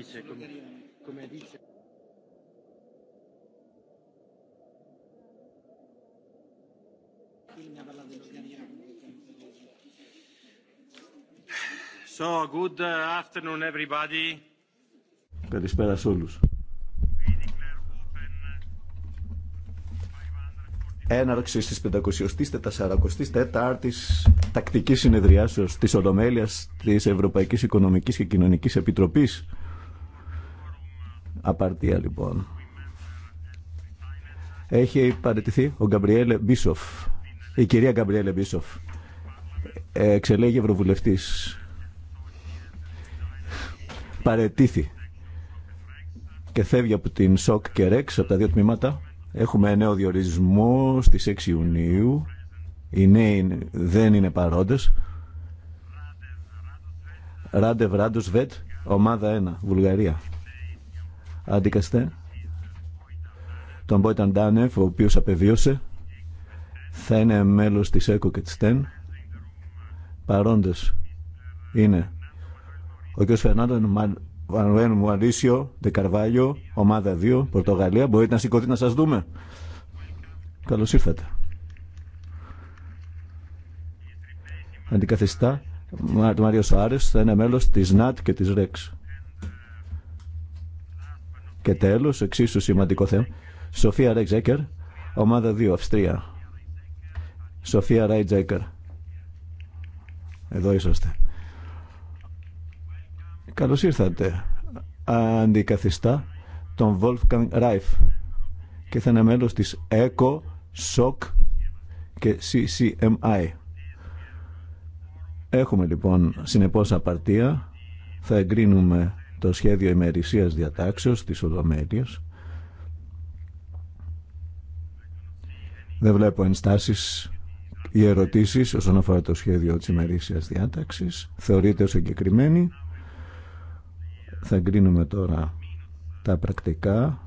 dice, come, come dice. So, good uh, afternoon everybody. Καλησπέρα σε όλους. Έναρξη της 544ης τακτικής συνεδριάσεως της Ολομέλειας της Ευρωπαϊκής Οικονομικής και Κοινωνικής Επιτροπής Απαρτία λοιπόν. Έχει παραιτηθεί ο Γκαμπριέλε Μπίσοφ. Η κυρία Γκαμπριέλε Μπίσοφ. Εξελέγει ευρωβουλευτής. Παρετήθη. Και φεύγει από την ΣΟΚ και ΡΕΞ, από τα δύο τμήματα. Έχουμε νέο διορισμό στις 6 Ιουνίου. Οι νέοι δεν είναι παρόντε. Ράντε Βράντο Βετ, ομάδα 1, Βουλγαρία αντικαστέ τον Μπόιταν Ντάνεφ, ο οποίος απεβίωσε, θα είναι μέλος της ΕΚΟ και της ΤΕΝ. Παρόντες είναι ο κ. Φερνάντο Βανουέν Μουαρίσιο, Δεκαρβάλιο, ομάδα 2, Πορτογαλία. Μπορείτε να σηκωθείτε να σας δούμε. Καλώς ήρθατε. Αντικαθιστά, ο Μάριο Σάρες θα είναι μέλος της ΝΑΤ και της ΡΕΞ. Και τέλος, εξίσου σημαντικό θέμα, Σοφία Ρέιτζέκερ, ομάδα 2, Αυστρία. Σοφία Ρέιτζέκερ. Εδώ είσαστε. Καλώς ήρθατε. Αντικαθιστά τον Wolfgang Ράιφ και θα είναι μέλος της ΕΚΟ, ΣΟΚ και CCMI. Έχουμε λοιπόν συνεπώς απαρτία, θα εγκρίνουμε το σχέδιο ημερησίας διατάξεως της Ολομέλειας. Δεν βλέπω ενστάσεις ή ερωτήσεις όσον αφορά το σχέδιο της ημερησίας διάταξης. Θεωρείται ως εγκεκριμένη. Θα εγκρίνουμε τώρα τα πρακτικά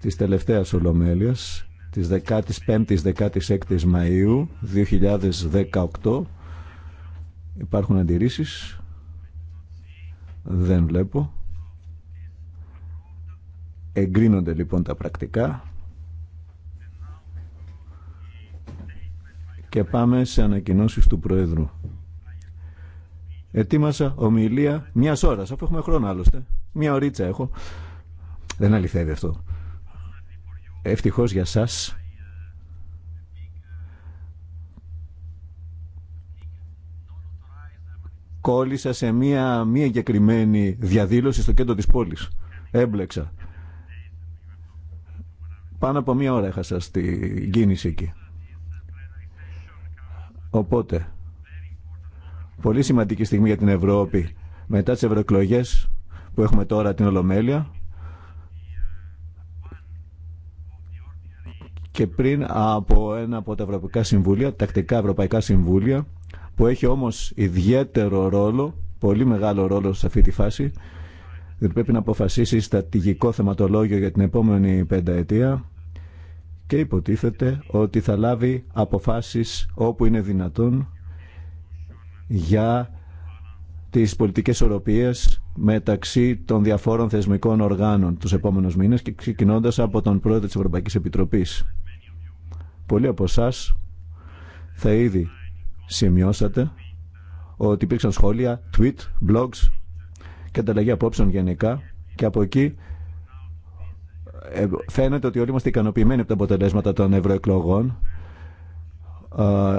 της τελευταίας Ολομέλειας της 15ης 16 Μαΐου 2018 υπάρχουν αντιρρήσεις δεν βλέπω. Εγκρίνονται λοιπόν τα πρακτικά. Και πάμε σε ανακοινώσεις του Προέδρου. Ετοίμασα ομιλία μια ώρα, αφού έχουμε χρόνο άλλωστε. Μια ωρίτσα έχω. Δεν αληθεύει αυτό. Ευτυχώς για σας κόλλησα σε μία μία εγκεκριμένη διαδήλωση στο κέντρο της πόλης. Έμπλεξα. Πάνω από μία ώρα έχασα στην κίνηση εκεί. Οπότε, πολύ σημαντική στιγμή για την Ευρώπη μετά τις ευρωεκλογέ που έχουμε τώρα την Ολομέλεια και πριν από ένα από τα Ευρωπαϊκά Συμβούλια, τακτικά Ευρωπαϊκά Συμβούλια που έχει όμως ιδιαίτερο ρόλο, πολύ μεγάλο ρόλο σε αυτή τη φάση, διότι πρέπει να αποφασίσει στατηγικό θεματολόγιο για την επόμενη πενταετία και υποτίθεται ότι θα λάβει αποφάσεις όπου είναι δυνατόν για τις πολιτικές οροπίες μεταξύ των διαφόρων θεσμικών οργάνων τους επόμενους μήνες και ξεκινώντα από τον πρόεδρο της Ευρωπαϊκής Επιτροπής. Πολλοί από εσά θα ήδη σημειώσατε ότι υπήρξαν σχόλια, tweet, blogs και ανταλλαγή απόψεων γενικά και από εκεί ε, φαίνεται ότι όλοι είμαστε ικανοποιημένοι από τα αποτελέσματα των ευρωεκλογών.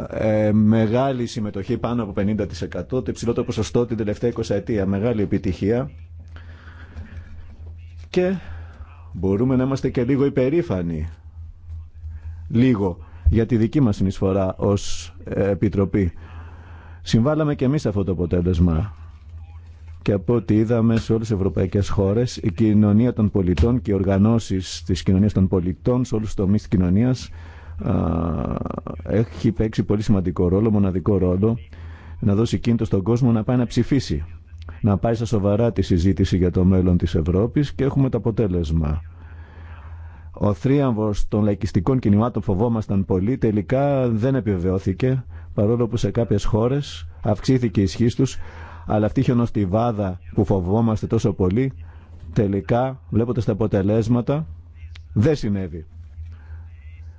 Ε, ε μεγάλη συμμετοχή πάνω από 50%, το υψηλότερο ποσοστό την τελευταία 20 ετία, μεγάλη επιτυχία και μπορούμε να είμαστε και λίγο υπερήφανοι λίγο για τη δική μας συνεισφορά ως ε, Επιτροπή. Συμβάλαμε και εμείς αυτό το αποτέλεσμα. Και από ό,τι είδαμε σε όλες τις ευρωπαϊκές χώρες, η κοινωνία των πολιτών και οι οργανώσεις της κοινωνίας των πολιτών σε όλους τους τομείς της κοινωνίας έχει παίξει πολύ σημαντικό ρόλο, μοναδικό ρόλο, να δώσει κίνητο στον κόσμο να πάει να ψηφίσει, να πάει στα σοβαρά τη συζήτηση για το μέλλον της Ευρώπης και έχουμε το αποτέλεσμα. Ο θρίαμβος των λαϊκιστικών κινημάτων φοβόμασταν πολύ, τελικά δεν επιβεβαιώθηκε, παρόλο που σε κάποιες χώρες αυξήθηκε η ισχύ τους, αλλά αυτή η βάδα που φοβόμαστε τόσο πολύ, τελικά, βλέποντας τα αποτελέσματα, δεν συνέβη.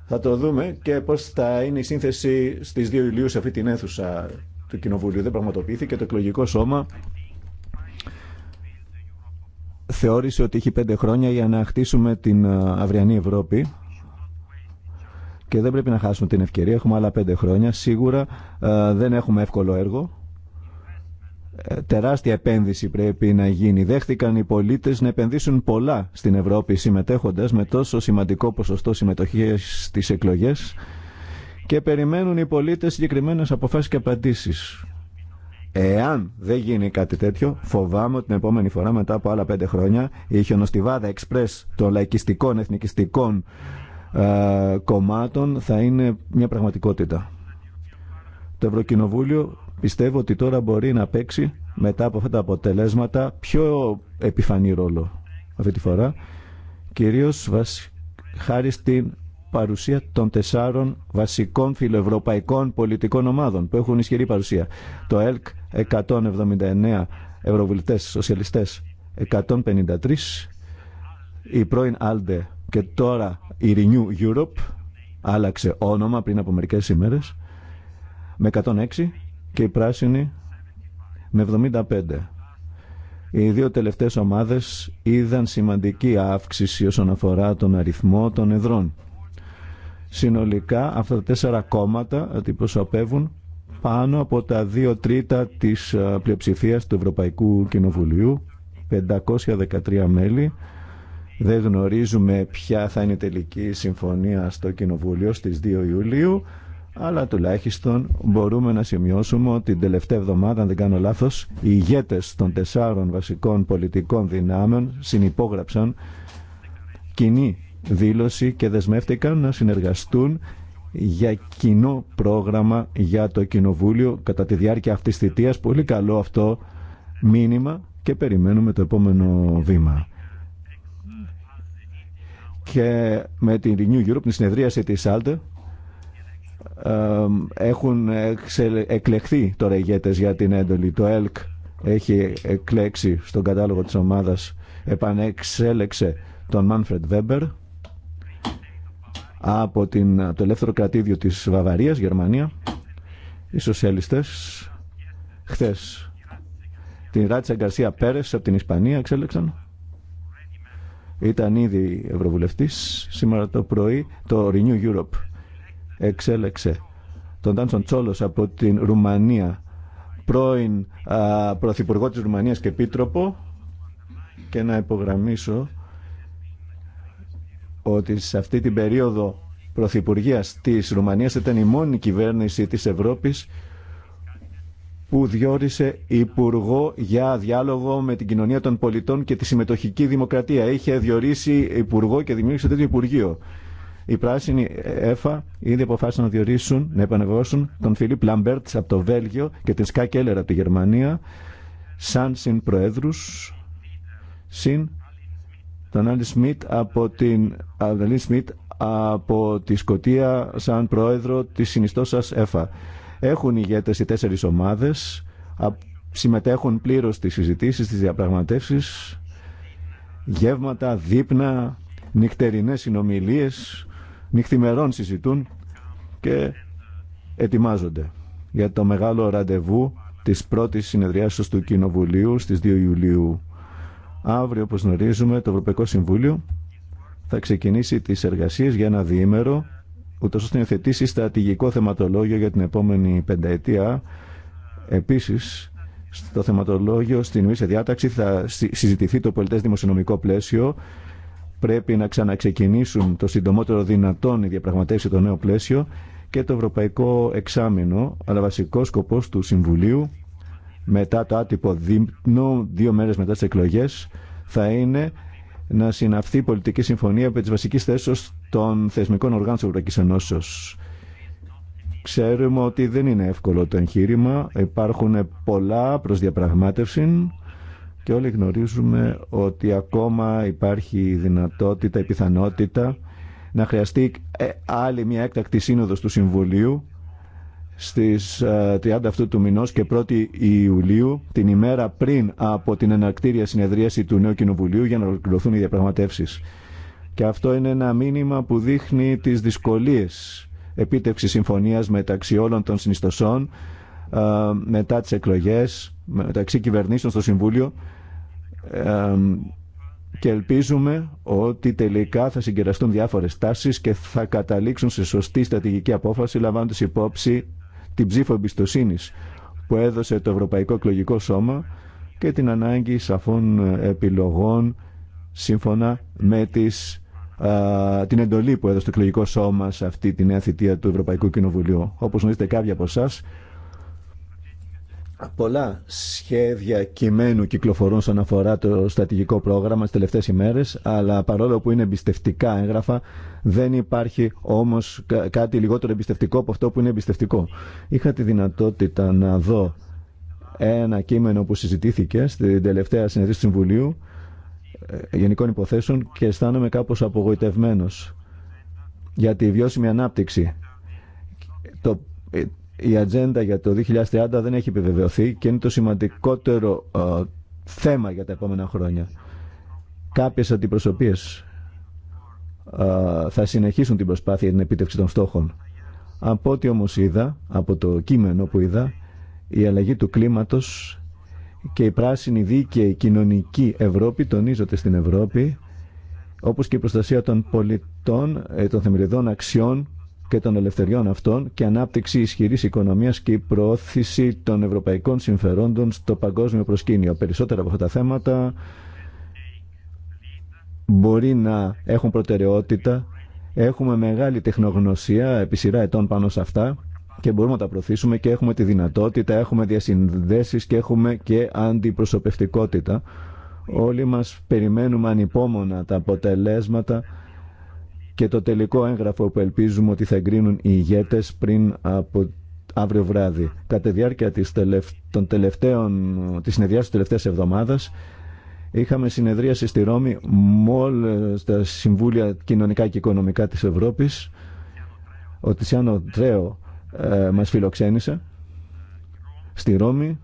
Θα το δούμε και πώς θα είναι η σύνθεση στις 2 Ιουλίου σε αυτή την αίθουσα του Κοινοβουλίου. Δεν πραγματοποιήθηκε το εκλογικό σώμα θεώρησε ότι έχει πέντε χρόνια για να χτίσουμε την ε, αυριανή Ευρώπη και δεν πρέπει να χάσουμε την ευκαιρία. Έχουμε άλλα πέντε χρόνια. Σίγουρα ε, δεν έχουμε εύκολο έργο. Ε, τεράστια επένδυση πρέπει να γίνει. Δέχτηκαν οι πολίτε να επενδύσουν πολλά στην Ευρώπη συμμετέχοντα με τόσο σημαντικό ποσοστό συμμετοχή στι εκλογέ και περιμένουν οι πολίτε συγκεκριμένε αποφάσει και απαντήσει. Εάν δεν γίνει κάτι τέτοιο, φοβάμαι ότι την επόμενη φορά μετά από άλλα πέντε χρόνια η χιονοστιβάδα εξπρές των λαϊκιστικών, εθνικιστικών ε, κομμάτων θα είναι μια πραγματικότητα. Το Ευρωκοινοβούλιο πιστεύω ότι τώρα μπορεί να παίξει μετά από αυτά τα αποτελέσματα πιο επιφανή ρόλο αυτή τη φορά, κυρίως χάρη στην παρουσία των τεσσάρων βασικών φιλοευρωπαϊκών πολιτικών ομάδων που έχουν ισχυρή παρουσία. Το ΕΛΚ 179 ευρωβουλευτές σοσιαλιστές 153, η πρώην Άλντε και τώρα η Renew Europe άλλαξε όνομα πριν από μερικές ημέρες με 106 και η πράσινη με 75. Οι δύο τελευταίες ομάδες είδαν σημαντική αύξηση όσον αφορά τον αριθμό των εδρών. Συνολικά αυτά τα τέσσερα κόμματα αντιπροσωπεύουν πάνω από τα δύο τρίτα της ε, πλειοψηφίας του Ευρωπαϊκού Κοινοβουλίου, 513 μέλη. Δεν γνωρίζουμε ποια θα είναι η τελική συμφωνία στο Κοινοβούλιο στις 2 Ιουλίου, αλλά τουλάχιστον μπορούμε να σημειώσουμε ότι την τελευταία εβδομάδα, αν δεν κάνω λάθος, οι ηγέτες των τεσσάρων βασικών πολιτικών δυνάμεων συνυπόγραψαν κοινή δήλωση και δεσμεύτηκαν να συνεργαστούν για κοινό πρόγραμμα για το Κοινοβούλιο κατά τη διάρκεια αυτής της θητείας. Πολύ καλό αυτό μήνυμα και περιμένουμε το επόμενο βήμα. Και με την Renew Europe, την συνεδρίαση της ΑΛΤΕ, ε, έχουν εκλεχθεί τώρα οι ηγέτες για την έντολη. Το ΕΛΚ έχει εκλέξει στον κατάλογο της ομάδας, επανεξέλεξε τον Μάνφρεντ Βέμπερ, από την, το ελεύθερο κρατήδιο της Βαβαρίας, Γερμανία, οι σοσιαλιστές χθες την Ράτσα Γκαρσία Πέρες από την Ισπανία εξέλεξαν. Ήταν ήδη ευρωβουλευτής. Σήμερα το πρωί το Renew Europe εξέλεξε τον Τάνσον Τσόλος από την Ρουμανία πρώην α, πρωθυπουργό της Ρουμανίας και επίτροπο και να υπογραμμίσω ότι σε αυτή την περίοδο Πρωθυπουργία της Ρουμανίας ήταν η μόνη κυβέρνηση της Ευρώπης που διόρισε υπουργό για διάλογο με την κοινωνία των πολιτών και τη συμμετοχική δημοκρατία. Είχε διορίσει υπουργό και δημιούργησε τέτοιο υπουργείο. Η Πράσινη ΕΦΑ ήδη αποφάσισαν να διορίσουν, να επανεβώσουν τον Φιλίπ Λαμπέρτ από το Βέλγιο και την Σκά από τη Γερμανία σαν συν συν τον Σμιτ από την από τη Σκοτία σαν πρόεδρο της συνιστώσας ΕΦΑ. Έχουν ηγέτες οι τέσσερις ομάδες, συμμετέχουν πλήρως στις συζητήσεις, στις διαπραγματεύσεις, γεύματα, δείπνα, νυχτερινές συνομιλίες, νυχθημερών συζητούν και ετοιμάζονται για το μεγάλο ραντεβού της πρώτης συνεδριάσεως του Κοινοβουλίου στις 2 Ιουλίου Αύριο, όπως γνωρίζουμε, το Ευρωπαϊκό Συμβούλιο θα ξεκινήσει τις εργασίες για ένα διήμερο, ούτως ώστε να θετήσει στρατηγικό θεματολόγιο για την επόμενη πενταετία. Επίσης, στο θεματολόγιο, στην ημίσια διάταξη, θα συζητηθεί το πολιτές δημοσιονομικό πλαίσιο. Πρέπει να ξαναξεκινήσουν το συντομότερο δυνατόν οι διαπραγματεύσει το νέο πλαίσιο και το ευρωπαϊκό εξάμεινο, αλλά βασικό σκοπός του Συμβουλίου μετά το άτυπο δείπνο, δύο μέρε μετά τις εκλογές, θα είναι να συναυθεί πολιτική συμφωνία με τις βασική θέση των θεσμικών οργάνων τη Ευρωπαϊκή Ξέρουμε ότι δεν είναι εύκολο το εγχείρημα, υπάρχουν πολλά προς διαπραγμάτευση και όλοι γνωρίζουμε ότι ακόμα υπάρχει η δυνατότητα, η πιθανότητα να χρειαστεί ε, άλλη μια έκτακτη σύνοδος του Συμβουλίου στις 30 ε, αυτού του μηνός και 1η Ιουλίου, την ημέρα πριν από την εναρκτήρια συνεδρίαση του νέου Κοινοβουλίου για να ολοκληρωθούν οι διαπραγματεύσεις. Και αυτό είναι ένα μήνυμα που δείχνει τις δυσκολίες επίτευξη συμφωνίας μεταξύ όλων των συνιστοσών ε, μετά τις εκλογές, μεταξύ κυβερνήσεων στο Συμβούλιο ε, και ελπίζουμε ότι τελικά θα συγκεραστούν διάφορες τάσεις και θα καταλήξουν σε σωστή στρατηγική απόφαση λαμβάνοντας υπόψη την ψήφο εμπιστοσύνη που έδωσε το Ευρωπαϊκό Εκλογικό Σώμα και την ανάγκη σαφών επιλογών σύμφωνα με τις, α, την εντολή που έδωσε το εκλογικό σώμα σε αυτή τη νέα θητεία του Ευρωπαϊκού Κοινοβουλίου. Όπως γνωρίζετε κάποιοι από εσά, Πολλά σχέδια κειμένου κυκλοφορούν σαν αφορά το στρατηγικό πρόγραμμα τις τελευταίες ημέρες, αλλά παρόλο που είναι εμπιστευτικά έγγραφα, δεν υπάρχει όμως κάτι λιγότερο εμπιστευτικό από αυτό που είναι εμπιστευτικό. Είχα τη δυνατότητα να δω ένα κείμενο που συζητήθηκε στην τελευταία συνεδρία του Συμβουλίου ε, Γενικών Υποθέσεων και αισθάνομαι κάπως απογοητευμένος για τη βιώσιμη ανάπτυξη. Το η ατζέντα για το 2030 δεν έχει επιβεβαιωθεί και είναι το σημαντικότερο ε, θέμα για τα επόμενα χρόνια. Κάποιες αντιπροσωπείες ε, θα συνεχίσουν την προσπάθεια για την επίτευξη των στόχων. Από ό,τι όμως είδα, από το κείμενο που είδα, η αλλαγή του κλίματος και η πράσινη δίκαιη κοινωνική Ευρώπη τονίζονται στην Ευρώπη, όπως και η προστασία των πολιτών, ε, των θεμελιδών αξιών και των ελευθεριών αυτών και ανάπτυξη ισχυρή οικονομία και η προώθηση των ευρωπαϊκών συμφερόντων στο παγκόσμιο προσκήνιο. Περισσότερα από αυτά τα θέματα μπορεί να έχουν προτεραιότητα. Έχουμε μεγάλη τεχνογνωσία επί σειρά ετών πάνω σε αυτά και μπορούμε να τα προωθήσουμε και έχουμε τη δυνατότητα, έχουμε διασυνδέσεις και έχουμε και αντιπροσωπευτικότητα. Όλοι μας περιμένουμε ανυπόμονα τα αποτελέσματα και το τελικό έγγραφο που ελπίζουμε ότι θα εγκρίνουν οι ηγέτες πριν από αύριο βράδυ. Κατά τη διάρκεια της, των της συνεδριάς της τελευταίας εβδομάδας είχαμε συνεδρίαση στη Ρώμη με όλα τα Συμβούλια Κοινωνικά και Οικονομικά της Ευρώπης. Ο Τισιάνο Τρέο ε, μας φιλοξένησε στη Ρώμη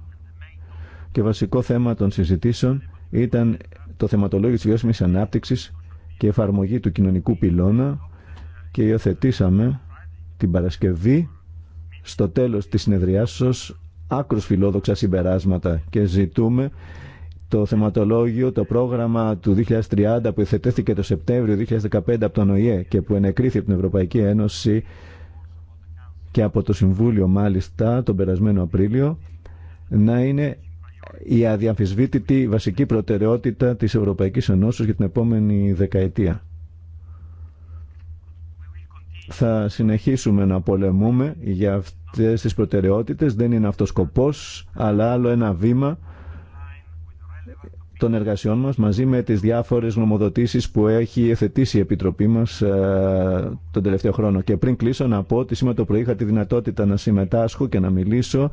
και βασικό θέμα των συζητήσεων ήταν το θεματολόγιο της βιώσιμης ανάπτυξης και εφαρμογή του κοινωνικού πυλώνα και υιοθετήσαμε την Παρασκευή στο τέλος της συνεδριάσεως άκρους φιλόδοξα συμπεράσματα και ζητούμε το θεματολόγιο, το πρόγραμμα του 2030 που υιοθετήθηκε το Σεπτέμβριο 2015 από τον ΟΗΕ και που ενεκρίθη από την Ευρωπαϊκή Ένωση και από το Συμβούλιο μάλιστα τον περασμένο Απρίλιο να είναι η αδιαμφισβήτητη βασική προτεραιότητα της Ευρωπαϊκής Ενώσεως για την επόμενη δεκαετία. Θα συνεχίσουμε να πολεμούμε για αυτές τις προτεραιότητες, δεν είναι αυτός σκοπός, αλλά άλλο ένα βήμα των εργασιών μας μαζί με τις διάφορες νομοδοτήσεις που έχει εθετήσει η Επιτροπή μας ε, τον τελευταίο χρόνο. Και πριν κλείσω να πω ότι σήμερα το πρωί είχα τη δυνατότητα να συμμετάσχω και να μιλήσω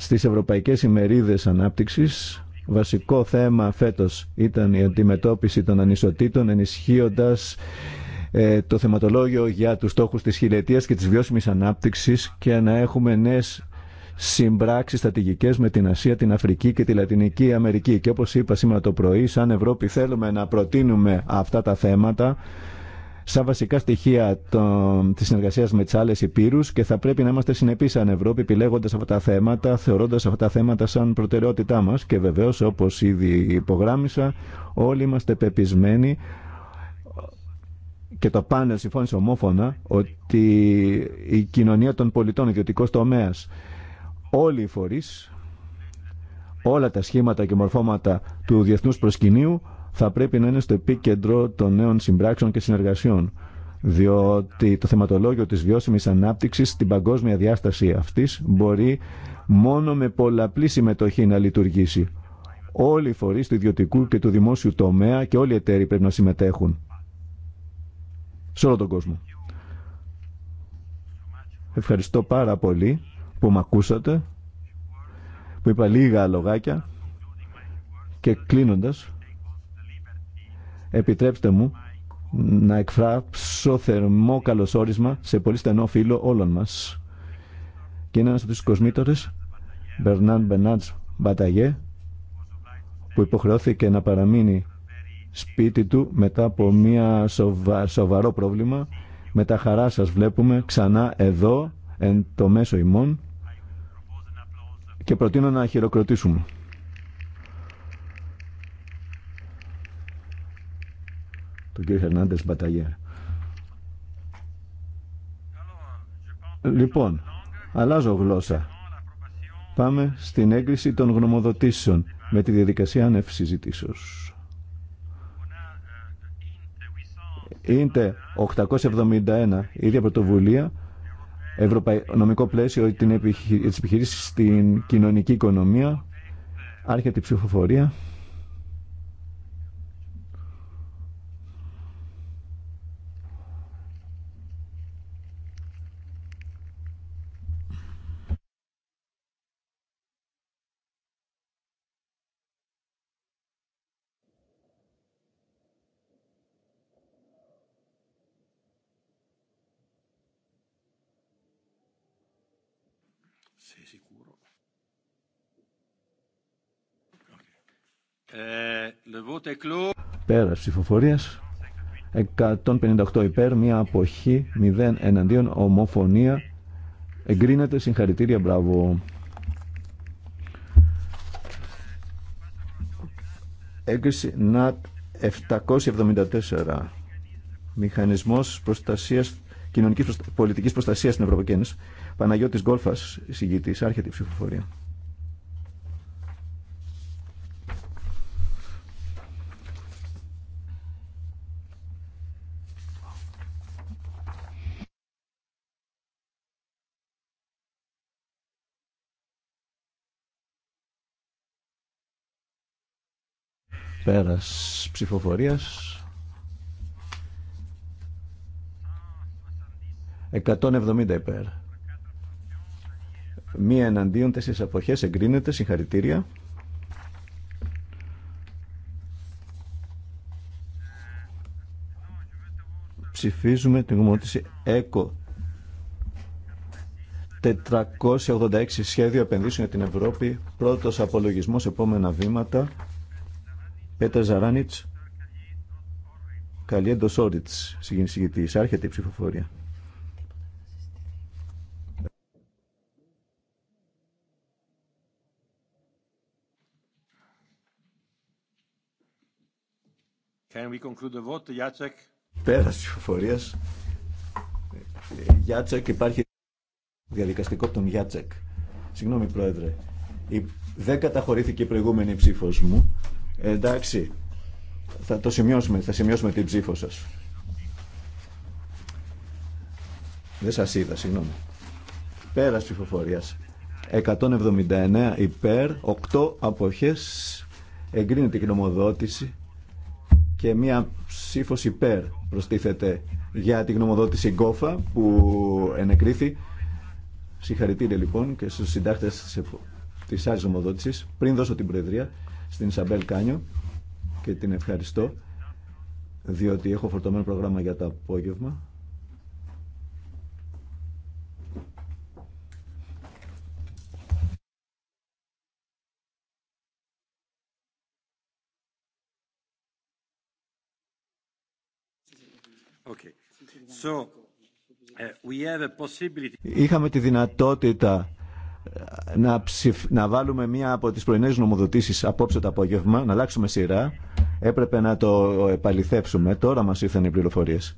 στις Ευρωπαϊκές ημερίδες ανάπτυξης, βασικό θέμα φέτος ήταν η αντιμετώπιση των ανισοτήτων, ενισχύοντας ε, το θεματολόγιο για τους στόχους της χιλιετίας και της βιώσιμης ανάπτυξης και να έχουμε νέες συμπράξεις στρατηγικές με την Ασία, την Αφρική και τη Λατινική Αμερική. Και όπως είπα σήμερα το πρωί, σαν Ευρώπη θέλουμε να προτείνουμε αυτά τα θέματα σαν βασικά στοιχεία τη συνεργασία με τι άλλε υπήρου και θα πρέπει να είμαστε συνεπεί σαν Ευρώπη, επιλέγοντα αυτά τα θέματα, θεωρώντα αυτά τα θέματα σαν προτεραιότητά μα. Και βεβαίω, όπω ήδη υπογράμμισα, όλοι είμαστε πεπισμένοι και το πάνελ συμφώνησε ομόφωνα ότι η κοινωνία των πολιτών, ιδιωτικό τομέα, όλοι οι φορεί, όλα τα σχήματα και μορφώματα του διεθνούς προσκυνείου θα πρέπει να είναι στο επίκεντρο των νέων συμπράξεων και συνεργασιών. Διότι το θεματολόγιο της βιώσιμης ανάπτυξης στην παγκόσμια διάσταση αυτής μπορεί μόνο με πολλαπλή συμμετοχή να λειτουργήσει. Όλοι οι φορείς του ιδιωτικού και του δημόσιου τομέα και όλοι οι εταίροι πρέπει να συμμετέχουν. Σε όλο τον κόσμο. Ευχαριστώ πάρα πολύ που με ακούσατε, που είπα λίγα λογάκια και κλείνοντας Επιτρέψτε μου να εκφράσω θερμό καλωσόρισμα σε πολύ στενό φίλο όλων μας. Και είναι ένα από τους κοσμήτορες, Μπερνάν Μπαταγέ, που υποχρεώθηκε να παραμείνει σπίτι του μετά από μια σοβαρό πρόβλημα. Με τα χαρά σα βλέπουμε ξανά εδώ, εν το μέσο ημών, και προτείνω να χειροκροτήσουμε. τον κύριο Χερνάντες Μπαταγέρ. Λοιπόν, αλλάζω γλώσσα. Πάμε στην έγκριση των γνωμοδοτήσεων με τη διαδικασία άνευ συζητήσεως. Είναι 871 ίδια πρωτοβουλία ευρωπαϊκό πλαίσιο για τι επιχειρήση στην κοινωνική οικονομία άρχεται η ψηφοφορία πέρας ψηφοφορία. 158 υπέρ, μία αποχή, 0 εναντίον, ομοφωνία. Εγκρίνεται, συγχαρητήρια, μπράβο. Έγκριση ΝΑΤ 774. Μηχανισμός προστασίας, κοινωνικής προστα... πολιτικής προστασίας στην Ευρωπαϊκή Ένωση. Παναγιώτης Γκόλφας, συγγητής, άρχεται η ψηφοφορία. Πέραση ψηφοφορίας. 170 υπέρ. Μία εναντίον, τέσσερι εποχέ εγκρίνεται, συγχαρητήρια. Ψηφίζουμε την γνωμότηση ΕΚΟ 486 σχέδιο επενδύσεων για την Ευρώπη, πρώτος απολογισμός, επόμενα βήματα. Πέτρα Ζαράνιτς, Καλιέντο Σόριτς, συγγενής Άρχεται η ψηφοφορία. Can we conclude Πέρας ψηφοφορίας. Γιάτσεκ υπάρχει διαδικαστικό από τον Γιάτσεκ. Συγγνώμη, Πρόεδρε. Δεν καταχωρήθηκε η προηγούμενη ψήφος μου. Εντάξει, θα το σημειώσουμε, θα σημειώσουμε την ψήφο σας. Δεν σας είδα, συγγνώμη. Πέρας ψηφοφορίας. 179 υπέρ, 8 αποχές, εγκρίνεται η γνωμοδότηση και μία ψήφος υπέρ προστίθεται για την γνωμοδότηση Γκόφα που ενεκρίθη. Συγχαρητήρια λοιπόν και στους συντάχτες της άλλης γνωμοδότησης. Πριν δώσω την Προεδρία, στην Σαμπέλ Κάνιο και την ευχαριστώ διότι έχω φορτωμένο πρόγραμμα για το απόγευμα. Okay. So, uh, Είχαμε τη δυνατότητα να, να βάλουμε μία από τις πρωινές νομοδοτήσεις απόψε το απόγευμα, να αλλάξουμε σειρά. Έπρεπε να το επαληθεύσουμε. Τώρα μας ήρθαν οι πληροφορίες.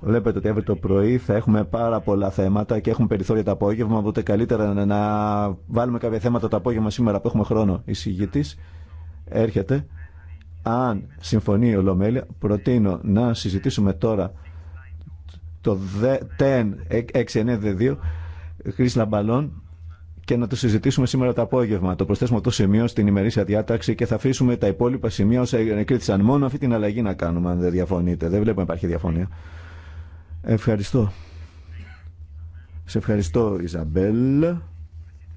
Βλέπετε ότι αύριο το πρωί θα έχουμε πάρα πολλά θέματα και έχουμε περιθώρια το απόγευμα, οπότε καλύτερα να βάλουμε κάποια θέματα το απόγευμα σήμερα που έχουμε χρόνο. Η συγγητής έρχεται. Αν συμφωνεί η Ολομέλεια, προτείνω να συζητήσουμε τώρα το 10, 6, 9, Χρήση Λαμπαλών, και να το συζητήσουμε σήμερα το απόγευμα. Το προσθέσουμε το σημείο στην ημερήσια διάταξη και θα αφήσουμε τα υπόλοιπα σημεία όσα εγκρίθησαν Μόνο αυτή την αλλαγή να κάνουμε, αν δεν διαφωνείτε. Δεν να υπάρχει διαφωνία. Ευχαριστώ. Σε ευχαριστώ, Ιζαμπέλ.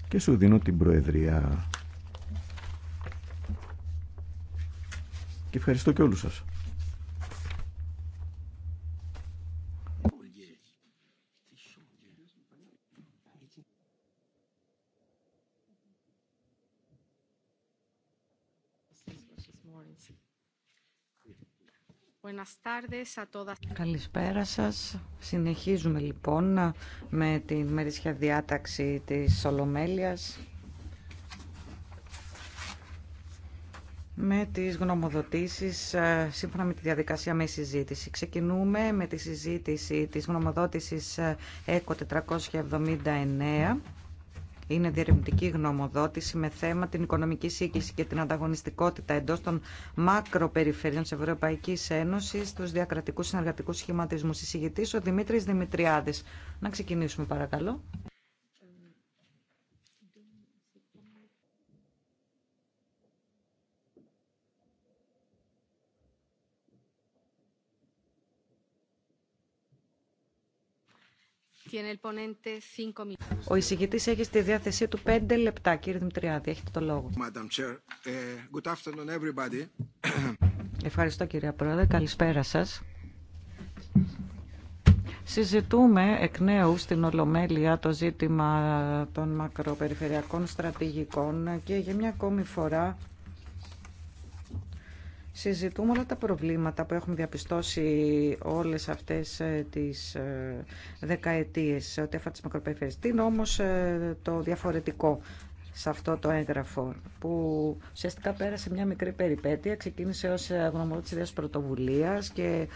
Και σου δίνω την Προεδρία. Και ευχαριστώ και όλους σας. Καλησπέρα σας. Συνεχίζουμε λοιπόν με τη μερίσια διάταξη της ολομέλεια με τις γνωμοδοτήσεις ε, σύμφωνα με τη διαδικασία με συζήτηση. Ξεκινούμε με τη συζήτηση της γνωμοδότησης ε, ΕΚΟ 479 είναι διερευνητική γνωμοδότηση με θέμα την οικονομική σύγκληση και την ανταγωνιστικότητα εντό των μακροπεριφερειών τη Ευρωπαϊκή Ένωση στου διακρατικού συνεργατικού σχηματισμού. Συγητή ο Δημήτρη Δημητριάδη. Να ξεκινήσουμε παρακαλώ. Ο εισηγητή έχει στη διάθεσή του πέντε λεπτά. Κύριε Δημητριάδη, έχετε το λόγο. Ε, Ευχαριστώ κύριε Πρόεδρε. Καλησπέρα σα. Συζητούμε εκ νέου στην Ολομέλεια το ζήτημα των μακροπεριφερειακών στρατηγικών και για μια ακόμη φορά συζητούμε όλα τα προβλήματα που έχουμε διαπιστώσει όλες αυτές ε, τις ε, δεκαετίες ό,τι αφορά τις Τι είναι όμως ε, το διαφορετικό σε αυτό το έγγραφο που ουσιαστικά πέρασε μια μικρή περιπέτεια, ξεκίνησε ως της ιδέας πρωτοβουλίας και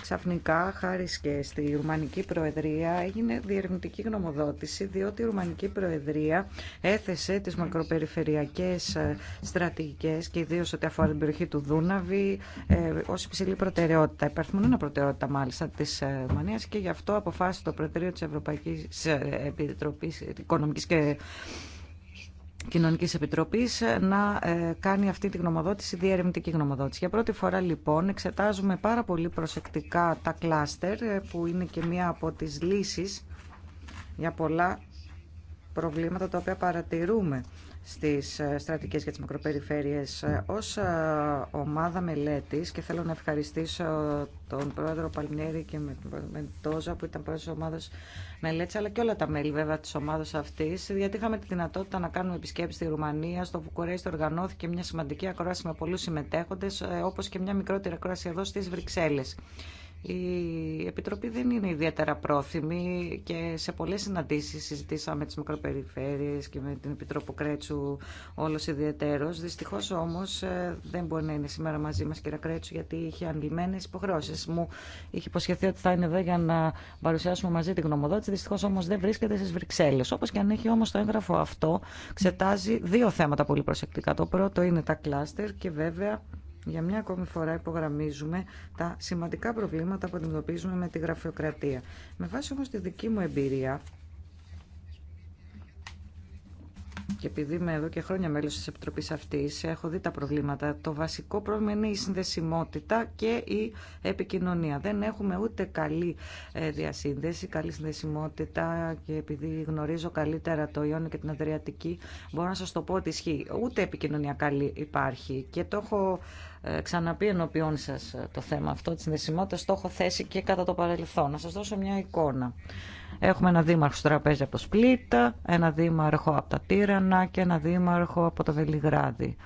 Ξαφνικά, χάρη και στη Ρουμανική Προεδρία, έγινε διερευνητική γνωμοδότηση, διότι η Ρουμανική Προεδρία έθεσε τις μακροπεριφερειακές ε, στρατηγικές και ιδίω ό,τι αφορά την περιοχή του Δούναβη ε, ως υψηλή προτεραιότητα. Υπάρχουν ένα προτεραιότητα μάλιστα της ε, Ρουμανίας και γι' αυτό αποφάσισε το Προεδρείο της Ευρωπαϊκής ε, Επιτροπής Οικονομικής και Κοινωνική επιτροπή, ε, να ε, κάνει αυτή τη γνωμοδότηση διερευνητική γνωμοδότηση. Για πρώτη φορά λοιπόν εξετάζουμε πάρα πολύ προσεκτικά τα κλάστερ ε, που είναι και μία από τις λύσεις για πολλά προβλήματα τα οποία παρατηρούμε στις ε, στρατικές για τις μακροπεριφέρειες ε, ως ε, ομάδα μελέτης και θέλω να ευχαριστήσω τον πρόεδρο Παλμιέρη και με τον Μεντόζα που ήταν πρόεδρος τη ομάδας μελέτης αλλά και όλα τα μέλη βέβαια της ομάδας αυτής γιατί είχαμε τη δυνατότητα να κάνουμε επισκέψεις στη Ρουμανία στο Βουκουρέστι οργανώθηκε μια σημαντική ακρόαση με πολλούς συμμετέχοντες όπως και μια μικρότερη ακρόαση εδώ στις Βρυξέλλες. Η Επιτροπή δεν είναι ιδιαίτερα πρόθυμη και σε πολλές συναντήσεις συζητήσαμε τις μικροπεριφέρειες και με την Επιτροπή Κρέτσου όλος ιδιαίτερος. Δυστυχώς όμως ε, δεν μπορεί να είναι σήμερα μαζί μας κυρία Κρέτσου γιατί είχε αντιλημμένες υποχρεώσεις. Μου είχε υποσχεθεί ότι θα είναι εδώ για να παρουσιάσουμε μαζί την γνωμοδότηση. Δυστυχώς όμως δεν βρίσκεται στις Βρυξέλλες. Όπως και αν έχει όμως το έγγραφο αυτό, ξετάζει δύο θέματα πολύ προσεκτικά. Το πρώτο είναι τα κλάστερ και βέβαια για μια ακόμη φορά υπογραμμίζουμε τα σημαντικά προβλήματα που αντιμετωπίζουμε με τη γραφειοκρατία. Με βάση όμως τη δική μου εμπειρία, και επειδή είμαι εδώ και χρόνια μέλος της Επιτροπής αυτής, έχω δει τα προβλήματα. Το βασικό πρόβλημα είναι η συνδεσιμότητα και η επικοινωνία. Δεν έχουμε ούτε καλή ε, διασύνδεση, καλή συνδεσιμότητα και επειδή γνωρίζω καλύτερα το Ιόνιο και την Αδριατική, μπορώ να σας το πω ότι ισχύει. Ούτε επικοινωνία καλή υπάρχει και το έχω ε, ξαναπεί ενώπιόν σας ε, το θέμα αυτό τη συνδεσιμότητα. Το έχω θέσει και κατά το παρελθόν. Να σας δώσω μια εικόνα. Έχουμε ένα δήμαρχο στο τραπέζι από το Σπλίτα, ένα δήμαρχο από τα Τύρανα και ένα δήμαρχο από το Βελιγράδι.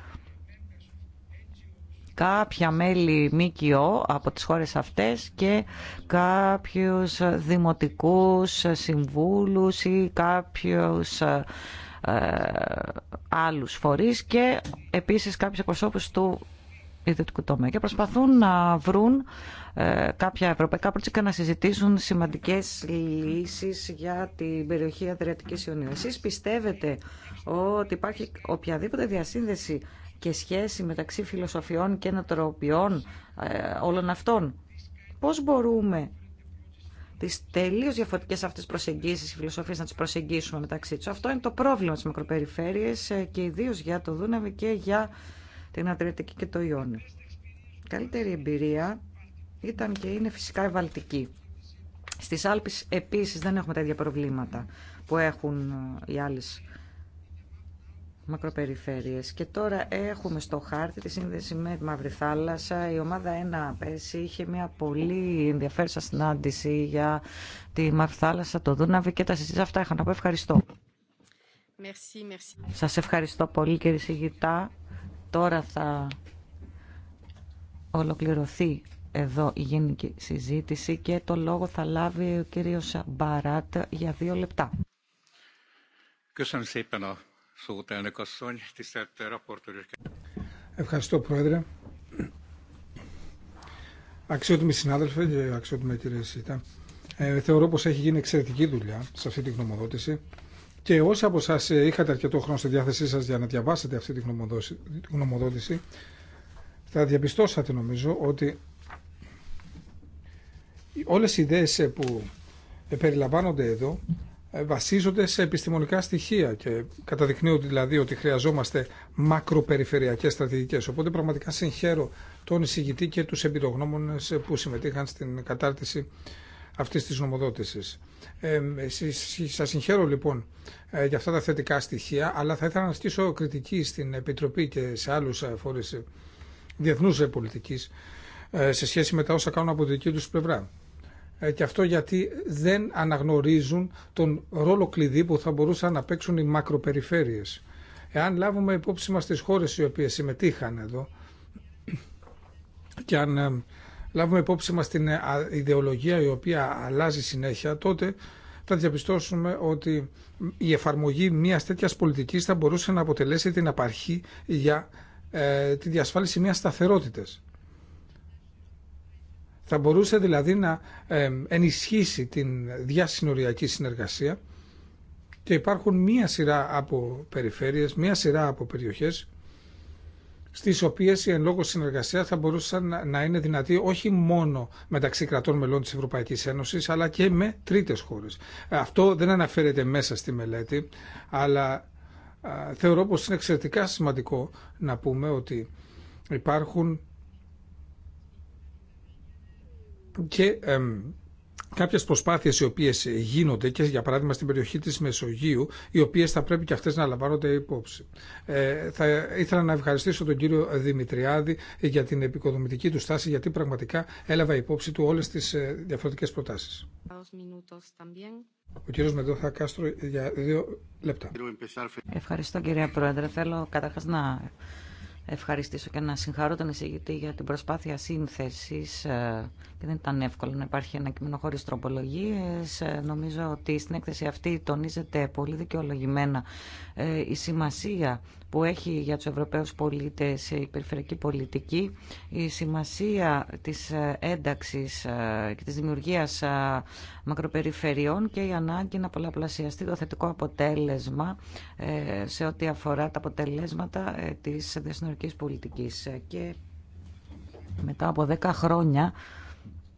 Κάποια μέλη ΜΚΟ από τις χώρες αυτές και κάποιους δημοτικούς συμβούλους ή κάποιους ε, άλλους φορείς και επίσης κάποιους εκπροσώπους του ιδιωτικού τομέα και προσπαθούν να βρουν ε, κάποια ευρωπαϊκά πρότυπα να συζητήσουν σημαντικές λύσεις για την περιοχή Αδριατικής Ιωνίου. Εσείς πιστεύετε ότι υπάρχει οποιαδήποτε διασύνδεση και σχέση μεταξύ φιλοσοφιών και ανατροπιών ε, όλων αυτών. Πώς μπορούμε τι τελείω διαφορετικέ αυτέ προσεγγίσει, φιλοσοφίε να τι προσεγγίσουμε μεταξύ του. Αυτό είναι το πρόβλημα τη μακροπεριφέρειε ε, και ιδίω για το Δούναβι και για την Αδριατική και το Ιόνιο. Καλύτερη εμπειρία ήταν και είναι φυσικά ευαλτική. Βαλτική. Στις Άλπεις επίσης δεν έχουμε τα ίδια προβλήματα που έχουν ε, οι άλλε μακροπεριφέρειες. Και τώρα έχουμε στο χάρτη τη σύνδεση με τη Μαύρη Θάλασσα. Η ομάδα 1 πέρσι είχε μια πολύ ενδιαφέρουσα συνάντηση για τη Μαύρη Θάλασσα, το Δούναβι και τα συζήτησα αυτά. ευχαριστώ. Σα ευχαριστώ πολύ κύριε Σιγητά. Τώρα θα ολοκληρωθεί εδώ η γενική συζήτηση και το λόγο θα λάβει ο κύριος Μπαράτ για δύο λεπτά. Ευχαριστώ Πρόεδρε. Αξιότιμη συνάδελφοι και αξιότιμη κυρία Σίτα, ε, θεωρώ πως έχει γίνει εξαιρετική δουλειά σε αυτή τη γνωμοδότηση και όσοι από εσά ε, είχατε αρκετό χρόνο στη διάθεσή σα για να διαβάσετε αυτή τη γνωμοδότηση, θα διαπιστώσατε νομίζω ότι όλες οι ιδέες ε, που ε, περιλαμβάνονται εδώ βασίζονται σε επιστημονικά στοιχεία και καταδεικνύουν δηλαδή ότι χρειαζόμαστε μακροπεριφερειακές στρατηγικές. Οπότε πραγματικά συγχαίρω τον εισηγητή και τους εμπειρογνώμονες που συμμετείχαν στην κατάρτιση αυτή της νομοδότηση. Ε, σας συγχαίρω λοιπόν ε, για αυτά τα θετικά στοιχεία, αλλά θα ήθελα να ασκήσω κριτική στην Επιτροπή και σε άλλους ε, φόρους ε, διεθνούς πολιτικής σε σχέση με τα όσα κάνουν από τη δική του πλευρά. Και αυτό γιατί δεν αναγνωρίζουν τον ρόλο κλειδί που θα μπορούσαν να παίξουν οι μακροπεριφέρειες. Εάν λάβουμε υπόψη μας τις χώρες οι οποίες συμμετείχαν εδώ και αν λάβουμε υπόψη μας την ε, ιδεολογία η οποία αλλάζει συνέχεια, τότε θα διαπιστώσουμε ότι η εφαρμογή μιας τέτοιας πολιτικής θα μπορούσε να αποτελέσει την απαρχή για ε, τη διασφάλιση μιας σταθερότητας. Θα μπορούσε δηλαδή να ε, ενισχύσει την διασυνοριακή συνεργασία και υπάρχουν μία σειρά από περιφέρειες, μία σειρά από περιοχές στις οποίες η εν λόγω συνεργασία θα μπορούσαν να είναι δυνατή όχι μόνο μεταξύ κρατών μελών της Ευρωπαϊκής Ένωσης αλλά και με τρίτες χώρες. Ε, αυτό δεν αναφέρεται μέσα στη μελέτη αλλά ε, θεωρώ πως είναι εξαιρετικά σημαντικό να πούμε ότι υπάρχουν και κάποιε προσπάθειε οι οποίε γίνονται και για παράδειγμα στην περιοχή τη Μεσογείου, οι οποίε θα πρέπει και αυτέ να λαμβάνονται υπόψη. Ε, θα ήθελα να ευχαριστήσω τον κύριο Δημητριάδη για την επικοδομητική του στάση, γιατί πραγματικά έλαβα υπόψη του όλε τι ε, διαφορετικέ προτάσει. Ο κύριο Μεντόχα Κάστρο για δύο λεπτά. Ευχαριστώ κύριε Πρόεδρε. Θέλω καταρχά να ευχαριστήσω και να συγχαρώ τον εισηγητή για την προσπάθεια σύνθεσης ε, και δεν ήταν εύκολο να υπάρχει ένα κείμενο χωρίς τροπολογίες. Ε, νομίζω ότι στην έκθεση αυτή τονίζεται πολύ δικαιολογημένα ε, η σημασία που έχει για τους Ευρωπαίους πολίτες η περιφερειακή πολιτική, η σημασία της ένταξης ε, και της δημιουργίας ε, μακροπεριφερειών και η ανάγκη να πολλαπλασιαστεί το θετικό αποτέλεσμα ε, σε ό,τι αφορά τα αποτελέσματα της διασυνορικής πολιτικής. Και μετά από 10 χρόνια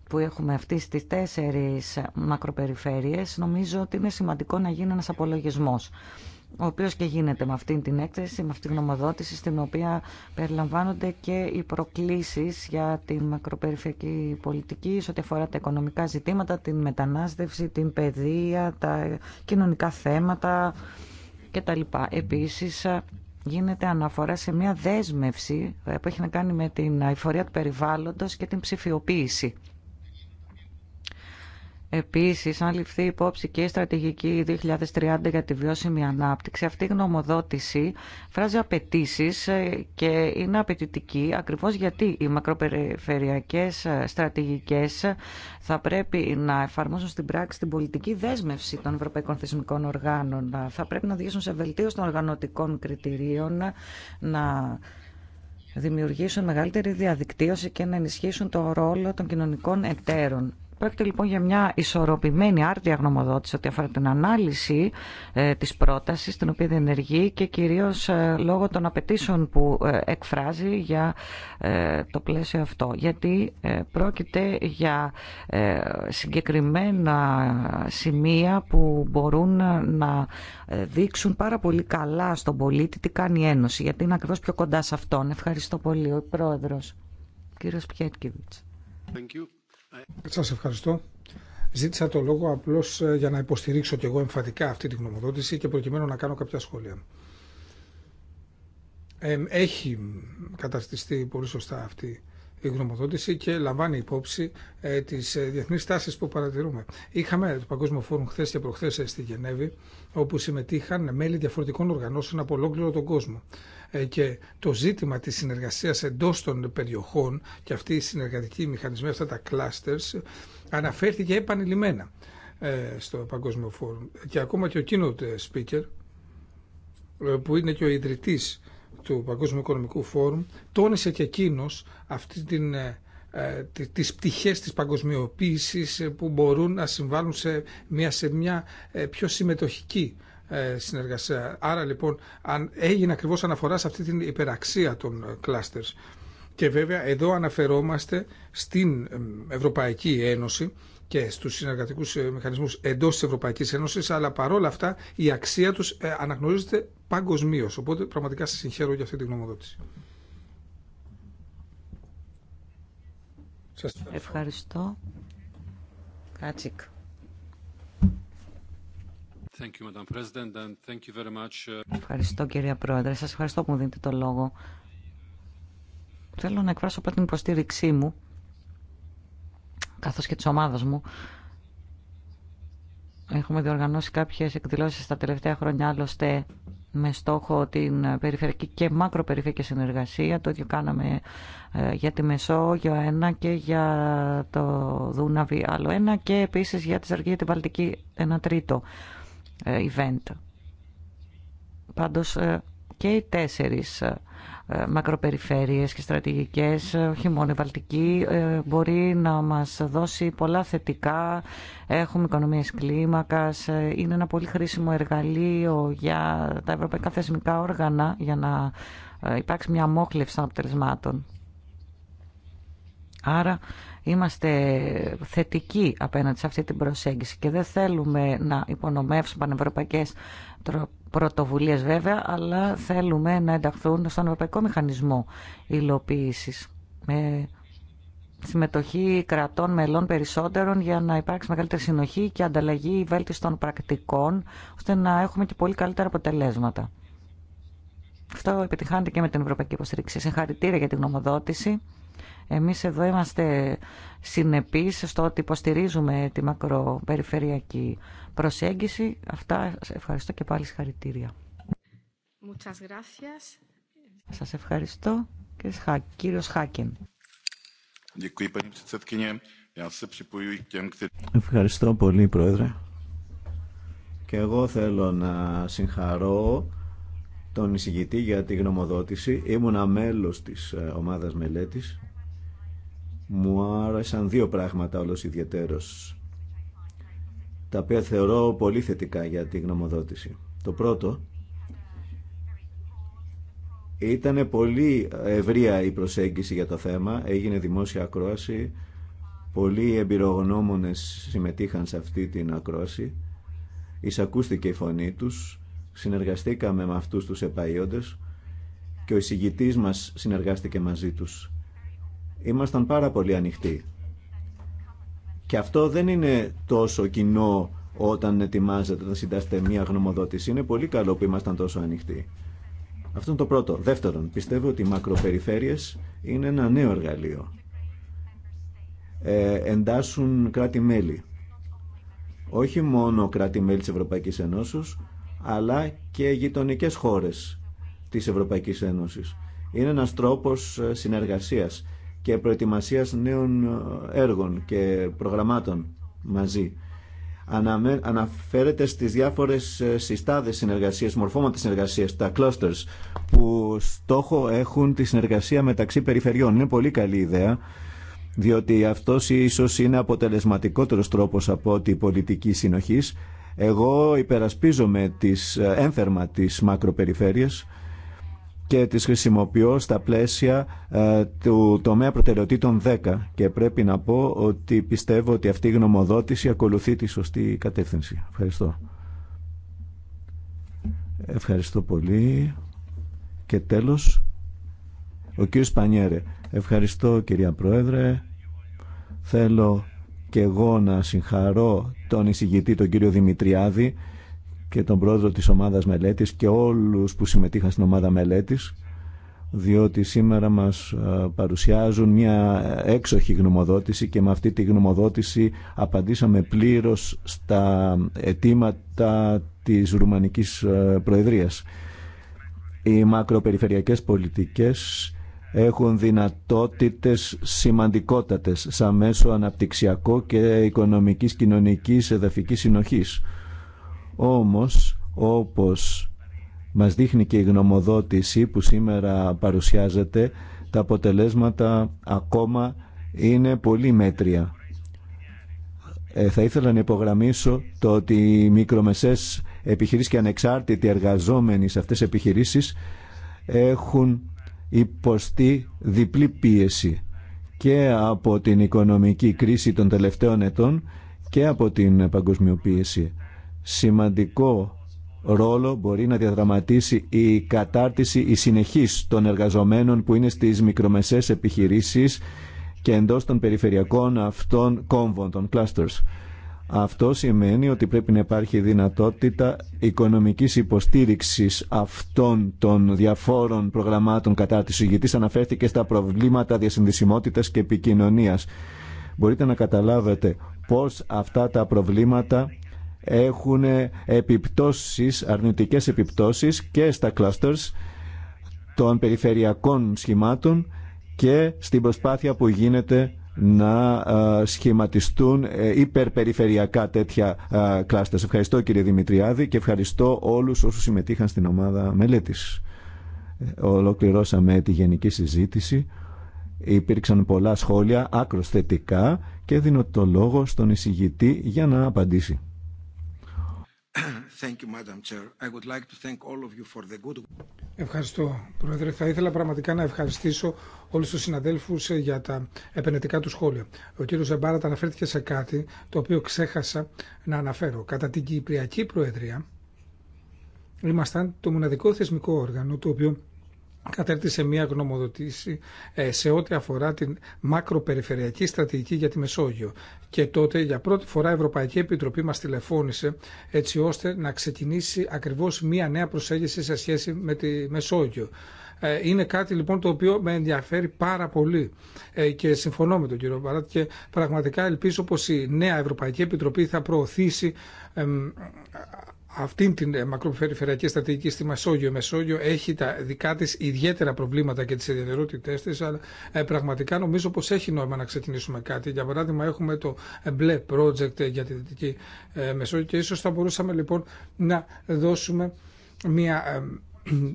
που έχουμε αυτή τις τέσσερις μακροπεριφέρειες, νομίζω ότι είναι σημαντικό να γίνει ένας απολογισμός ο οποίος και γίνεται με αυτήν την έκθεση, με αυτήν την νομοδότηση, στην οποία περιλαμβάνονται και οι προκλήσεις για την μακροπεριφερειακή πολιτική, σε ό,τι αφορά τα οικονομικά ζητήματα, την μετανάστευση, την παιδεία, τα κοινωνικά θέματα κτλ. Επίσης, γίνεται αναφορά σε μια δέσμευση που έχει να κάνει με την αηφορία του περιβάλλοντος και την ψηφιοποίηση Επίσης, αν ληφθεί υπόψη και η στρατηγική 2030 για τη βιώσιμη ανάπτυξη, αυτή η γνωμοδότηση φράζει απαιτήσει ε, και είναι απαιτητική ακριβώς γιατί οι μακροπεριφερειακές ε, στρατηγικές ε, θα πρέπει να εφαρμόσουν στην πράξη την πολιτική δέσμευση των ευρωπαϊκών θεσμικών οργάνων. Θα πρέπει να οδηγήσουν σε βελτίωση των οργανωτικών κριτηρίων, να δημιουργήσουν μεγαλύτερη διαδικτύωση και να ενισχύσουν το ρόλο των κοινωνικών εταίρων. Πρόκειται λοιπόν για μια ισορροπημένη άρτια γνωμοδότηση ότι αφορά την ανάλυση ε, της πρότασης την οποία διενεργεί και κυρίως ε, λόγω των απαιτήσεων που ε, εκφράζει για ε, το πλαίσιο αυτό. Γιατί πρόκειται για συγκεκριμένα σημεία που μπορούν να δείξουν πάρα πολύ καλά στον πολίτη τι κάνει η Ένωση. Γιατί είναι ακριβώς πιο κοντά σε αυτόν. Ευχαριστώ πολύ ο Πρόεδρος, κύριος Πιέτκιβιτς. Σα ευχαριστώ. Ζήτησα το λόγο απλώς ε, για να υποστηρίξω και εγώ εμφαντικά αυτή τη γνωμοδότηση και προκειμένου να κάνω κάποια σχόλια. Έχει καταστηστεί πολύ σωστά αυτή η γνωμοδότηση και λαμβάνει υπόψη ε, τι ε, διεθνεί τάσει που παρατηρούμε. Είχαμε το Παγκόσμιο Φόρουμ χθε και προχθέ ε, στη Γενέβη, όπου συμμετείχαν μέλη διαφορετικών οργανώσεων από ολόκληρο τον κόσμο. Ε, και το ζήτημα της συνεργασίας εντός των περιοχών και αυτή η συνεργατική μηχανισμή, αυτά τα clusters, αναφέρθηκε επανειλημμένα ε, στο Παγκόσμιο Φόρουμ. Και ακόμα και ο keynote ε, speaker, που είναι και ο ιδρυτής του Παγκόσμιου Οικονομικού Φόρουμ, τόνισε και εκείνο αυτή την τις πτυχές της παγκοσμιοποίησης που μπορούν να συμβάλλουν σε μια, σε μια πιο συμμετοχική ε, συνεργασία. Άρα λοιπόν αν έγινε ακριβώς αναφορά σε αυτή την υπεραξία των κλάστερς. Και βέβαια εδώ αναφερόμαστε στην Ευρωπαϊκή Ένωση και στους συνεργατικούς ε, μηχανισμούς εντός της Ευρωπαϊκής Ένωσης, αλλά παρόλα αυτά η αξία τους ε, αναγνωρίζεται παγκοσμίω. Οπότε πραγματικά σας συγχαίρω για αυτή την γνωμοδότηση. ευχαριστώ. Uh, ευχαριστώ κυρία Πρόεδρε. Σας ευχαριστώ που μου δίνετε το λόγο. Θέλω να εκφράσω από την υποστήριξή μου, καθώς και της ομάδας μου. Έχουμε διοργανώσει κάποιες εκδηλώσεις τα τελευταία χρόνια, άλλωστε με στόχο την περιφερική και μακροπεριφερική συνεργασία. Το ίδιο κάναμε ε, για τη Μεσόγειο 1 και για το Δούναβι άλλο 1 και επίσης για τη Σαρκία και την Βαλτική 1 τρίτο. Ε, event. Πάντως ε, και οι τέσσερις ε, μακροπεριφέρειες και στρατηγικές, όχι μόνο η Βαλτική, μπορεί να μας δώσει πολλά θετικά. Έχουμε οικονομίες κλίμακας, είναι ένα πολύ χρήσιμο εργαλείο για τα ευρωπαϊκά θεσμικά όργανα για να υπάρξει μια μόχλευση των αποτελεσμάτων. Άρα Είμαστε θετικοί απέναντι σε αυτή την προσέγγιση και δεν θέλουμε να υπονομεύσουμε πανευρωπαϊκές πρωτοβουλίες βέβαια, αλλά θέλουμε να ενταχθούν στον ευρωπαϊκό μηχανισμό υλοποίησης με συμμετοχή κρατών μελών περισσότερων για να υπάρξει μεγαλύτερη συνοχή και ανταλλαγή βέλτιστων πρακτικών, ώστε να έχουμε και πολύ καλύτερα αποτελέσματα. Αυτό επιτυχάνεται και με την Ευρωπαϊκή Υποστήριξη. Συγχαρητήρια για την γνωμοδότηση. Εμείς εδώ είμαστε συνεπείς στο ότι υποστηρίζουμε τη μακροπεριφερειακή προσέγγιση. Αυτά ευχαριστώ και πάλι συγχαρητήρια. Muchas gracias. Σας ευχαριστώ και σχά, κύριος Χακίν. Ευχαριστώ πολύ, Πρόεδρε. Και εγώ θέλω να συγχαρώ τον εισηγητή για τη γνωμοδότηση. Ήμουνα μέλος της ε, ομάδας μελέτης μου άρεσαν δύο πράγματα όλος ιδιαίτερος, τα οποία θεωρώ πολύ θετικά για τη γνωμοδότηση. Το πρώτο ήταν πολύ ευρεία η προσέγγιση για το θέμα, έγινε δημόσια ακρόαση, πολλοί εμπειρογνώμονες συμμετείχαν σε αυτή την ακρόαση, εισακούστηκε η φωνή τους, συνεργαστήκαμε με αυτούς τους επαΐοντες και ο εισηγητής μας συνεργάστηκε μαζί τους ήμασταν πάρα πολύ ανοιχτοί. Και αυτό δεν είναι τόσο κοινό όταν ετοιμάζεται να συντάσσετε μία γνωμοδότηση. Είναι πολύ καλό που ήμασταν τόσο ανοιχτοί. Αυτό είναι το πρώτο. Δεύτερον, πιστεύω ότι οι μακροπεριφέρειες είναι ένα νέο εργαλείο. Ε, εντάσσουν κράτη-μέλη. Όχι μόνο κράτη-μέλη της Ευρωπαϊκής Ενώσης, αλλά και γειτονικές χώρες της Ευρωπαϊκής Ένωσης. Είναι ένας τρόπος ε, συνεργασίας και προετοιμασίας νέων ε, έργων και προγραμμάτων μαζί. Αναφέρεται στις διάφορες ε, συστάδες συνεργασίας, μορφώματα συνεργασίας, τα clusters, που στόχο έχουν τη συνεργασία μεταξύ περιφερειών. Είναι πολύ καλή ιδέα, διότι αυτός ίσως είναι αποτελεσματικότερος τρόπος από ότι πολιτική συνοχής. Εγώ υπερασπίζομαι τις, ε, ένθερμα τις μακροπεριφέρειες, και τις χρησιμοποιώ στα πλαίσια ε, του τομέα προτεραιοτήτων 10 και πρέπει να πω ότι πιστεύω ότι αυτή η γνωμοδότηση ακολουθεί τη σωστή κατεύθυνση. Ευχαριστώ. Ευχαριστώ πολύ. Και τέλος, ο κύριος Πανιέρε. Ευχαριστώ κυρία Πρόεδρε. Θέλω και εγώ να συγχαρώ τον εισηγητή τον κύριο Δημητριάδη και τον πρόεδρο της ομάδας μελέτης και όλους που συμμετείχαν στην ομάδα μελέτης διότι σήμερα μας ε, παρουσιάζουν μια έξοχη γνωμοδότηση και με αυτή τη γνωμοδότηση απαντήσαμε πλήρως στα αιτήματα της Ρουμανικής ε, Προεδρίας. Οι μακροπεριφερειακές πολιτικές έχουν δυνατότητες σημαντικότατες σαν μέσο αναπτυξιακό και οικονομικής, κοινωνικής, εδαφικής συνοχής όμως, όπως μας δείχνει και η γνωμοδότηση που σήμερα παρουσιάζεται, τα αποτελέσματα ακόμα είναι πολύ μέτρια. Ε, θα ήθελα να υπογραμμίσω το ότι οι μικρομεσές επιχειρήσεις και ανεξάρτητοι εργαζόμενοι σε αυτές τις επιχειρήσεις έχουν υποστεί διπλή πίεση και από την οικονομική κρίση των τελευταίων ετών και από την παγκοσμιοποίηση σημαντικό ρόλο μπορεί να διαδραματίσει η κατάρτιση, η συνεχής των εργαζομένων που είναι στις μικρομεσαίες επιχειρήσεις και εντός των περιφερειακών αυτών κόμβων, των clusters. Αυτό σημαίνει ότι πρέπει να υπάρχει δυνατότητα οικονομικής υποστήριξης αυτών των διαφόρων προγραμμάτων κατάρτισης. γιατί αναφέρθηκε στα προβλήματα διασυνδυσιμότητας και επικοινωνίας. Μπορείτε να καταλάβετε πώς αυτά τα προβλήματα έχουν επιπτώσεις, αρνητικές επιπτώσεις και στα clusters των περιφερειακών σχημάτων και στην προσπάθεια που γίνεται να ε, σχηματιστούν ε, υπερπεριφερειακά τέτοια κλάστερ. Ευχαριστώ κύριε Δημητριάδη και ευχαριστώ όλους όσους συμμετείχαν στην ομάδα μελέτης. Ε, ολοκληρώσαμε τη γενική συζήτηση. Υπήρξαν πολλά σχόλια άκρος θετικά και δίνω το λόγο στον εισηγητή για να απαντήσει. Ευχαριστώ, Πρόεδρε. Θα ήθελα πραγματικά να ευχαριστήσω όλους τους συναδέλφους ε, για τα επενετικά του σχόλια. Ο κύριος Ζεμπάρα τα αναφέρθηκε σε κάτι το οποίο ξέχασα να αναφέρω. Κατά την Κυπριακή Προεδρία ήμασταν το μοναδικό θεσμικό όργανο το οποίο κατέρτισε μια γνωμοδοτήση ε, σε ό,τι αφορά την μακροπεριφερειακή στρατηγική για τη Μεσόγειο. Και τότε για πρώτη φορά η Ευρωπαϊκή Επιτροπή μας τηλεφώνησε έτσι ώστε να ξεκινήσει ακριβώς μια νέα προσέγγιση σε σχέση με τη Μεσόγειο. Ε, είναι κάτι λοιπόν το οποίο με ενδιαφέρει πάρα πολύ ε, και συμφωνώ με τον κύριο Παράτ και πραγματικά ελπίζω πως η νέα Ευρωπαϊκή Επιτροπή θα προωθήσει αυτήν την ε, μακροπεριφερειακή στρατηγική στη Μεσόγειο. Η Μεσόγειο έχει τα δικά τη ιδιαίτερα προβλήματα και τι ιδιαιτερότητέ τη, αλλά ε, πραγματικά νομίζω πω έχει νόημα να ξεκινήσουμε κάτι. Για παράδειγμα έχουμε το μπλε project για τη Δυτική ε, Μεσόγειο και ίσω θα μπορούσαμε λοιπόν να δώσουμε μια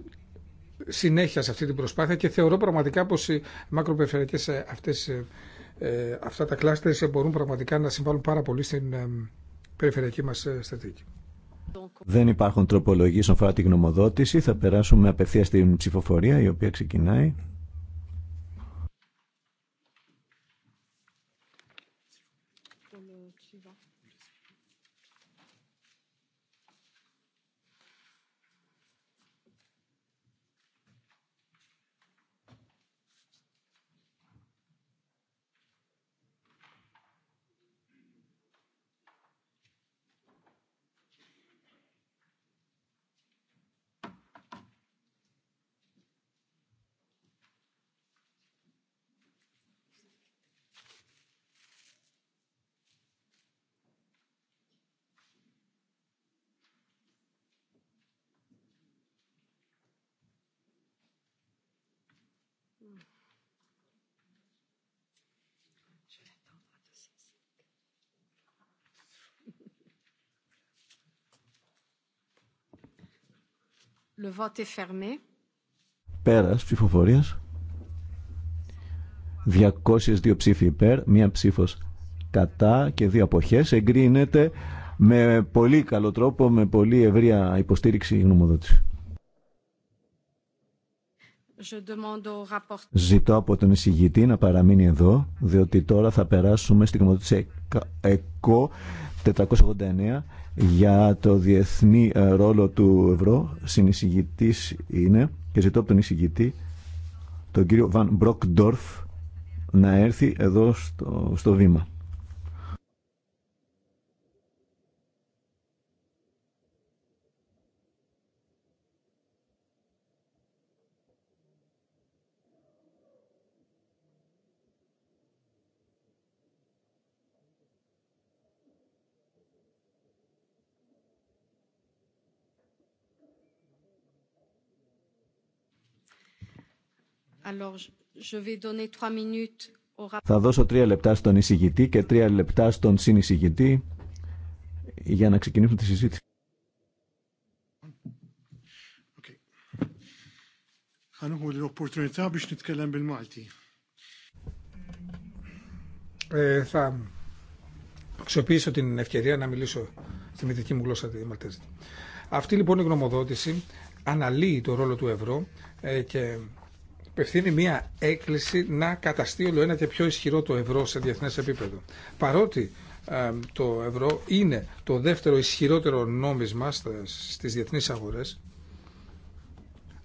συνέχεια σε αυτή την προσπάθεια και θεωρώ πραγματικά πως οι μακροπεριφερειακές αυτές, αυτά τα κλάστερ μπορούν πραγματικά να συμβάλλουν πάρα πολύ στην περιφερειακή μας στρατηγική. Δεν υπάρχουν τροπολογίες όσον αφορά τη γνωμοδότηση. Θα περάσουμε απευθεία στην ψηφοφορία η οποία ξεκινάει. Le vote est fermé. Πέρας ψηφοφορίας. 202 ψήφοι υπέρ, μία ψήφος κατά και δύο αποχές. Εγκρίνεται με πολύ καλό τρόπο, με πολύ ευρία υποστήριξη η γνωμοδότηση. Ζητώ από τον εισηγητή να παραμείνει εδώ, διότι τώρα θα περάσουμε στην γνωμοδότηση ΕΚΟ 489 για το διεθνή ε, ρόλο του ευρώ. Συνεισηγητή είναι και ζητώ από τον εισηγητή τον κύριο Βαν Μπροκντόρφ να έρθει εδώ στο, στο βήμα. Θα δώσω τρία λεπτά στον εισηγητή και τρία λεπτά στον συνεισηγητή για να ξεκινήσουμε τη συζήτηση. Ε, θα αξιοποιήσω την ευκαιρία να μιλήσω στη μητρική μου γλώσσα τη Μαλτέζη. Αυτή λοιπόν η γνωμοδότηση αναλύει το ρόλο του ευρώ ε, και Πευθύνει μία έκκληση να καταστεί όλο ένα και πιο ισχυρό το ευρώ σε διεθνέ επίπεδο. Παρότι ε, το ευρώ είναι το δεύτερο ισχυρότερο νόμισμα στις διεθνείς αγορές,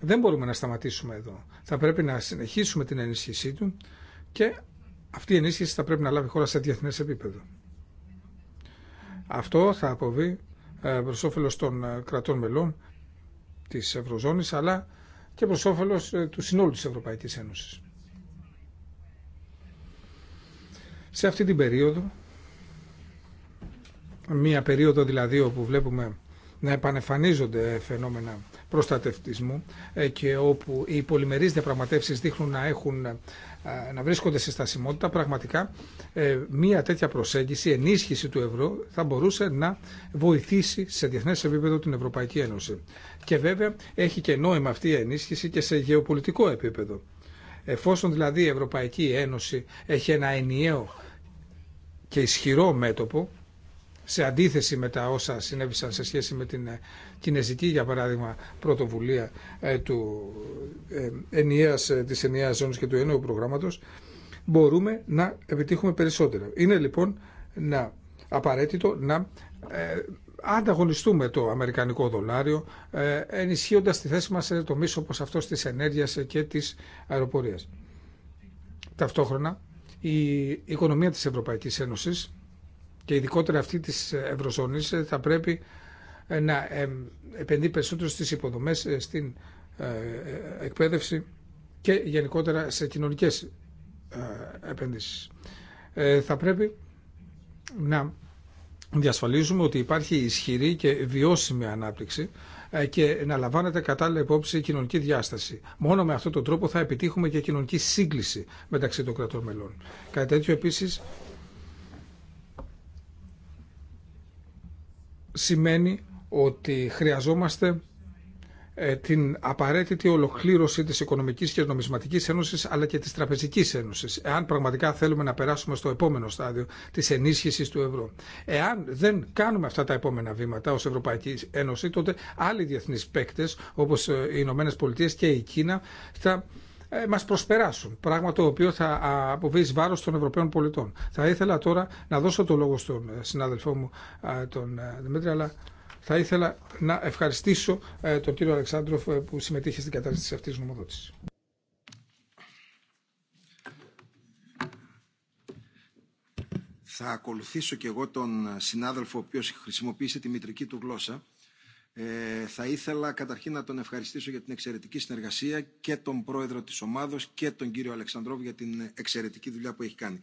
δεν μπορούμε να σταματήσουμε εδώ. Θα πρέπει να συνεχίσουμε την ενίσχυσή του και αυτή η ενίσχυση θα πρέπει να λάβει χώρα σε διεθνέ επίπεδο. Αυτό θα αποβεί ε, προ όφελο των ε, κρατών μελών τη Ευρωζώνης, αλλά και προς όφελος ε, του συνόλου της Ευρωπαϊκής Ένωσης. Σε αυτή την περίοδο, μία περίοδο δηλαδή όπου βλέπουμε να επανεφανίζονται φαινόμενα προστατευτισμού ε, και όπου οι πολυμερείς διαπραγματεύσεις δείχνουν να έχουν ε, να βρίσκονται σε στασιμότητα, πραγματικά ε, μία τέτοια προσέγγιση, ενίσχυση του ευρώ θα μπορούσε να βοηθήσει σε διεθνές επίπεδο την Ευρωπαϊκή Ένωση. Και βέβαια έχει και νόημα αυτή η ενίσχυση και σε γεωπολιτικό επίπεδο. Εφόσον δηλαδή η Ευρωπαϊκή Ένωση έχει ένα ενιαίο και ισχυρό μέτωπο σε αντίθεση με τα όσα συνέβησαν σε σχέση με την κινέζικη, ε, για παράδειγμα, πρωτοβουλία ε, του, ε, ενιαίας, της ενιαίας ζώνης και του ενιαίου προγράμματος, μπορούμε να επιτύχουμε περισσότερα. Είναι λοιπόν να, απαραίτητο να ανταγωνιστούμε το αμερικανικό δολάριο ενισχύοντας τη θέση μας σε τομείς όπως αυτό της ενέργειας και της αεροπορίας. Ταυτόχρονα η οικονομία της Ευρωπαϊκής Ένωσης και ειδικότερα αυτή της Ευρωζώνης ε, θα πρέπει ε, να ε, επενδύει περισσότερο στις υποδομές, στην εκπαίδευση και γενικότερα σε κοινωνικές επενδύσεις. Θα πρέπει να διασφαλίζουμε ότι υπάρχει ισχυρή και βιώσιμη ανάπτυξη και να λαμβάνεται κατάλληλα υπόψη η κοινωνική διάσταση. Μόνο με αυτόν τον τρόπο θα επιτύχουμε και κοινωνική σύγκληση μεταξύ των κρατών μελών. Κατά τέτοιο επίσης σημαίνει ότι χρειαζόμαστε ε, την απαραίτητη ολοκλήρωση της Οικονομικής και Νομισματικής Ένωσης αλλά και της Τραπεζικής Ένωσης, εάν πραγματικά θέλουμε να περάσουμε στο επόμενο στάδιο της ενίσχυσης του ευρώ. Εάν δεν κάνουμε αυτά τα επόμενα βήματα ως Ευρωπαϊκή Ένωση, τότε άλλοι διεθνείς παίκτες όπως οι Ηνωμένε Πολιτείες και η Κίνα θα ε, μας προσπεράσουν. Πράγμα το οποίο θα αποβεί βάρος των Ευρωπαίων πολιτών. Θα ήθελα τώρα να δώσω το λόγο στον ε, συνάδελφό μου, τον ε, Δημήτρη, αλλά θα ήθελα να ευχαριστήσω τον κύριο Αλεξάνδροφ που συμμετείχε στην κατάσταση αυτής της νομοδότησης. Θα ακολουθήσω και εγώ τον συνάδελφο ο οποίος χρησιμοποίησε τη μητρική του γλώσσα ε, θα ήθελα καταρχήν να τον ευχαριστήσω για την εξαιρετική συνεργασία και τον πρόεδρο της ομάδος και τον κύριο Αλεξανδρόβ για την εξαιρετική δουλειά που έχει κάνει.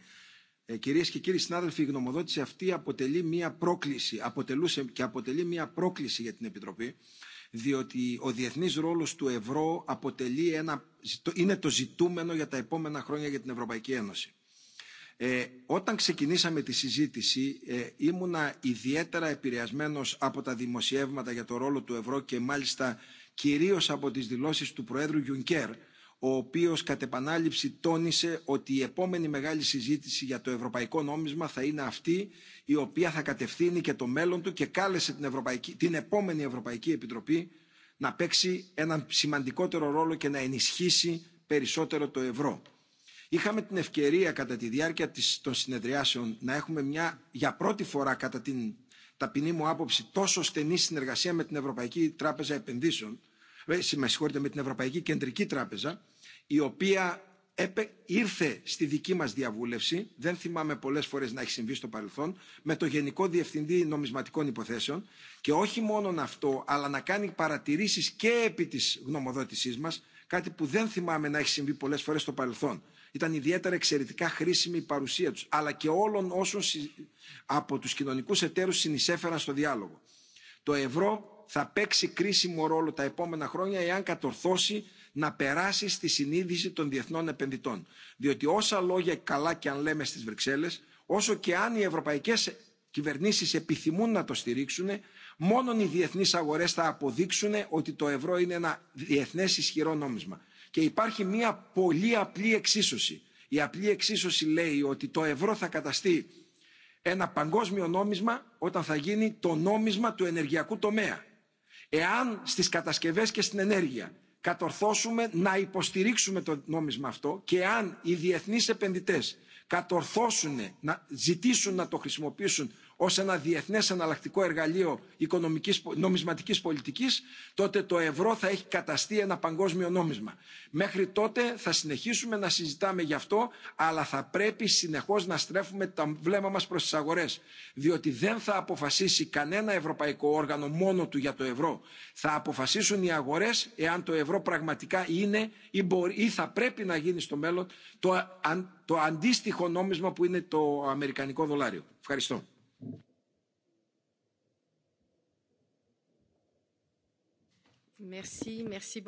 Ε, κυρίες και κύριοι συνάδελφοι, η γνωμοδότηση αυτή αποτελεί μια πρόκληση, αποτελούσε και αποτελεί μια πρόκληση για την Επιτροπή, διότι ο διεθνής ρόλος του ευρώ αποτελεί ένα, είναι το ζητούμενο για τα επόμενα χρόνια για την Ευρωπαϊκή Ένωση ε, όταν ξεκινήσαμε τη συζήτηση ε, ήμουνα ιδιαίτερα επηρεασμένος από τα δημοσιεύματα για το ρόλο του ευρώ και μάλιστα κυρίως από τις δηλώσεις του Προέδρου Γιουνκέρ ο οποίος κατ' επανάληψη τόνισε ότι η επόμενη μεγάλη συζήτηση για το ευρωπαϊκό νόμισμα θα είναι αυτή η οποία θα κατευθύνει και το μέλλον του και κάλεσε την, Ευρωπαϊκή, την επόμενη Ευρωπαϊκή Επιτροπή να παίξει έναν σημαντικότερο ρόλο και να ενισχύσει περισσότερο το ευρώ. Είχαμε την ευκαιρία κατά τη διάρκεια των συνεδριάσεων να έχουμε μια για πρώτη φορά κατά την ταπεινή μου άποψη τόσο στενή συνεργασία με την Ευρωπαϊκή Τράπεζα Επενδύσεων, ε, με συγχωρείτε, με την Ευρωπαϊκή Κεντρική Τράπεζα, η οποία ήρθε στη δική μας διαβούλευση, δεν θυμάμαι πολλές φορές να έχει συμβεί στο παρελθόν, με το Γενικό Διευθυντή Νομισματικών Υποθέσεων και όχι μόνο αυτό, αλλά να κάνει παρατηρήσεις και επί της γνωμοδότησής μας, κάτι που δεν θυμάμαι να έχει συμβεί πολλές φορές στο παρελθόν ήταν ιδιαίτερα εξαιρετικά χρήσιμη η παρουσία τους αλλά και όλων όσων από τους κοινωνικούς εταίρους συνεισέφεραν στο διάλογο. Το ευρώ θα παίξει κρίσιμο ρόλο τα επόμενα χρόνια εάν κατορθώσει να περάσει στη συνείδηση των διεθνών επενδυτών. Διότι όσα λόγια καλά και αν λέμε στις Βρυξέλλες, όσο και αν οι ευρωπαϊκές κυβερνήσεις επιθυμούν να το στηρίξουν, μόνο οι διεθνείς αγορές θα αποδείξουν ότι το ευρώ είναι ένα διεθνές ισχυρό νόμισμα και υπάρχει μια πολύ απλή εξίσωση. Η απλή εξίσωση λέει ότι το ευρώ θα καταστεί ένα παγκόσμιο νόμισμα όταν θα γίνει το νόμισμα του ενεργειακού τομέα. Εάν στις κατασκευές και στην ενέργεια κατορθώσουμε να υποστηρίξουμε το νόμισμα αυτό και αν οι διεθνείς επενδυτές κατορθώσουν να ζητήσουν να το χρησιμοποιήσουν ως ένα διεθνές εναλλακτικό εργαλείο οικονομικής, νομισματικής πολιτικής, τότε το ευρώ θα έχει καταστεί ένα παγκόσμιο νόμισμα. Μέχρι τότε θα συνεχίσουμε να συζητάμε γι' αυτό, αλλά θα πρέπει συνεχώς να στρέφουμε το βλέμμα μας προς τις αγορές, διότι δεν θα αποφασίσει κανένα ευρωπαϊκό όργανο μόνο του για το ευρώ. Θα αποφασίσουν οι αγορές εάν το ευρώ πραγματικά είναι ή, θα πρέπει να γίνει στο μέλλον το, το αντίστοιχο νόμισμα που είναι το αμερικανικό δολάριο. Ευχαριστώ.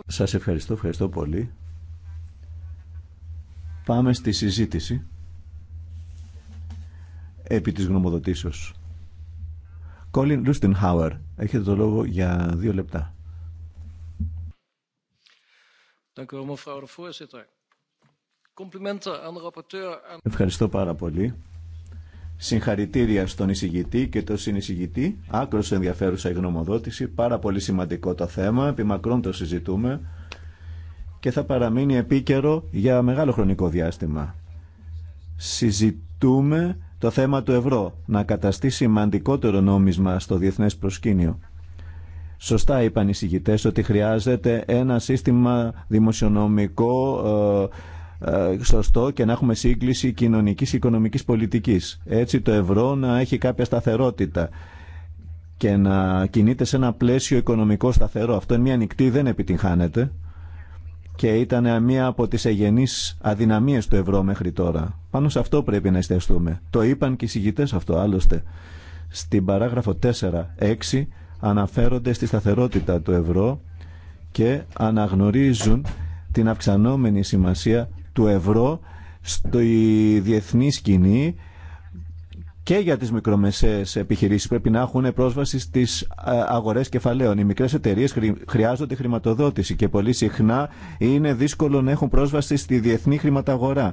Σας ευχαριστώ, ευχαριστώ πολύ. Πάμε στη συζήτηση επί της γνωμοδοτήσεως. Colin Lustenhauer, έχετε το λόγο για δύο λεπτά. Ευχαριστώ πάρα πολύ. Συγχαρητήρια στον εισηγητή και τον συνεισηγητή. Άκρο ενδιαφέρουσα η γνωμοδότηση. Πάρα πολύ σημαντικό το θέμα. Επιμακρών το συζητούμε και θα παραμείνει επίκαιρο για μεγάλο χρονικό διάστημα. Συζητούμε το θέμα του ευρώ να καταστεί σημαντικότερο νόμισμα στο διεθνές προσκήνιο. Σωστά είπαν οι συγητές ότι χρειάζεται ένα σύστημα δημοσιονομικό ε, ε, σωστό και να έχουμε σύγκληση κοινωνικής και οικονομικής πολιτικής. Έτσι το ευρώ να έχει κάποια σταθερότητα και να κινείται σε ένα πλαίσιο οικονομικό σταθερό. Αυτό είναι μια ανοιχτή, δεν επιτυγχάνεται και ήταν μία από τις εγενείς αδυναμίες του ευρώ μέχρι τώρα. Πάνω σε αυτό πρέπει να εστιαστούμε. Το είπαν και οι συγγητές αυτό άλλωστε. Στην παράγραφο 4-6 αναφέρονται στη σταθερότητα του ευρώ και αναγνωρίζουν την αυξανόμενη σημασία του ευρώ στη διεθνή σκηνή και για τις μικρομεσαίες επιχειρήσεις πρέπει να έχουν πρόσβαση στις ε, αγορές κεφαλαίων. Οι μικρές εταιρείες χρειάζονται χρηματοδότηση και πολύ συχνά είναι δύσκολο να έχουν πρόσβαση στη διεθνή χρηματαγορά.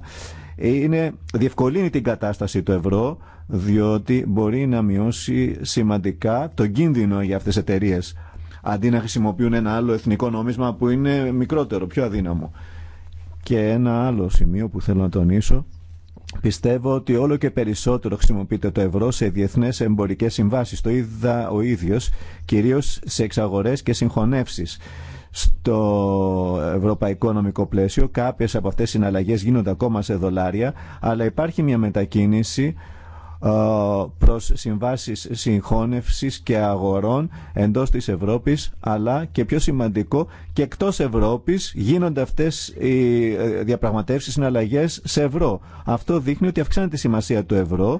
Είναι, διευκολύνει την κατάσταση του ευρώ διότι μπορεί να μειώσει σημαντικά το κίνδυνο για αυτές τις εταιρείες αντί να χρησιμοποιούν ένα άλλο εθνικό νόμισμα που είναι μικρότερο, πιο αδύναμο. Και ένα άλλο σημείο που θέλω να τονίσω. Πιστεύω ότι όλο και περισσότερο χρησιμοποιείται το ευρώ σε διεθνέ εμπορικέ συμβάσει. Το είδα ο ίδιο, κυρίω σε εξαγορέ και συγχωνεύσει. Στο ευρωπαϊκό νομικό πλαίσιο κάποιε από αυτέ οι συναλλαγέ γίνονται ακόμα σε δολάρια, αλλά υπάρχει μια μετακίνηση ε, προς συμβάσεις συγχώνευσης και αγορών εντός της Ευρώπης αλλά και πιο σημαντικό και εκτός Ευρώπης γίνονται αυτές οι ε, διαπραγματεύσεις συναλλαγές σε ευρώ. Αυτό δείχνει ότι αυξάνεται η σημασία του ευρώ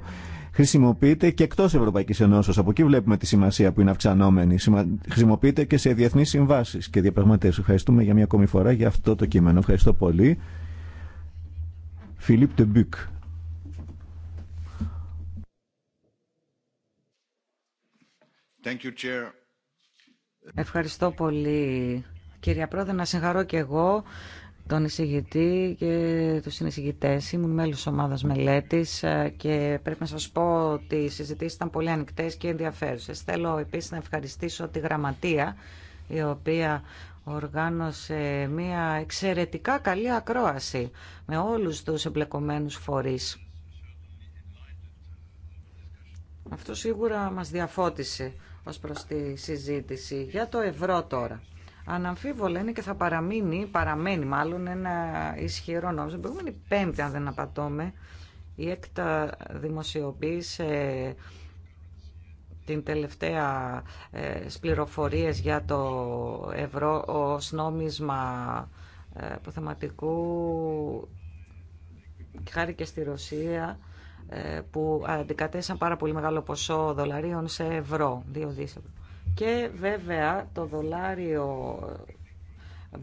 χρησιμοποιείται και εκτός Ευρωπαϊκής Ενώσεως. Από εκεί βλέπουμε τη σημασία που είναι αυξανόμενη. Χρησιμοποιείται και σε διεθνείς συμβάσεις και διαπραγματεύσεις. Ευχαριστούμε για μια ακόμη φορά για αυτό το κείμενο. Ευχαριστώ πολύ. Φιλίπ Buc. Ευχαριστώ πολύ, κυρία Πρόεδρε. Να συγχαρώ και εγώ τον εισηγητή και τους συνεισηγητές. Ήμουν μέλος ομάδας μελέτης ε, και πρέπει να σας πω ότι οι συζητήσεις ήταν πολύ ανοιχτές και ενδιαφέρουσες. Θέλω επίσης να ευχαριστήσω τη γραμματεία η οποία οργάνωσε μια εξαιρετικά καλή ακρόαση με όλους τους εμπλεκομένους φορείς. Αυτό σίγουρα μας διαφώτισε ως προς τη συζήτηση. Για το ευρώ τώρα. Αναμφίβολα είναι και θα παραμείνει, παραμένει μάλλον ένα ισχυρό νόμισμα. Την προηγούμενη πέμπτη, αν δεν απατώμε, η ΕΚΤΑ δημοσιοποίησε την τελευταία ε, πληροφορίες για το ευρώ ως νόμισμα ε, αποθεματικού χάρη και στη Ρωσία που αντικατέστησαν πάρα πολύ μεγάλο ποσό δολαρίων σε ευρώ, 2 Και βέβαια το δολάριο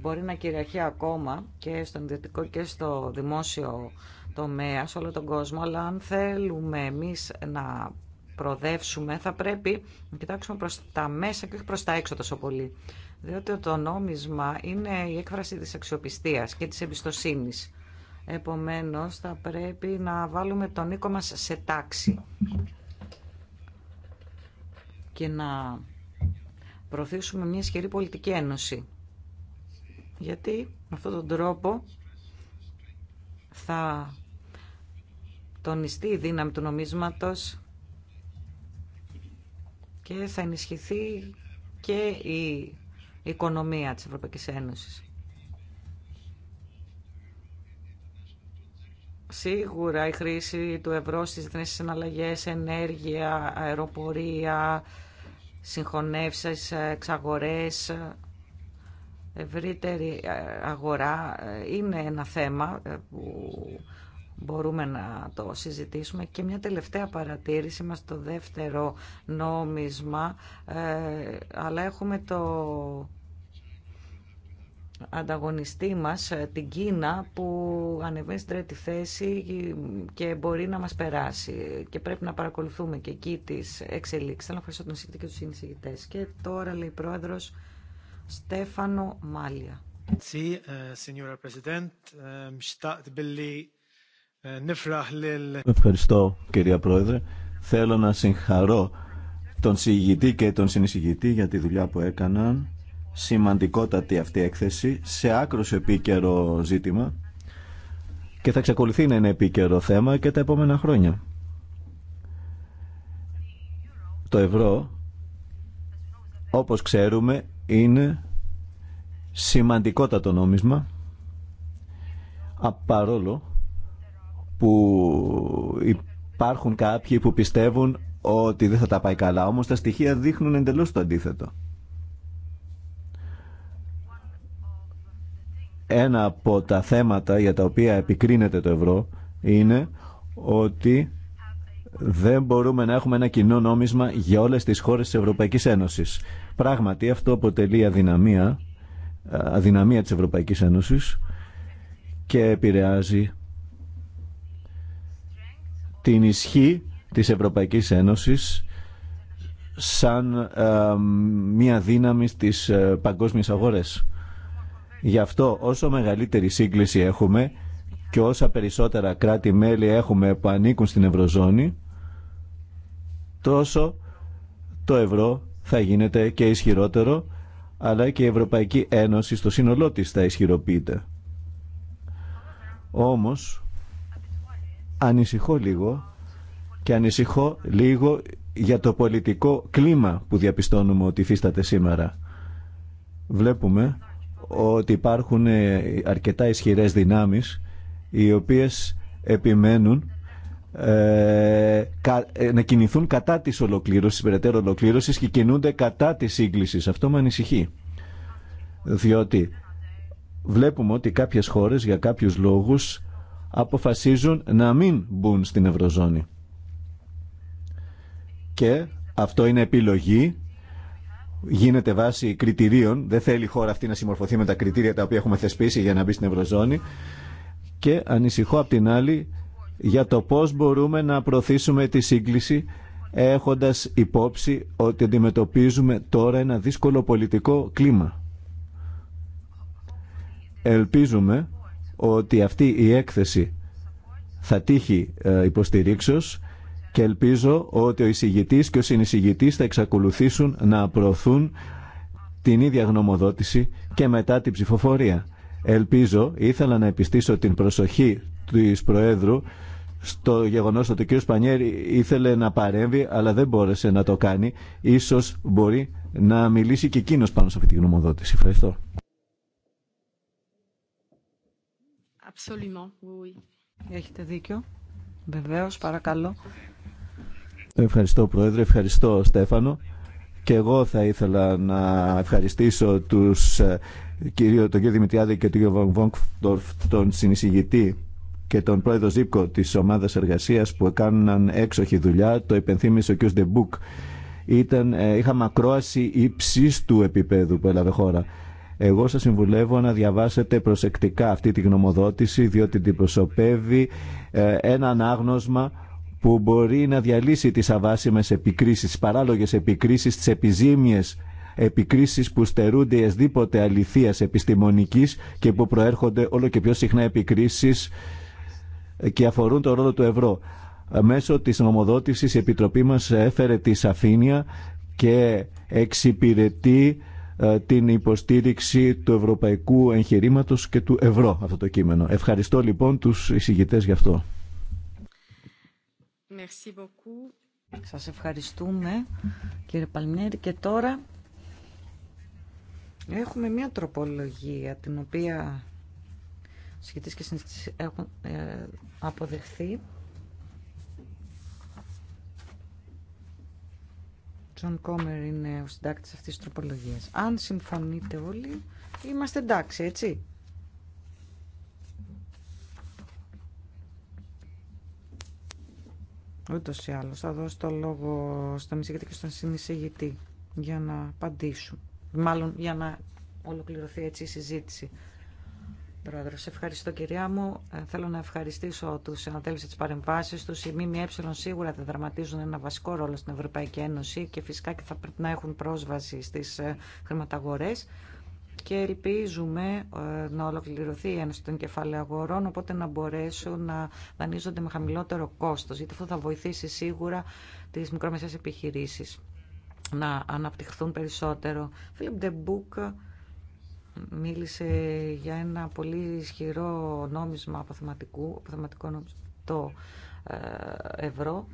μπορεί να κυριαρχεί ακόμα και στον ιδιωτικό και στο δημόσιο τομέα, σε όλο τον κόσμο, αλλά αν θέλουμε εμείς να προδεύσουμε θα πρέπει να κοιτάξουμε προς τα μέσα και όχι προς τα έξω τόσο πολύ. Διότι το νόμισμα είναι η έκφραση της αξιοπιστίας και της εμπιστοσύνης. Επομένως, θα πρέπει να βάλουμε τον οίκο μας σε τάξη και να προωθήσουμε μια ισχυρή πολιτική ένωση. Γιατί με αυτόν τον τρόπο θα τονιστεί η δύναμη του νομίσματος και θα ενισχυθεί και η οικονομία της Ευρωπαϊκής Ένωσης. Σίγουρα η χρήση του ευρώ στις διεθνές συναλλαγές, ενέργεια, αεροπορία, συγχωνεύσεις, εξαγορές, ευρύτερη ε, αγορά ε, είναι ένα θέμα ε, που μπορούμε να το συζητήσουμε. Και μια τελευταία παρατήρηση, μας το δεύτερο νόμισμα, αλλά έχουμε το ανταγωνιστή μας, ε, την Κίνα, που ανεβαίνει στην τρίτη θέση και μπορεί να μας περάσει. Και πρέπει να παρακολουθούμε και εκεί τις εξελίξεις. Θέλω να ευχαριστώ τον Σύγητη και τους συνεισηγητές. Και τώρα, λέει πρόεδρος, Στέφανο Μάλια. Eh, eh, eh, ευχαριστώ, κυρία Πρόεδρε. Θέλω να συγχαρώ τον συγητή και τον συνεισηγητή για τη δουλειά που έκαναν σημαντικότατη αυτή η έκθεση σε άκρος επίκαιρο ζήτημα και θα εξακολουθεί να είναι επίκαιρο θέμα και τα επόμενα χρόνια. Το ευρώ, όπως ξέρουμε, είναι σημαντικότατο νόμισμα παρόλο που υπάρχουν κάποιοι που πιστεύουν ότι δεν θα τα πάει καλά, όμως τα στοιχεία δείχνουν εντελώς το αντίθετο. Ένα από τα θέματα για τα οποία επικρίνεται το ευρώ είναι ότι δεν μπορούμε να έχουμε ένα κοινό νόμισμα για όλες τις χώρες της Ευρωπαϊκής Ένωσης. Πράγματι αυτό αποτελεί αδυναμία, αδυναμία της Ευρωπαϊκής Ένωσης και επηρεάζει την ισχύ της Ευρωπαϊκής Ένωσης σαν ε, μια δύναμη στις ε, παγκόσμιες αγορές. Γι' αυτό όσο μεγαλύτερη σύγκληση έχουμε και όσα περισσότερα κράτη-μέλη έχουμε που ανήκουν στην Ευρωζώνη, τόσο το ευρώ θα γίνεται και ισχυρότερο, αλλά και η Ευρωπαϊκή Ένωση στο σύνολό της θα ισχυροποιείται. Όμως, ανησυχώ λίγο και ανησυχώ λίγο για το πολιτικό κλίμα που διαπιστώνουμε ότι υφίσταται σήμερα. Βλέπουμε ότι υπάρχουν ε, αρκετά ισχυρές δυνάμεις οι οποίες επιμένουν ε, ε, να κινηθούν κατά της ολοκλήρωσης, περαιτέρω ολοκλήρωσης και κινούνται κατά της σύγκλησης. Αυτό με ανησυχεί. Διότι βλέπουμε ότι κάποιες χώρες για κάποιους λόγους αποφασίζουν να μην μπουν στην Ευρωζώνη. Και αυτό είναι επιλογή γίνεται βάση κριτηρίων. Δεν θέλει η χώρα αυτή να συμμορφωθεί με τα κριτήρια τα οποία έχουμε θεσπίσει για να μπει στην Ευρωζώνη. Και ανησυχώ απ' την άλλη για το πώς μπορούμε να προωθήσουμε τη σύγκληση έχοντας υπόψη ότι αντιμετωπίζουμε τώρα ένα δύσκολο πολιτικό κλίμα. Ελπίζουμε ότι αυτή η έκθεση θα τύχει ε, υποστηρίξεως και ελπίζω ότι ο εισηγητής και ο συνεισηγητής θα εξακολουθήσουν να προωθούν την ίδια γνωμοδότηση και μετά την ψηφοφορία. Ελπίζω, ήθελα να επιστήσω την προσοχή της Προέδρου στο γεγονός ότι ο κ. Σπανιέρη ήθελε να παρέμβει αλλά δεν μπόρεσε να το κάνει. Ίσως μπορεί να μιλήσει και εκείνο πάνω σε αυτή τη γνωμοδότηση. Ευχαριστώ. Ευχαριστώ Πρόεδρε, ευχαριστώ Στέφανο. Και εγώ θα ήθελα να ευχαριστήσω τους, ε, κύριο, τον κύριο Δημητριάδη και τον κύριο Βόγκφτορφ τον συνεισηγητή και τον πρόεδρο Ζήπκο τη ομάδα εργασία που έκαναν έξοχη δουλειά. Το υπενθύμησε ο κ. Ντεμπούκ. Ήταν, ε, είχαμε ακρόαση υψή του επίπεδου που έλαβε χώρα. Εγώ σας συμβουλεύω να διαβάσετε προσεκτικά αυτή τη γνωμοδότηση, διότι την προσωπεύει ε, ένα ανάγνωσμα που μπορεί να διαλύσει τις αβάσιμες επικρίσεις, τις παράλογες επικρίσεις, τις επιζήμιες επικρίσεις που στερούνται εσδήποτε αληθείας επιστημονικής και που προέρχονται όλο και πιο συχνά επικρίσεις και αφορούν το ρόλο του ευρώ. Μέσω της νομοδότησης η Επιτροπή μας έφερε τη σαφήνεια και εξυπηρετεί ε, την υποστήριξη του ευρωπαϊκού εγχειρήματος και του ευρώ αυτό το κείμενο. Ευχαριστώ λοιπόν τους εισηγητές γι' αυτό. Σα Σας ευχαριστούμε κύριε Παλμιέρη και τώρα έχουμε μια τροπολογία την οποία σχετίζει και συνεχίσεις έχουν ε, αποδεχθεί. Τζον Κόμερ είναι ο συντάκτης αυτής της τροπολογίας. Αν συμφωνείτε όλοι, είμαστε εντάξει, έτσι. Ούτως ή άλλως θα δώσω το λόγο στον εισηγητή και στον συνεισηγητή για να απαντήσουν. Μάλλον για να ολοκληρωθεί έτσι η συζήτηση. Πρόεδρο, σε ευχαριστώ κυρία μου. Ε, θέλω να ευχαριστήσω του συναδέλφου τη παρεμβάση του. Οι ΜΜΕ σίγουρα θα δραματίζουν ένα βασικό ρόλο στην Ευρωπαϊκή Ένωση και φυσικά και θα πρέπει να έχουν πρόσβαση στι ε, χρηματαγορέ και ελπίζουμε ε, να ολοκληρωθεί η Ένωση των Κεφαλαίων Αγορών, οπότε να μπορέσουν να δανείζονται με χαμηλότερο κόστος, γιατί αυτό θα βοηθήσει σίγουρα τις μικρομεσαίες επιχειρήσεις να αναπτυχθούν περισσότερο. Φίλιπ Ντεμπούκ μίλησε για ένα πολύ ισχυρό νόμισμα αποθεματικού, αποθεματικό νόμισμα, το ε, ευρώ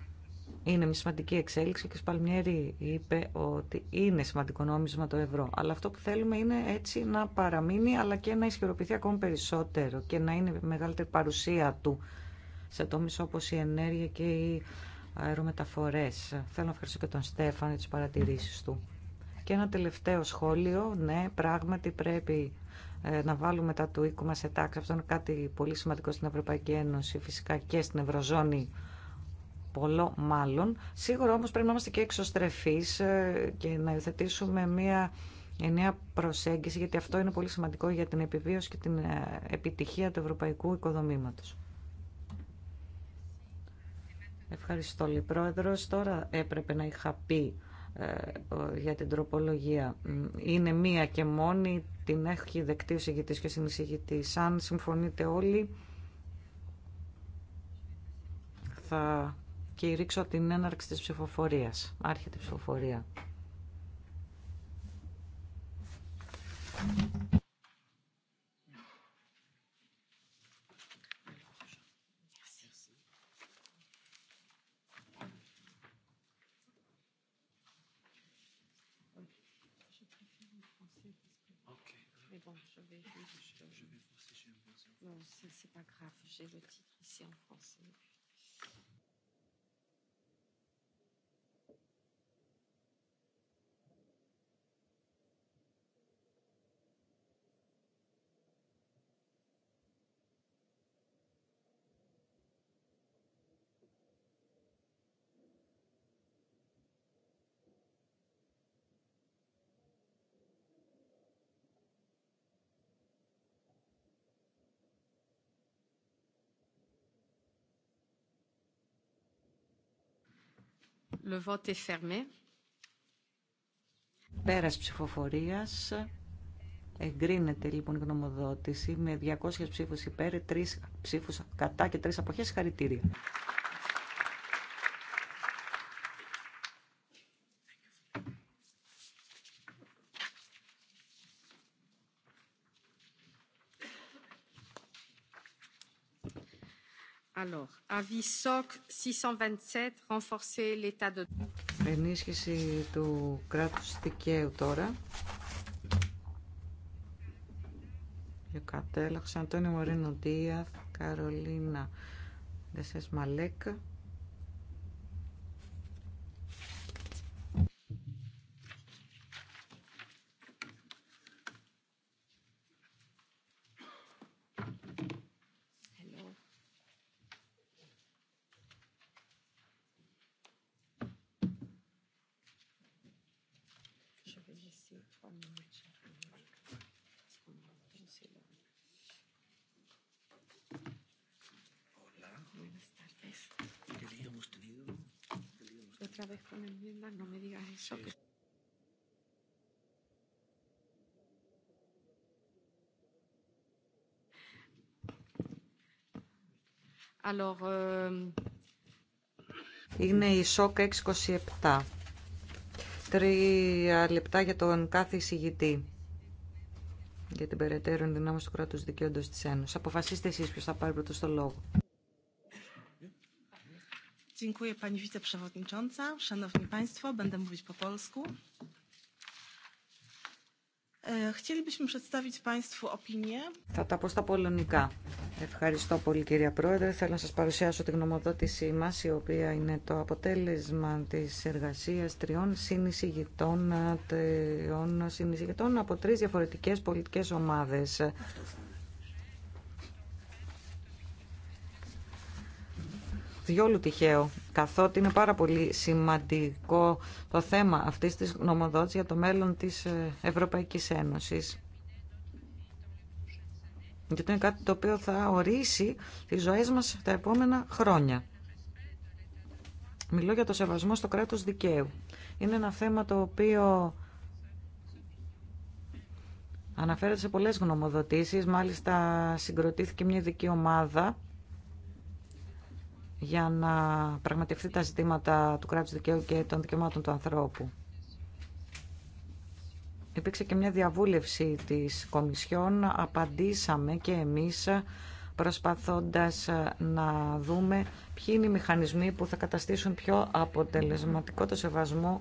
είναι μια σημαντική εξέλιξη και ο Σπαλμιέρη είπε ότι είναι σημαντικό νόμισμα το ευρώ. Αλλά αυτό που θέλουμε είναι έτσι να παραμείνει αλλά και να ισχυροποιηθεί ακόμη περισσότερο και να είναι μεγαλύτερη παρουσία του σε τόμεις όπως η ενέργεια και οι αερομεταφορές. Θέλω να ευχαριστώ και τον Στέφαν για τις παρατηρήσεις του. Και ένα τελευταίο σχόλιο, ναι, πράγματι πρέπει ε, να βάλουμε τα του οίκου μας σε τάξη. Αυτό είναι κάτι πολύ σημαντικό στην Ευρωπαϊκή Ένωση, φυσικά και στην Ευρωζώνη πολλό μάλλον. Σίγουρα όμως πρέπει να είμαστε και εξωστρεφείς ε, και να υιοθετήσουμε μία ενιαία προσέγγιση, γιατί αυτό είναι πολύ σημαντικό για την επιβίωση και την ε, επιτυχία του ευρωπαϊκού οικοδομήματος. Ευχαριστώ, πρόεδρο. Τώρα έπρεπε να είχα πει ε, για την τροπολογία. Είναι μία και μόνη, την έχει δεκτεί ο συγητής και ο συνεισηγητής. Αν συμφωνείτε όλοι, θα και ρίξω την έναρξη της ψηφοφορίας. Άρχεται η ψηφοφορία. Euh, non, c'est pas grave, j'ai le titre Le vote Πέρας ψηφοφορίας εγκρίνεται λοιπόν η γνωμοδότηση με 200 ψήφους υπέρ, 3 ψήφους κατά και 3 αποχές. Χαρητήρια. Alors, avis SOC 627, renforcer l'état de... Ενίσχυση του κράτους δικαίου τώρα. Κατέλα, Αντώνιο Μωρίνο Ντίαθ, Καρολίνα Δεσές Μαλέκα. Euh, Είναι η ΣΟΚ 627. Τρία λεπτά για τον κάθε εισηγητή για την περαιτέρω ενδυνάμωση του κράτου δικαίου τη Ένωση. Αποφασίστε εσεί ποιο θα πάρει πρώτο το λόγο. Dziękuję Pani Wiceprzewodnicząca. Szanowni Państwo, będę mówić po polsku. E, chcielibyśmy przedstawić Państwu opinię. Θα τα πω στα πολωνικά. Ευχαριστώ πολύ κυρία Πρόεδρε. Θέλω να σας παρουσιάσω τη γνωμοδότησή μας, η οποία είναι το αποτέλεσμα της εργασίας τριών συνεισηγητών, από τρεις διαφορετικές πολιτικές ομάδες. Διόλου τυχαίο, καθότι είναι πάρα πολύ σημαντικό το θέμα αυτής της γνωμοδότησης για το μέλλον της Ευρωπαϊκής Ένωσης. Γιατί είναι κάτι το οποίο θα ορίσει τις ζωές μας τα επόμενα χρόνια. Μιλώ για το σεβασμό στο κράτος δικαίου. Είναι ένα θέμα το οποίο αναφέρεται σε πολλές γνωμοδοτήσεις. Μάλιστα συγκροτήθηκε μια ειδική ομάδα για να πραγματευτεί τα ζητήματα του κράτους δικαίου και των δικαιωμάτων του ανθρώπου υπήρξε και μια διαβούλευση της Κομισιόν, απαντήσαμε και εμείς προσπαθώντας να δούμε ποιοι είναι οι μηχανισμοί που θα καταστήσουν πιο αποτελεσματικό το σεβασμό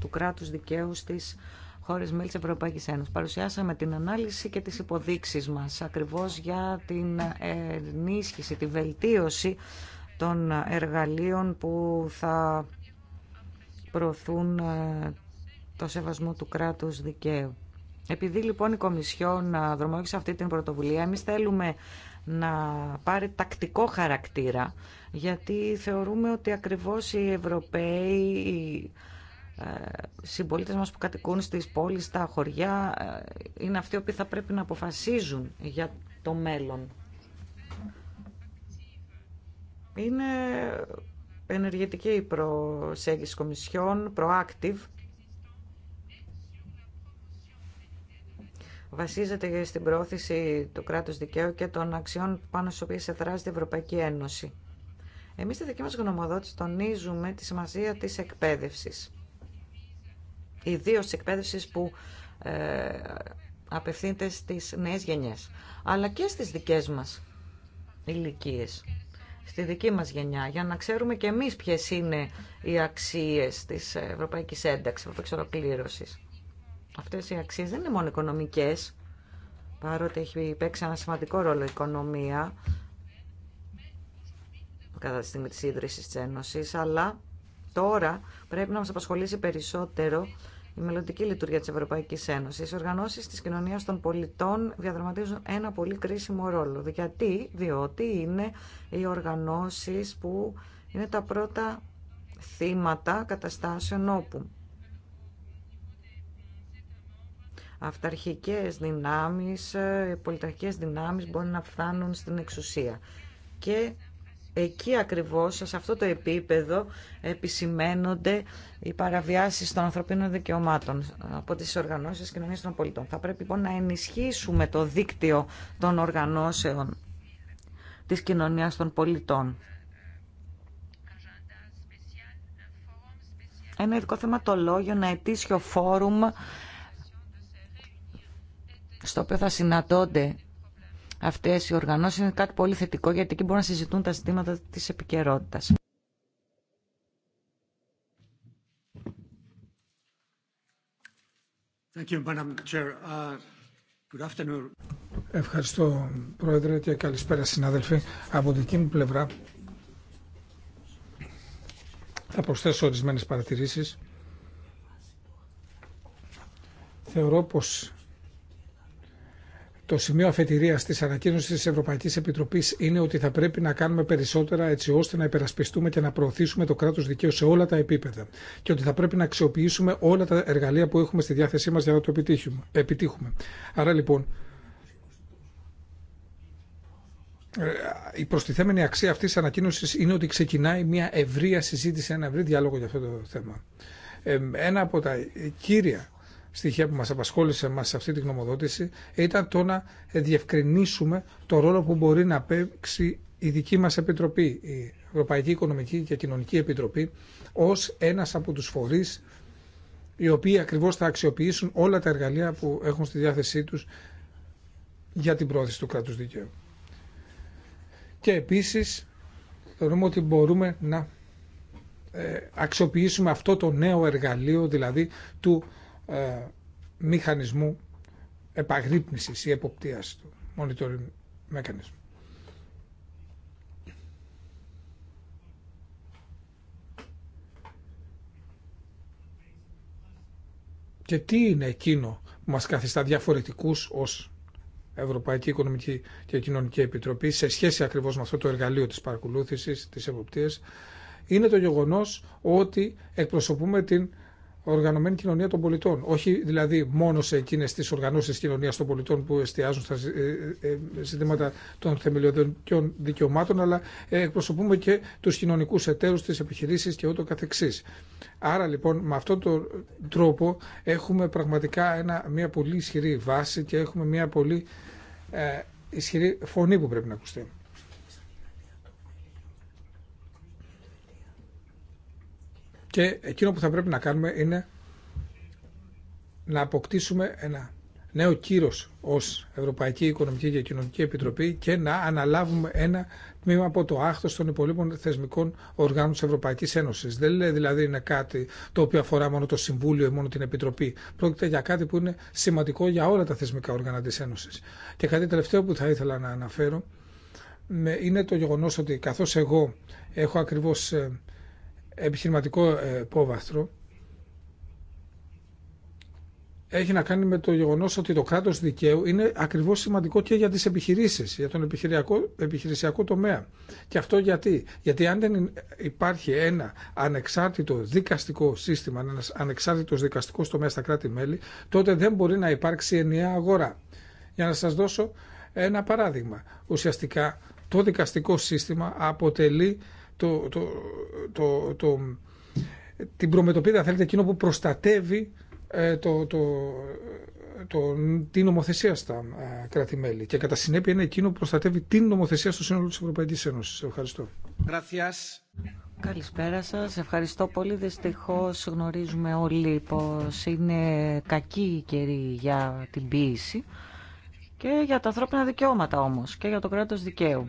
του κράτους δικαίου στις χώρες μέλη της Ευρωπαϊκής Ένωσης. Παρουσιάσαμε την ανάλυση και τις υποδείξεις μας ακριβώς για την ενίσχυση, τη βελτίωση των εργαλείων που θα προωθούν ε, το σεβασμό του κράτους δικαίου. Επειδή λοιπόν η Κομισιόν ε, δρομόγησε αυτή την πρωτοβουλία, εμείς θέλουμε να πάρει τακτικό χαρακτήρα, γιατί θεωρούμε ότι ακριβώς οι Ευρωπαίοι, οι ε, συμπολίτες μας που κατοικούν στις πόλεις, στα χωριά, ε, είναι αυτοί που θα πρέπει να αποφασίζουν για το μέλλον. Είναι ενεργετική η προσέγγιση Κομισιόν, proactive, βασίζεται στην πρόθεση του κράτους δικαίου και των αξιών πάνω στις οποίες εδράζεται η Ευρωπαϊκή Ένωση. Εμείς στη δική μας γνωμοδότηση τονίζουμε τη σημασία της εκπαίδευσης. Ιδίω τη εκπαίδευσης που ε, απευθύνεται στις νέες γενιές, αλλά και στις δικές μας ηλικίε, στη δική μας γενιά, για να ξέρουμε και εμείς ποιες είναι οι αξίες της Ευρωπαϊκής Ένταξης, Ευρωπαϊκής Ολοκλήρωσης. Αυτές οι αξίες δεν είναι μόνο οικονομικές, παρότι έχει παίξει ένα σημαντικό ρόλο η οικονομία κατά τη στιγμή της ίδρυσης της Ένωσης, αλλά τώρα πρέπει να μας απασχολήσει περισσότερο η μελλοντική λειτουργία της Ευρωπαϊκής Ένωσης. Οι οργανώσεις της κοινωνίας των πολιτών διαδραματίζουν ένα πολύ κρίσιμο ρόλο. Γιατί, διότι είναι οι οργανώσεις που είναι τα πρώτα θύματα καταστάσεων όπου αυταρχικές δυνάμεις, ε, πολιταρχικές δυνάμεις μπορεί να φτάνουν στην εξουσία. Και εκεί ακριβώς, σε αυτό το επίπεδο, επισημένονται οι παραβιάσεις των ανθρωπίνων δικαιωμάτων ε, από τις οργανώσεις κοινωνίας των πολιτών. Θα πρέπει λοιπόν να ενισχύσουμε το δίκτυο των οργανώσεων της κοινωνίας των πολιτών. Ένα ειδικό λόγιο ένα ετήσιο φόρουμ στο οποίο θα συναντώνται αυτές οι οργανώσεις είναι κάτι πολύ θετικό γιατί εκεί μπορούν να συζητούν τα ζητήματα της επικαιρότητα. Uh, Ευχαριστώ Πρόεδρε και καλησπέρα συνάδελφοι. Από δική μου πλευρά θα προσθέσω ορισμένες παρατηρήσεις. Θεωρώ πως το σημείο αφετηρίας τη ανακοίνωση τη Ευρωπαϊκή Επιτροπή είναι ότι θα πρέπει να κάνουμε περισσότερα έτσι ώστε να υπερασπιστούμε και να προωθήσουμε το κράτο δικαίου σε όλα τα επίπεδα. Και ότι θα πρέπει να αξιοποιήσουμε όλα τα εργαλεία που έχουμε στη διάθεσή μα για να το επιτύχουμε. Άρα λοιπόν, ε, η προστιθέμενη αξία αυτή τη ανακοίνωση είναι ότι ξεκινάει μια ευρία συζήτηση, ένα ευρύ διάλογο για αυτό το θέμα. Ε, ένα από τα κύρια στοιχεία που μας απασχόλησε μας σε αυτή τη γνωμοδότηση ήταν το να διευκρινίσουμε το ρόλο που μπορεί να παίξει η δική μας Επιτροπή, η Ευρωπαϊκή Οικονομική και Κοινωνική Επιτροπή, ως ένας από τους φορείς οι οποίοι ακριβώς θα αξιοποιήσουν όλα τα εργαλεία που έχουν στη διάθεσή τους για την πρόθεση του κράτους δικαίου. Και επίσης θεωρούμε ότι μπορούμε να ε, αξιοποιήσουμε αυτό το νέο εργαλείο, δηλαδή του ε, μηχανισμού επαγρύπνησης ή εποπτείας του monitoring mechanism. Και τι είναι εκείνο που μας καθιστά διαφορετικούς ως Ευρωπαϊκή Οικονομική και Κοινωνική Επιτροπή σε σχέση ακριβώς με αυτό το εργαλείο της παρακολούθησης, της εποπτείας, είναι το γεγονός ότι εκπροσωπούμε την οργανωμένη κοινωνία των πολιτών. Όχι δηλαδή μόνο σε εκείνε τι οργανώσει τη κοινωνία των πολιτών που εστιάζουν στα ε, ε, ε, ζητήματα των θεμελιωδών δικαιωμάτων, αλλά εκπροσωπούμε και του κοινωνικού εταίρου, τι επιχειρήσει και ούτω καθεξή. Άρα λοιπόν με αυτόν τον τρόπο έχουμε πραγματικά ένα, μια πολύ ισχυρή βάση και έχουμε μια πολύ ισχυρή φωνή που πρέπει να ακουστεί. Και εκείνο που θα πρέπει να κάνουμε είναι να αποκτήσουμε ένα νέο κύρος ως Ευρωπαϊκή Οικονομική και Κοινωνική Επιτροπή και να αναλάβουμε ένα τμήμα από το άχθος των υπολείπων θεσμικών οργάνων της Ευρωπαϊκής Ένωσης. Δεν λέει δηλαδή είναι κάτι το οποίο αφορά μόνο το Συμβούλιο ή μόνο την Επιτροπή. Πρόκειται για κάτι που είναι σημαντικό για όλα τα θεσμικά όργανα της Ένωσης. Και κάτι τελευταίο που θα ήθελα να αναφέρω είναι το γεγονός ότι καθώς εγώ έχω ακριβώς ε, επιχειρηματικό ε, πόβαστρο έχει να κάνει με το γεγονός ότι το κράτος δικαίου είναι ακριβώς σημαντικό και για τις επιχειρήσεις, για τον επιχειρησιακό τομέα. Και αυτό γιατί. Γιατί αν δεν υπάρχει ένα ανεξάρτητο δικαστικό σύστημα, ένα ανεξάρτητος δικαστικό τομέα στα κράτη-μέλη, τότε δεν μπορεί να υπάρξει ενιαία αγορά. Για να σας δώσω ένα παράδειγμα. Ουσιαστικά το δικαστικό σύστημα αποτελεί το, το, το, το, την προμετωπίδα, θέλετε, εκείνο που προστατεύει ε, το, το, το, την νομοθεσία στα ε, κράτη-μέλη. Και κατά συνέπεια είναι εκείνο που προστατεύει την νομοθεσία στο σύνολο τη Ευρωπαϊκή Ένωση. Ευχαριστώ. Καλησπέρα σας. Ευχαριστώ πολύ. Δυστυχώ γνωρίζουμε όλοι πως είναι κακή η καιρή για την ποιήση και για τα ανθρώπινα δικαιώματα όμως και για το κράτος δικαίου.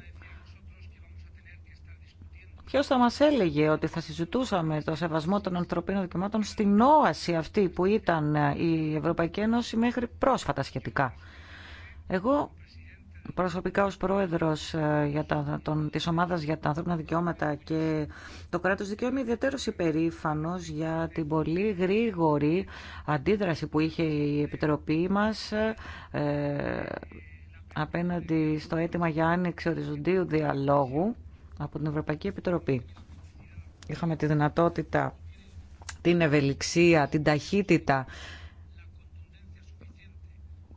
Ποιο θα μα έλεγε ότι θα συζητούσαμε το σεβασμό των ανθρωπίνων δικαιωμάτων στην όαση αυτή που ήταν ε, η Ευρωπαϊκή Ένωση μέχρι πρόσφατα σχετικά. Εγώ προσωπικά ως πρόεδρος ε, για τα, της ομάδας για τα ανθρώπινα δικαιώματα και το κράτος δικαίου είμαι ιδιαίτερος υπερήφανος για την πολύ γρήγορη αντίδραση που είχε η Επιτροπή μας ε, απέναντι στο αίτημα για άνοιξη οριζοντίου διαλόγου από την Ευρωπαϊκή Επιτροπή. Είχαμε τη δυνατότητα, την ευελιξία, την ταχύτητα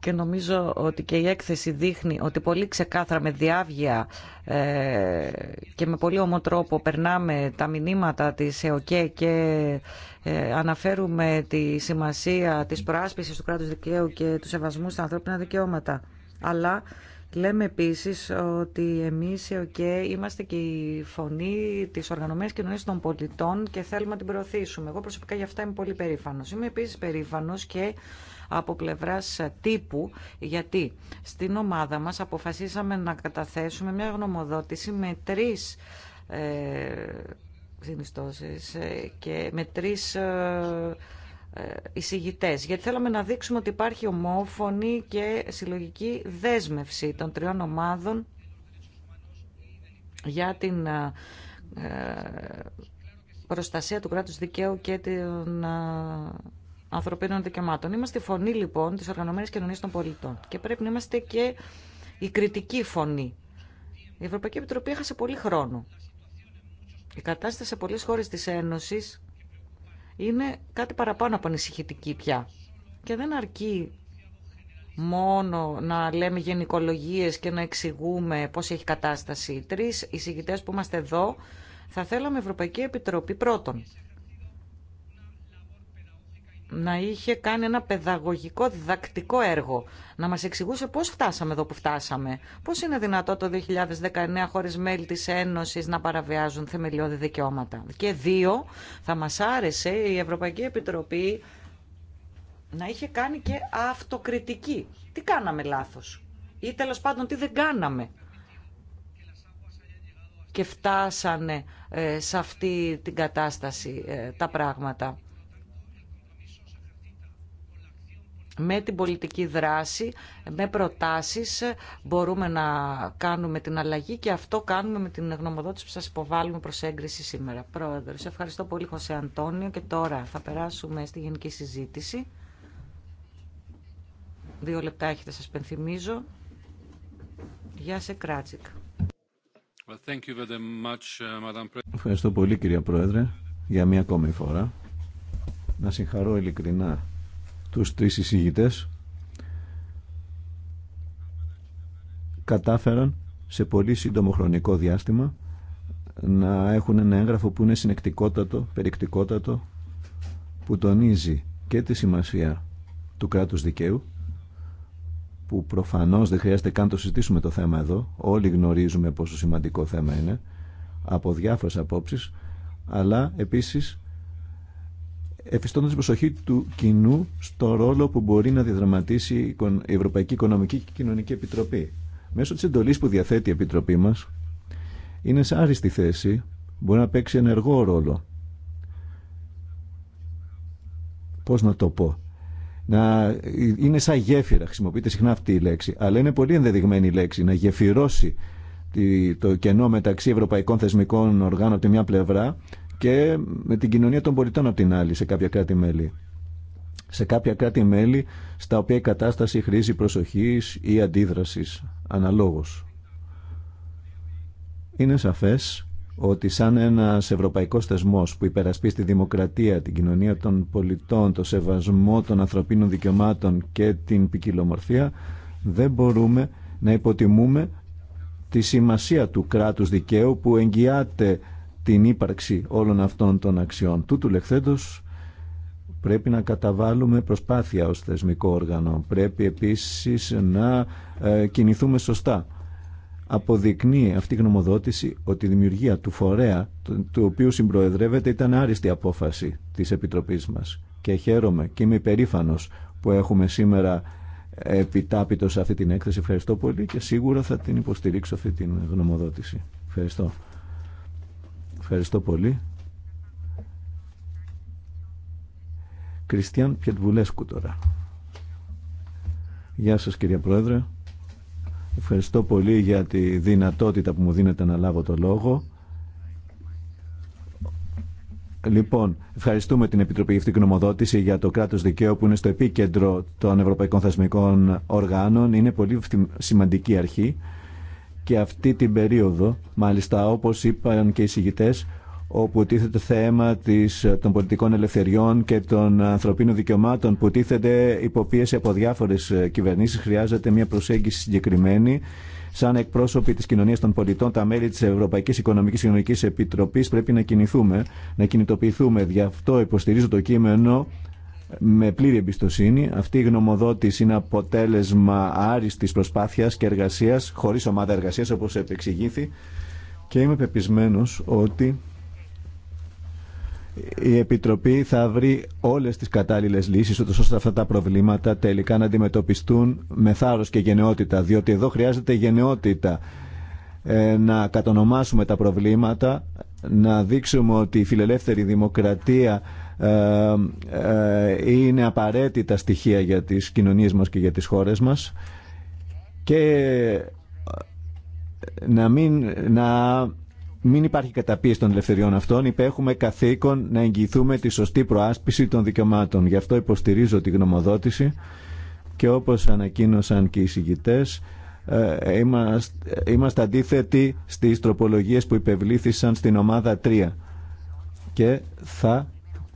και νομίζω ότι και η έκθεση δείχνει ότι πολύ ξεκάθαρα με διάβγεια ε, και με πολύ ομό περνάμε τα μηνύματα της ΕΟΚΕ και ε, αναφέρουμε τη σημασία της προάσπισης του κράτους δικαίου και του σεβασμού στα ανθρώπινα δικαιώματα. Αλλά Λέμε επίσης ότι εμείς οι είμαστε και η φωνή της Οργανωμένης Κοινωνίας των Πολιτών και θέλουμε να την προωθήσουμε. Εγώ προσωπικά για αυτά είμαι πολύ περήφανος. Είμαι επίσης περήφανος και από πλευράς τύπου, γιατί στην ομάδα μας αποφασίσαμε να καταθέσουμε μια γνωμοδότηση με τρεις ε, ε και με τρει. Ε, ε, εισηγητές, γιατί θέλαμε να δείξουμε ότι υπάρχει ομόφωνη και συλλογική δέσμευση των τριών ομάδων για την ε, ε, προστασία του κράτους δικαίου και των ανθρωπίνων δικαιωμάτων. Είμαστε η φωνή λοιπόν της οργανωμένης κοινωνίας των πολιτών και πρέπει να είμαστε και η κριτική φωνή. Η Ευρωπαϊκή Επιτροπή έχασε πολύ χρόνο. Η κατάσταση σε πολλές χώρες της Ένωσης είναι κάτι παραπάνω από ανησυχητική πια. Και δεν αρκεί μόνο να λέμε γενικολογίες και να εξηγούμε πώς έχει κατάσταση. Τρεις εισηγητές που είμαστε εδώ θα θέλαμε Ευρωπαϊκή Επιτροπή πρώτον να είχε κάνει ένα παιδαγωγικό διδακτικό έργο, να μας εξηγούσε πώς φτάσαμε εδώ που φτάσαμε. Πώς είναι δυνατό το 2019 χωρίς μέλη της Ένωσης να παραβιάζουν θεμελιώδη δικαιώματα. Και δύο, θα μας άρεσε η Ευρωπαϊκή Επιτροπή να είχε κάνει και αυτοκριτική. Τι κάναμε λάθος ή τέλο πάντων τι δεν κάναμε. Και φτάσανε ε, σε αυτή την κατάσταση ε, τα πράγματα. με την πολιτική δράση, με προτάσεις μπορούμε να κάνουμε την αλλαγή και αυτό κάνουμε με την γνωμοδότηση που σας υποβάλλουμε προς έγκριση σήμερα. Πρόεδρε, σε ευχαριστώ πολύ Χωσέ Αντώνιο και τώρα θα περάσουμε στη γενική συζήτηση. Δύο λεπτά έχετε σας πενθυμίζω. Γεια σε Κράτσικ. Uh, ευχαριστώ πολύ κυρία Πρόεδρε για μία ακόμη φορά. Να συγχαρώ ειλικρινά τους τρεις εισηγητές κατάφεραν σε πολύ σύντομο χρονικό διάστημα να έχουν ένα έγγραφο που είναι συνεκτικότατο, περιεκτικότατο που τονίζει και τη σημασία του κράτους δικαίου που προφανώς δεν χρειάζεται καν το συζητήσουμε το θέμα εδώ όλοι γνωρίζουμε πόσο σημαντικό θέμα είναι από διάφορες απόψεις αλλά επίσης εφιστώντας την προσοχή του κοινού στο ρόλο που μπορεί να διαδραματίσει η Ευρωπαϊκή Οικονομική και Κοινωνική Επιτροπή. Μέσω της εντολής που διαθέτει η Επιτροπή μας, είναι σε άριστη θέση, μπορεί να παίξει ενεργό ρόλο. Πώς να το πω. Να, είναι σαν γέφυρα, χρησιμοποιείται συχνά αυτή η λέξη, αλλά είναι πολύ ενδεδειγμένη η λέξη, να γεφυρώσει το κενό μεταξύ ευρωπαϊκών θεσμικών οργάνων από τη μια πλευρά και με την κοινωνία των πολιτών από την άλλη σε κάποια κράτη-μέλη. Σε κάποια κράτη-μέλη στα οποία η κατάσταση χρήζει προσοχής ή αντίδρασης αναλόγως. Είναι σαφές ότι σαν ένας ευρωπαϊκός θεσμός που υπερασπίζει τη δημοκρατία, την κοινωνία των πολιτών, το σεβασμό των ανθρωπίνων δικαιωμάτων και την ποικιλομορφία, δεν μπορούμε να υποτιμούμε τη σημασία του κράτους δικαίου που εγγυάται την ύπαρξη όλων αυτών των αξιών. Τούτου λεχθέντος πρέπει να καταβάλουμε προσπάθεια ως θεσμικό όργανο. Πρέπει επίσης να ε, κινηθούμε σωστά. Αποδεικνύει αυτή η γνωμοδότηση ότι η δημιουργία του φορέα του οποίου συμπροεδρεύεται ήταν άριστη απόφαση της Επιτροπής μας. Και χαίρομαι και είμαι υπερήφανο που έχουμε σήμερα επιτάπητο σε αυτή την έκθεση. Ευχαριστώ πολύ και σίγουρα θα την υποστηρίξω αυτή την γνωμοδότηση. Ευχαριστώ. Ευχαριστώ πολύ. Κριστιαν Πιετβουλέσκου τώρα. Γεια σας κυρία Πρόεδρε. Ευχαριστώ πολύ για τη δυνατότητα που μου δίνετε να λάβω το λόγο. Λοιπόν, ευχαριστούμε την Επιτροπή για την για το κράτος δικαίου που είναι στο επίκεντρο των Ευρωπαϊκών Θεσμικών Οργάνων. Είναι πολύ σημαντική αρχή και αυτή την περίοδο, μάλιστα όπως είπαν και οι συγητές, όπου τίθεται θέμα της, των πολιτικών ελευθεριών και των ανθρωπίνων δικαιωμάτων που τίθεται υποπίεση από διάφορες ε, κυβερνήσεις. Χρειάζεται μια προσέγγιση συγκεκριμένη. Σαν εκπρόσωποι της κοινωνίας των πολιτών, τα μέλη της Ευρωπαϊκής Οικονομικής Κοινωνικής Επιτροπής πρέπει να κινηθούμε, να κινητοποιηθούμε. Γι' αυτό υποστηρίζω το κείμενο με πλήρη εμπιστοσύνη. Αυτή η γνωμοδότηση είναι αποτέλεσμα άριστης προσπάθειας και εργασίας, χωρίς ομάδα εργασίας όπως επεξηγήθη και είμαι πεπισμένος ότι η Επιτροπή θα βρει όλες τις κατάλληλες λύσεις ώστε αυτά τα προβλήματα τελικά να αντιμετωπιστούν με θάρρος και γενναιότητα διότι εδώ χρειάζεται γενναιότητα ε, να κατονομάσουμε τα προβλήματα να δείξουμε ότι η φιλελεύθερη δημοκρατία ε, ε, είναι απαραίτητα στοιχεία για τις κοινωνίες μας και για τις χώρες μας και ε, να μην, να μην υπάρχει καταπίεση των ελευθεριών αυτών. Υπέχουμε καθήκον να εγγυηθούμε τη σωστή προάσπιση των δικαιωμάτων. Γι' αυτό υποστηρίζω τη γνωμοδότηση και όπως ανακοίνωσαν και οι συγγητές, είμαστε, είμαστε αντίθετοι στις τροπολογίες που υπευλήθησαν στην ομάδα 3 και θα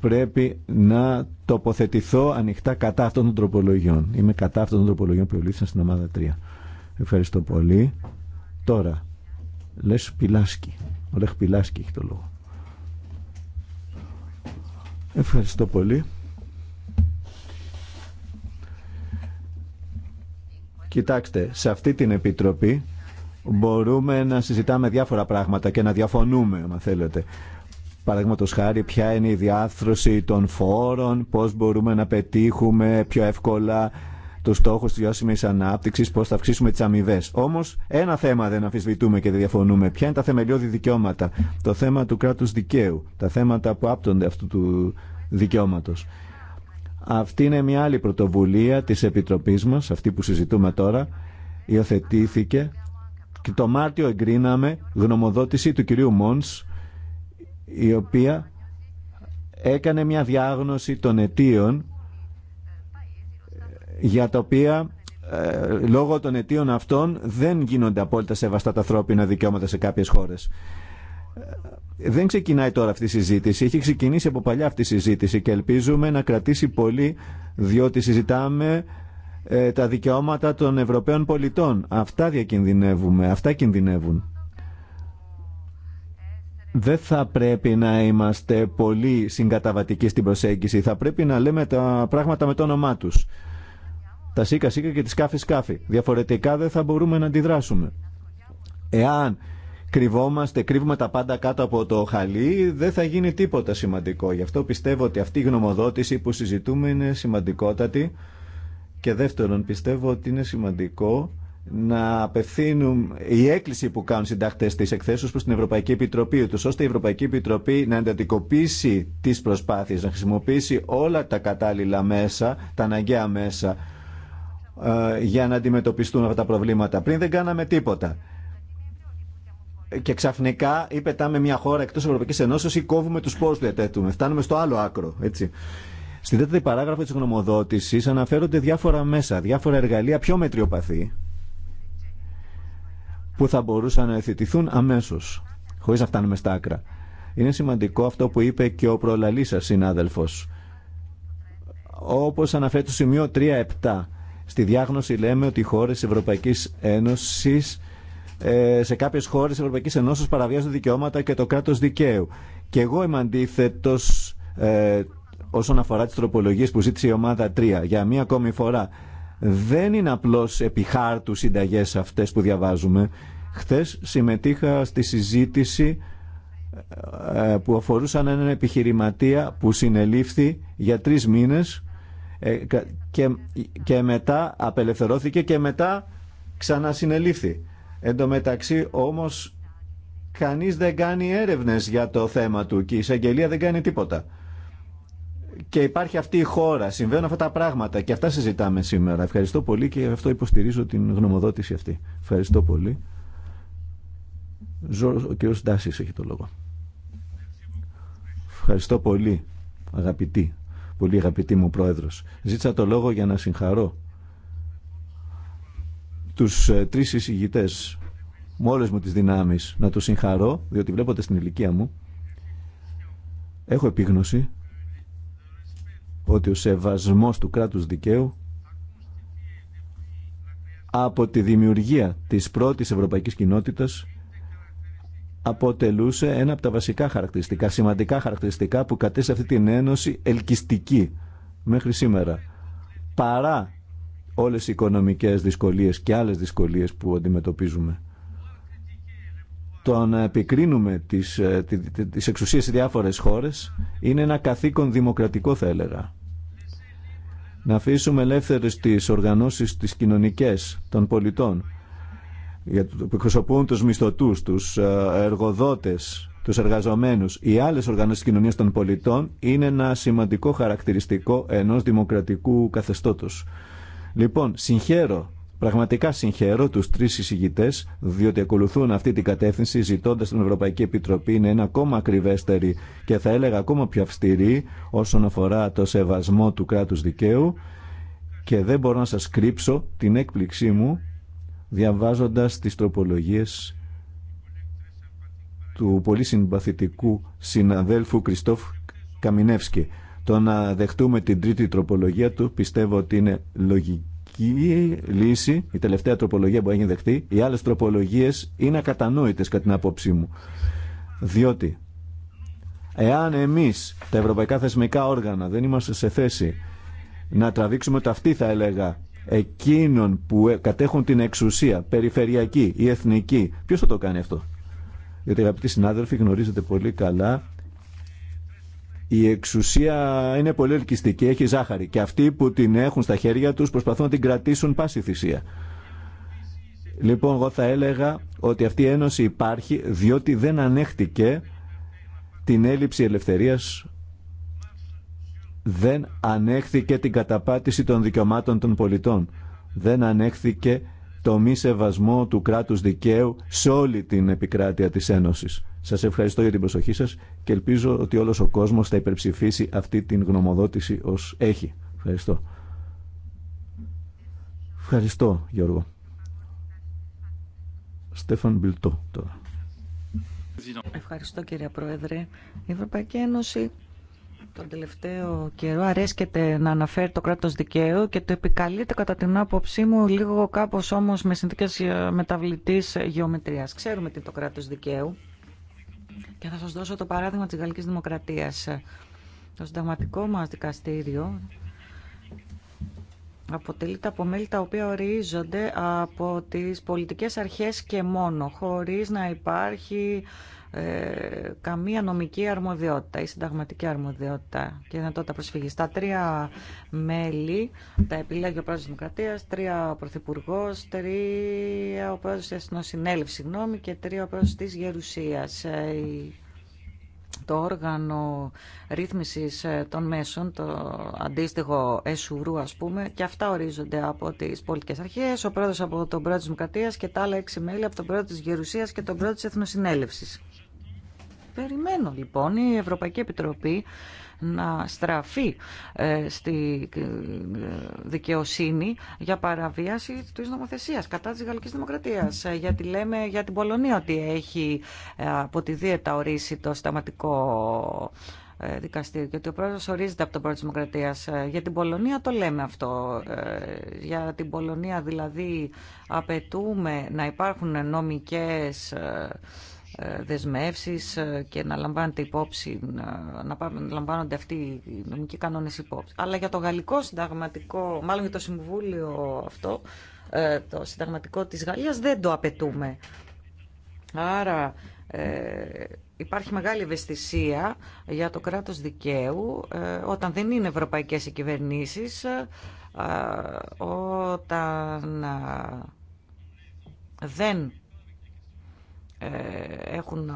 πρέπει να τοποθετηθώ ανοιχτά κατά αυτών των τροπολογιών. Είμαι κατά αυτών των τροπολογιών που ελήφθησαν στην ομάδα 3. Ευχαριστώ πολύ. Τώρα, λες Πιλάσκι. Ο Λέχ Πιλάσκι έχει το λόγο. Ευχαριστώ πολύ. Κοιτάξτε, σε αυτή την επιτροπή μπορούμε να συζητάμε διάφορα πράγματα και να διαφωνούμε, αν θέλετε. Παραδείγματο χάρη, ποια είναι η διάθρωση των φόρων, πώ μπορούμε να πετύχουμε πιο εύκολα τους στόχους τη βιώσιμη ανάπτυξη, πώ θα αυξήσουμε τι αμοιβέ. Όμω ένα θέμα δεν αμφισβητούμε και δεν διαφωνούμε. Ποια είναι τα θεμελιώδη δικαιώματα. Το θέμα του κράτου δικαίου. Τα θέματα που άπτονται αυτού του δικαιώματο. Αυτή είναι μια άλλη πρωτοβουλία της Επιτροπής μας, αυτή που συζητούμε τώρα, υιοθετήθηκε και το Μάρτιο εγκρίναμε γνωμοδότηση του κυρίου Μόνς η οποία έκανε μια διάγνωση των αιτίων ε, για τα οποία ε, λόγω των αιτίων αυτών δεν γίνονται απόλυτα σεβαστά τα ανθρώπινα δικαιώματα σε κάποιες χώρες. Ε, δεν ξεκινάει τώρα αυτή η συζήτηση. Έχει ξεκινήσει από παλιά αυτή η συζήτηση και ελπίζουμε να κρατήσει πολύ διότι συζητάμε τα δικαιώματα των Ευρωπαίων πολιτών. Αυτά διακινδυνεύουμε, αυτά κινδυνεύουν δεν θα πρέπει να είμαστε πολύ συγκαταβατικοί στην προσέγγιση. Θα πρέπει να λέμε τα πράγματα με το όνομά τους. Τα σίκα σίκα και τη σκάφη σκάφη. Διαφορετικά δεν θα μπορούμε να αντιδράσουμε. Εάν κρυβόμαστε, κρύβουμε τα πάντα κάτω από το χαλί, δεν θα γίνει τίποτα σημαντικό. Γι' αυτό πιστεύω ότι αυτή η γνωμοδότηση που συζητούμε είναι σημαντικότατη. Και δεύτερον, πιστεύω ότι είναι σημαντικό να απευθύνουν η έκκληση που κάνουν συνταχτέ τη εκθέσεω προ την Ευρωπαϊκή Επιτροπή, ούτω ώστε η Ευρωπαϊκή Επιτροπή να εντατικοποιήσει τι προσπάθειε, να χρησιμοποιήσει όλα τα κατάλληλα μέσα, τα αναγκαία μέσα, ε, για να αντιμετωπιστούν αυτά τα προβλήματα. Πριν δεν κάναμε τίποτα. Και ξαφνικά ή πετάμε μια χώρα εκτό Ευρωπαϊκή Ενώσεω ή κόβουμε του πόρου που διατέτουμε. Φτάνουμε στο άλλο άκρο. Έτσι. Στην τέταρτη παράγραφο τη γνωμοδότηση αναφέρονται διάφορα μέσα, διάφορα εργαλεία πιο μετριοπαθή που θα μπορούσαν να εθετηθούν αμέσω, χωρί να φτάνουμε στα άκρα. Είναι σημαντικό αυτό που είπε και ο προλαλή σα συνάδελφος. Όπως αναφέρει το σημείο 3.7, στη διάγνωση λέμε ότι οι χώρες Ευρωπαϊκής Ένωσης ε, σε κάποιες χώρες Ευρωπαϊκής Ένωσης παραβιάζονται δικαιώματα και το κράτο δικαίου. Και εγώ είμαι αντίθετο ε, όσον αφορά τις τροπολογίες που ζήτησε η ομάδα 3. Για μία ακόμη φορά δεν είναι απλώς επί χάρτου συνταγές αυτές που διαβάζουμε. Χθες συμμετείχα στη συζήτηση ε, ε, που αφορούσαν έναν επιχειρηματία που συνελήφθη για τρεις μήνες ε, και, και μετά απελευθερώθηκε και μετά ξανασυνελήφθη. Εν τω μεταξύ όμως κανείς δεν κάνει έρευνες για το θέμα του και η εισαγγελία δεν κάνει τίποτα και υπάρχει αυτή η χώρα. Συμβαίνουν αυτά τα πράγματα και αυτά συζητάμε σήμερα. Ευχαριστώ πολύ και αυτό υποστηρίζω την γνωμοδότηση αυτή. Ευχαριστώ πολύ. Ο κ. Ντάσης έχει το λόγο. Ευχαριστώ πολύ, αγαπητή. Πολύ αγαπητή μου πρόεδρος. Ζήτησα το λόγο για να συγχαρώ τους ε, τρεις συζητητές με όλες μου τις δυνάμεις να τους συγχαρώ, διότι βλέποντα την ηλικία μου έχω επίγνωση ότι ο σεβασμός του κράτους δικαίου από τη δημιουργία της πρώτης ευρωπαϊκής κοινότητας αποτελούσε ένα από τα βασικά χαρακτηριστικά, σημαντικά χαρακτηριστικά που κατέστησε αυτή την ένωση ελκυστική μέχρι σήμερα. Παρά όλες οι οικονομικές δυσκολίες και άλλες δυσκολίες που αντιμετωπίζουμε το να επικρίνουμε τις, ε, τις εξουσίες σε διάφορες χώρες είναι ένα καθήκον δημοκρατικό θα έλεγα. Να αφήσουμε ελεύθερες τις οργανώσεις τις κοινωνικές των πολιτών που εκπροσωπούν τους μισθωτούς, τους ε, εργοδότες, τους εργαζομένους ή άλλες οργανώσεις κοινωνίας των πολιτών είναι ένα σημαντικό χαρακτηριστικό ενός δημοκρατικού καθεστώτος. Λοιπόν, συγχαίρω Πραγματικά συγχαίρω τους τρεις συζητητέ, διότι ακολουθούν αυτή την κατεύθυνση ζητώντας την Ευρωπαϊκή Επιτροπή να είναι ακόμα ακριβέστερη και θα έλεγα ακόμα πιο αυστηρή όσον αφορά το σεβασμό του κράτους δικαίου και δεν μπορώ να σα κρύψω την έκπληξή μου διαβάζοντας τις τροπολογίες του πολύ συμπαθητικού συναδέλφου Κριστόφ Καμινεύσκη. Το να δεχτούμε την τρίτη τροπολογία του πιστεύω ότι είναι λογική τελική λύση, η τελευταία τροπολογία που έγινε δεχτεί, οι άλλες τροπολογίες είναι ακατανόητε κατά την απόψή μου. Διότι εάν εμείς τα ευρωπαϊκά θεσμικά όργανα δεν είμαστε σε θέση να τραβήξουμε τα αυτή θα έλεγα εκείνων που ε, κατέχουν την εξουσία περιφερειακή ή εθνική Ποιο θα το κάνει αυτό γιατί αγαπητοί συνάδελφοι γνωρίζετε πολύ καλά η εξουσία είναι πολύ ελκυστική, έχει ζάχαρη και αυτοί που την έχουν στα χέρια τους προσπαθούν να την κρατήσουν πάση θυσία. Λοιπόν, εγώ θα έλεγα ότι αυτή η ένωση υπάρχει διότι δεν ανέχτηκε την έλλειψη ελευθερίας, δεν ανέχθηκε την καταπάτηση των δικαιωμάτων των πολιτών, δεν ανέχθηκε το μη σεβασμό του κράτους δικαίου σε όλη την επικράτεια της Ένωσης. Σας ευχαριστώ για την προσοχή σας και ελπίζω ότι όλος ο κόσμος θα υπερψηφίσει αυτή την γνωμοδότηση ω έχει. Ευχαριστώ. Ευχαριστώ Γιώργο. Στέφαν Μπιλτό τώρα. Ευχαριστώ κύριε Πρόεδρε. Η Ευρωπαϊκή Ένωση τον τελευταίο καιρό αρέσκεται να αναφέρει το κράτος δικαίου και το επικαλείται κατά την άποψή μου λίγο κάπω όμω με συνθήκες ε, μεταβλητή γεωμετρία. Ξέρουμε τι είναι το κράτο δικαίου. Και θα σας δώσω το παράδειγμα της Γαλλικής Δημοκρατίας. Το συνταγματικό μας δικαστήριο αποτελείται από μέλη τα οποία ορίζονται από τις πολιτικές αρχές και μόνο, χωρίς να υπάρχει ε, καμία νομική αρμοδιότητα ή συνταγματική αρμοδιότητα και δυνατότητα προσφυγή. Τα τρία μέλη τα επιλέγει ο πρόεδρο Δημοκρατία, τρία ο πρωθυπουργό, τρία ο πρόεδρο τη Εθνοσυνέλευση και τρία ο πρόεδρο τη Γερουσία. Ε, το όργανο ρύθμισης ε, των μέσων, το αντίστοιχο ΕΣΟΥΡΟΥ ας πούμε, και αυτά ορίζονται από τις πολιτικές αρχές, ο πρόεδρος από τον πρόεδρο της Δημοκρατία και τα άλλα έξι μέλη από τον πρόεδρο της Γερουσίας και τον πρόεδρο τη Εθνοσυνέλευσης. Περιμένω λοιπόν η Ευρωπαϊκή Επιτροπή να στραφεί ε, στη ε, δικαιοσύνη για παραβίαση της νομοθεσίας κατά της Γαλλικής Δημοκρατίας. Ε, γιατί λέμε για την Πολωνία ότι έχει από τη δίαιτα ορίσει το σταματικό δικαστήριο και ότι ο πρόεδρος ορίζεται από τον πρόεδρο της Δημοκρατίας. Για την Πολωνία το λέμε αυτό. Για την Πολωνία δηλαδή απαιτούμε να υπάρχουν νομικές ε, δεσμεύσεις ε, και να λαμβάνεται υπόψη, να λαμβάνονται αυτοί οι νομικοί κανόνες υπόψη. Αλλά για το γαλλικό συνταγματικό, μάλλον για το συμβούλιο αυτό, ε, το συνταγματικό της Γαλλίας δεν το απαιτούμε. Άρα ε, υπάρχει μεγάλη ευαισθησία για το κράτος δικαίου όταν δεν είναι ευρωπαϊκές οι κυβερνήσεις, ε, όταν δεν ε, έχουν ε,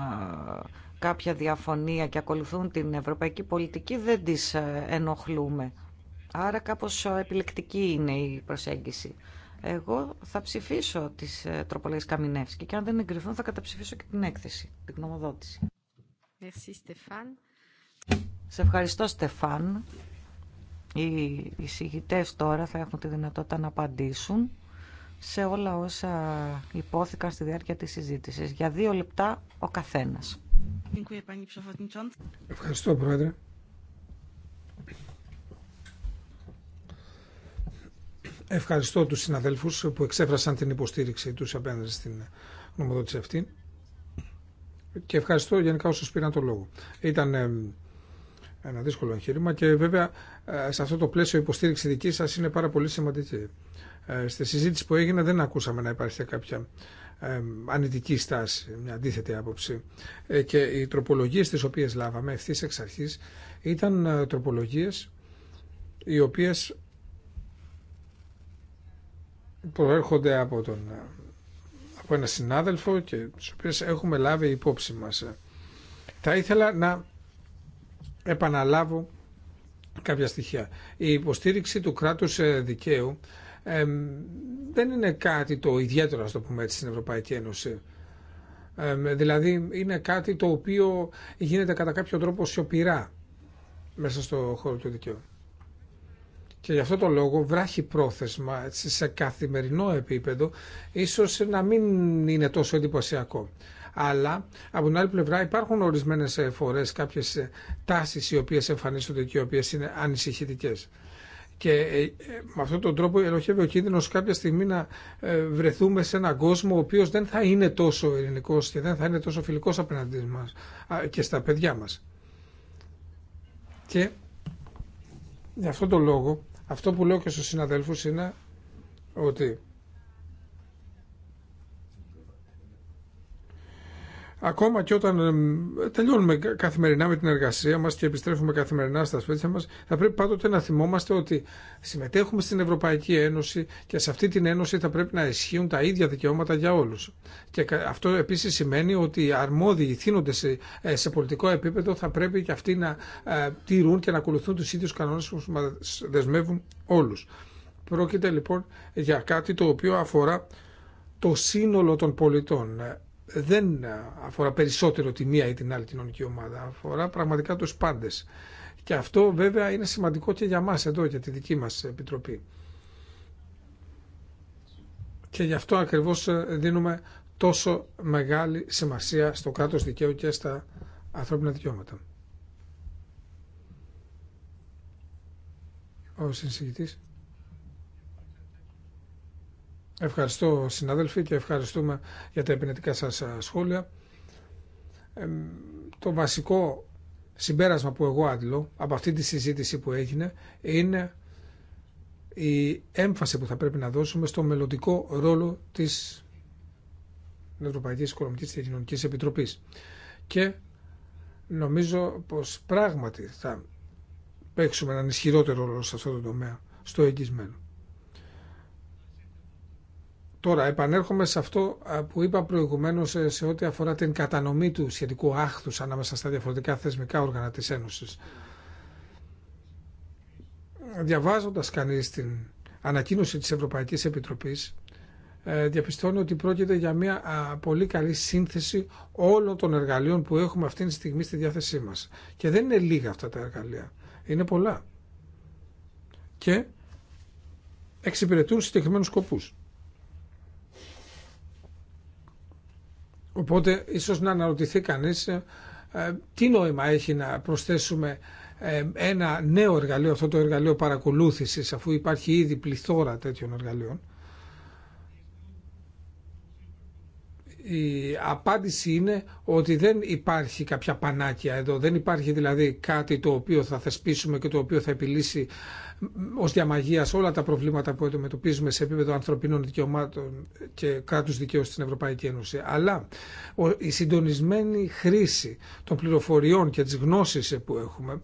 κάποια διαφωνία και ακολουθούν την ευρωπαϊκή πολιτική δεν τις ε, ενοχλούμε. Άρα κάπως επιλεκτική είναι η προσέγγιση. Εγώ θα ψηφίσω τις τροπολογίες Καμινεύσκη και αν δεν εγκριθούν θα καταψηφίσω και την έκθεση, την γνωμοδότηση. Σε ευχαριστώ Στεφάν. Οι εισηγητές τώρα θα έχουν τη δυνατότητα να απαντήσουν σε όλα όσα υπόθηκαν στη διάρκεια της συζήτησης. Για δύο λεπτά ο καθένας. Ευχαριστώ, Πρόεδρε. Ευχαριστώ τους συναδέλφους που εξέφρασαν την υποστήριξη τους απέναντι στην νομοδότηση αυτή και ευχαριστώ γενικά όσους πήραν το λόγο. Ήταν ένα δύσκολο εγχείρημα και βέβαια ε, σε αυτό το πλαίσιο η υποστήριξη δική σας είναι πάρα πολύ σημαντική. Ε, στη συζήτηση που έγινε δεν ακούσαμε να υπάρχει κάποια ε, ανητική στάση, μια αντίθετη άποψη. Ε, και οι τροπολογίες τις οποίες λάβαμε ευθύ εξ αρχή ήταν τροπολογίες οι οποίες προέρχονται από, τον, από ένα συνάδελφο και τις οποίες έχουμε λάβει υπόψη μας. Θα ήθελα να επαναλάβω κάποια στοιχεία. Η υποστήριξη του κράτους δικαίου δεν είναι κάτι το ιδιαίτερο, να το πούμε έτσι, στην Ευρωπαϊκή Ένωση. δηλαδή είναι κάτι το οποίο γίνεται κατά κάποιο τρόπο σιωπηρά μέσα στο χώρο του δικαίου. Και γι' αυτό το λόγο βράχει πρόθεσμα έτσι, σε καθημερινό επίπεδο ίσως να μην είναι τόσο εντυπωσιακό. Αλλά από την άλλη πλευρά υπάρχουν ορισμένες φορές κάποιες τάσεις οι οποίες εμφανίζονται και οι οποίες είναι ανησυχητικές. Και ε, ε, με αυτόν τον τρόπο ελοχεύει ο κίνδυνο κάποια στιγμή να ε, βρεθούμε σε έναν κόσμο ο οποίο δεν θα είναι τόσο ελληνικό και δεν θα είναι τόσο φιλικό απέναντι μα και στα παιδιά μα. Και γι' αυτόν τον λόγο, αυτό που λέω και στου συναδέλφους είναι ότι ακόμα και όταν τελειώνουμε καθημερινά με την εργασία μας και επιστρέφουμε καθημερινά στα σπίτια μας, θα πρέπει πάντοτε να θυμόμαστε ότι συμμετέχουμε στην Ευρωπαϊκή Ένωση και σε αυτή την Ένωση θα πρέπει να ισχύουν τα ίδια δικαιώματα για όλους. Και αυτό επίσης σημαίνει ότι οι αρμόδιοι ε, σε, πολιτικό επίπεδο θα πρέπει και αυτοί να ε, τηρούν και να ακολουθούν τους ίδιους κανόνες που μας δεσμεύουν όλους. Πρόκειται λοιπόν για κάτι το οποίο αφορά το σύνολο των πολιτών ε, δεν αφορά περισσότερο τη μία ή την άλλη κοινωνική ομάδα, αφορά πραγματικά τους πάντες. Και αυτό βέβαια είναι σημαντικό και για μας εδώ, για τη δική μας Επιτροπή. Και γι' αυτό ακριβώς ε, δίνουμε τόσο μεγάλη σημασία στο κράτος δικαίου και στα ανθρώπινα δικαιώματα. Ο συνσηγητής. Ευχαριστώ συναδέλφοι και ευχαριστούμε για τα επενετικά σας σχόλια. Ε, το βασικό συμπέρασμα που εγώ άντλω από αυτή τη συζήτηση που έγινε είναι η έμφαση που θα πρέπει να δώσουμε στο μελλοντικό ρόλο της Ευρωπαϊκής Οικονομικής και Κοινωνικής Επιτροπής. Και νομίζω πως πράγματι θα παίξουμε έναν ισχυρότερο ρόλο σε αυτό το τομέα, στο εγγυσμένο. Τώρα, επανέρχομαι σε αυτό που είπα προηγουμένως ε, σε ό,τι αφορά την κατανομή του σχετικού άχθου ανάμεσα στα διαφορετικά θεσμικά όργανα της Ένωσης. Διαβάζοντας κανείς την ανακοίνωση της Ευρωπαϊκής Επιτροπής ε, διαπιστώνω ότι πρόκειται για μια πολύ καλή σύνθεση όλων των εργαλείων που έχουμε αυτή τη στιγμή στη διάθεσή μας. Και δεν είναι λίγα αυτά τα εργαλεία. Είναι πολλά. Και εξυπηρετούν συγκεκριμένους σκοπούς. Οπότε ίσως να αναρωτηθεί κανείς ε, ε, τι νόημα έχει να προσθέσουμε ε, ένα νέο εργαλείο, αυτό το εργαλείο παρακολούθησης, αφού υπάρχει ήδη πληθώρα τέτοιων εργαλείων. η απάντηση είναι ότι δεν υπάρχει κάποια πανάκια εδώ. Δεν υπάρχει δηλαδή κάτι το οποίο θα θεσπίσουμε και το οποίο θα επιλύσει ως διαμαγεία όλα τα προβλήματα που αντιμετωπίζουμε σε επίπεδο ανθρωπίνων δικαιωμάτων και κράτους δικαίου στην Ευρωπαϊκή Ένωση. Αλλά η συντονισμένη χρήση των πληροφοριών και της γνώσης που έχουμε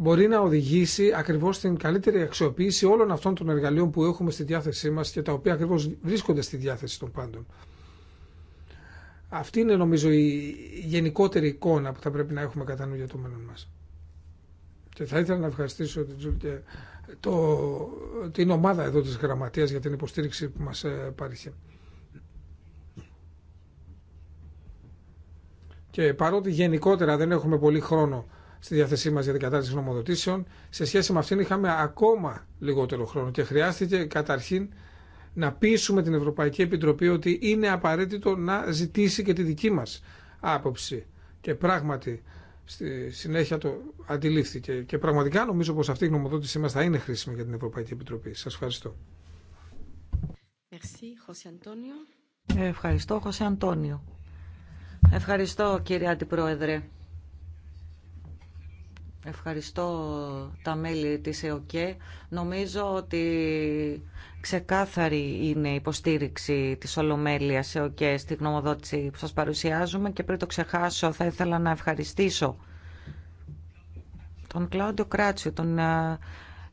μπορεί να οδηγήσει ακριβώς στην καλύτερη αξιοποίηση όλων αυτών των εργαλείων που έχουμε στη διάθεσή μας και τα οποία ακριβώς βρίσκονται στη διάθεση των πάντων. Αυτή είναι νομίζω η γενικότερη εικόνα που θα πρέπει να έχουμε κατά νου για το μέλλον μας. Και θα ήθελα να ευχαριστήσω την το, την ομάδα εδώ της Γραμματείας για την υποστήριξη που μας ε, παρήχε. Και παρότι γενικότερα δεν έχουμε πολύ χρόνο στη διάθεσή μα για την κατάρτιση νομοδοτήσεων. Σε σχέση με αυτήν είχαμε ακόμα λιγότερο χρόνο και χρειάστηκε καταρχήν να πείσουμε την Ευρωπαϊκή Επιτροπή ότι είναι απαραίτητο να ζητήσει και τη δική μας άποψη. Και πράγματι στη συνέχεια το αντιλήφθηκε. Και πραγματικά νομίζω πως αυτή η γνωμοδότησή μας θα είναι χρήσιμη για την Ευρωπαϊκή Επιτροπή. Σα ευχαριστώ. Ευχαριστώ, Χωσέ Αντώνιο. Ευχαριστώ, κύριε Αντιπρόεδρε. Ευχαριστώ τα μέλη της ΕΟΚΕ. Νομίζω ότι ξεκάθαρη είναι η υποστήριξη της Ολομέλειας ΕΟΚΕ στη γνωμοδότηση που σας παρουσιάζουμε και πριν το ξεχάσω θα ήθελα να ευχαριστήσω τον Κλάοντιο Κράτσιο, τον ε,